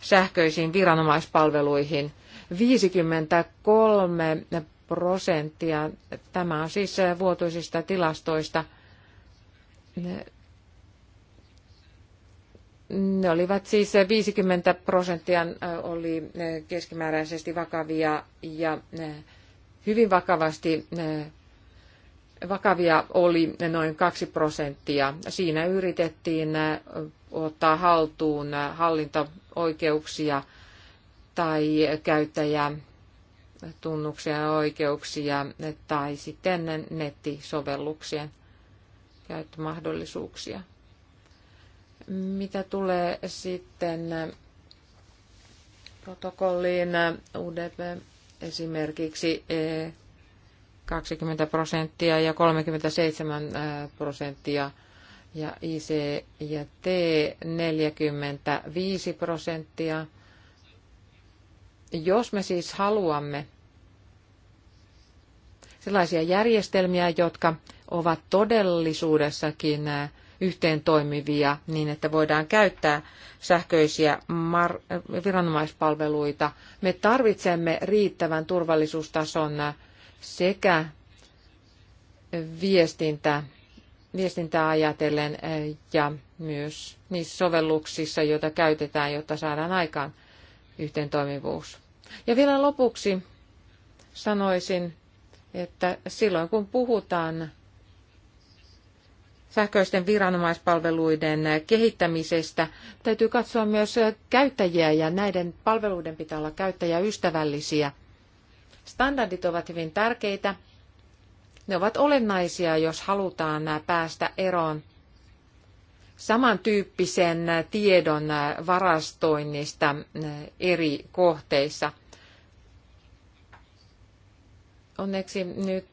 sähköisiin viranomaispalveluihin. 53 prosenttia, tämä on siis vuotuisista tilastoista, ne olivat siis 50 prosenttia oli keskimääräisesti vakavia ja hyvin vakavasti vakavia oli noin 2 prosenttia. Siinä yritettiin ottaa haltuun hallintaoikeuksia tai käyttäjätunnuksia ja oikeuksia tai sitten nettisovelluksien käyttömahdollisuuksia. Mitä tulee sitten protokolliin, UDP esimerkiksi 20 e prosenttia ja 37 prosenttia ja IC ja T 45 prosenttia. Jos me siis haluamme sellaisia järjestelmiä, jotka ovat todellisuudessakin yhteen toimivia niin, että voidaan käyttää sähköisiä viranomaispalveluita. Me tarvitsemme riittävän turvallisuustason sekä viestintä, viestintää ajatellen eh, ja myös niissä sovelluksissa, joita käytetään, jotta saadaan aikaan yhteen toimivuus. Ja vielä lopuksi sanoisin, että silloin kun puhutaan sähköisten viranomaispalveluiden kehittämisestä. Täytyy katsoa myös käyttäjiä ja näiden palveluiden pitää olla käyttäjäystävällisiä. Standardit ovat hyvin tärkeitä. Ne ovat olennaisia, jos halutaan päästä eroon samantyyppisen tiedon varastoinnista eri kohteissa. Onneksi nyt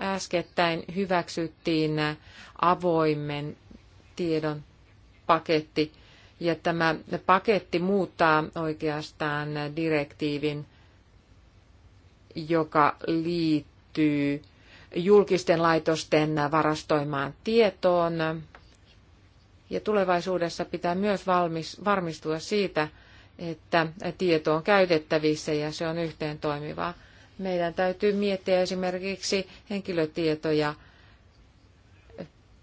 äskettäin hyväksyttiin avoimen tiedon paketti, ja tämä paketti muuttaa oikeastaan direktiivin, joka liittyy julkisten laitosten varastoimaan tietoon. Ja tulevaisuudessa pitää myös valmis, varmistua siitä, että tieto on käytettävissä ja se on yhteen toimivaa meidän täytyy miettiä esimerkiksi henkilötietoja,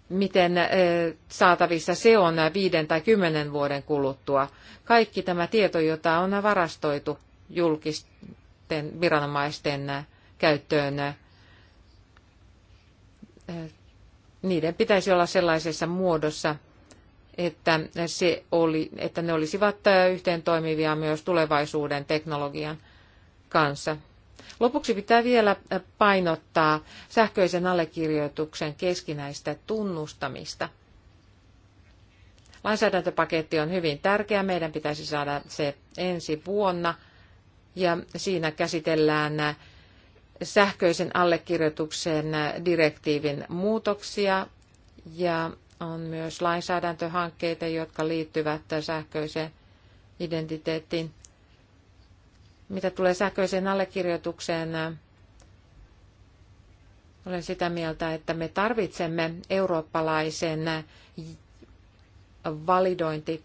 miten eh, saatavissa se on viiden tai kymmenen vuoden kuluttua. Kaikki tämä tieto, jota on varastoitu julkisten viranomaisten käyttöön, eh, niiden pitäisi olla sellaisessa muodossa, että, se oli, että ne olisivat eh, yhteen toimivia myös tulevaisuuden teknologian kanssa. Lopuksi pitää vielä painottaa sähköisen allekirjoituksen keskinäistä tunnustamista. Lainsäädäntöpaketti on hyvin tärkeä. Meidän pitäisi saada se ensi vuonna ja siinä käsitellään sähköisen allekirjoituksen direktiivin muutoksia ja on myös lainsäädäntöhankkeita, jotka liittyvät sähköiseen identiteettiin mitä tulee sähköiseen allekirjoitukseen, olen sitä mieltä, että me tarvitsemme eurooppalaisen validointi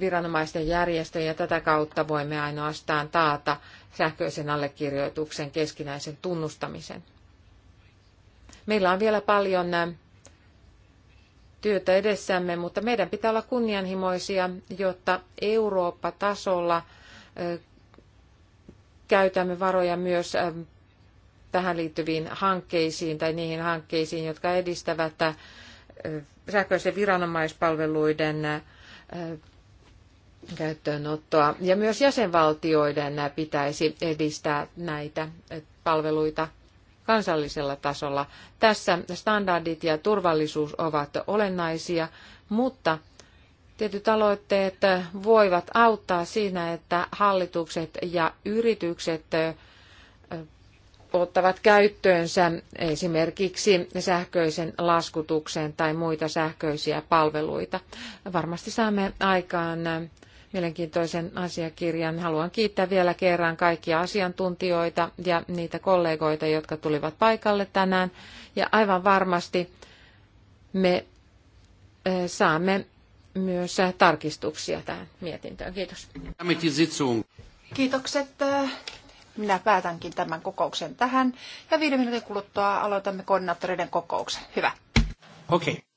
viranomaisten järjestöjä ja tätä kautta voimme ainoastaan taata sähköisen allekirjoituksen keskinäisen tunnustamisen. Meillä on vielä paljon äh, työtä edessämme, mutta meidän pitää olla kunnianhimoisia, jotta Eurooppa-tasolla äh, käytämme varoja myös ähm, tähän liittyviin hankkeisiin tai niihin hankkeisiin, jotka edistävät äh, sähköisen viranomaispalveluiden äh, käyttöönottoa. Ja myös jäsenvaltioiden äh, pitäisi edistää näitä palveluita kansallisella tasolla. Tässä standardit ja turvallisuus ovat olennaisia, mutta Tietyt aloitteet voivat auttaa siinä, että hallitukset ja yritykset ottavat käyttöönsä esimerkiksi sähköisen laskutuksen tai muita sähköisiä palveluita. Varmasti saamme aikaan mielenkiintoisen asiakirjan. Haluan kiittää vielä kerran kaikkia asiantuntijoita ja niitä kollegoita, jotka tulivat paikalle tänään. Ja aivan varmasti me saamme myös tarkistuksia tähän mietintöön. Kiitos. Kiitokset. Minä päätänkin tämän kokouksen tähän ja viiden minuutin kuluttua aloitamme koordinaattoreiden kokouksen. Hyvä. Okei. Okay.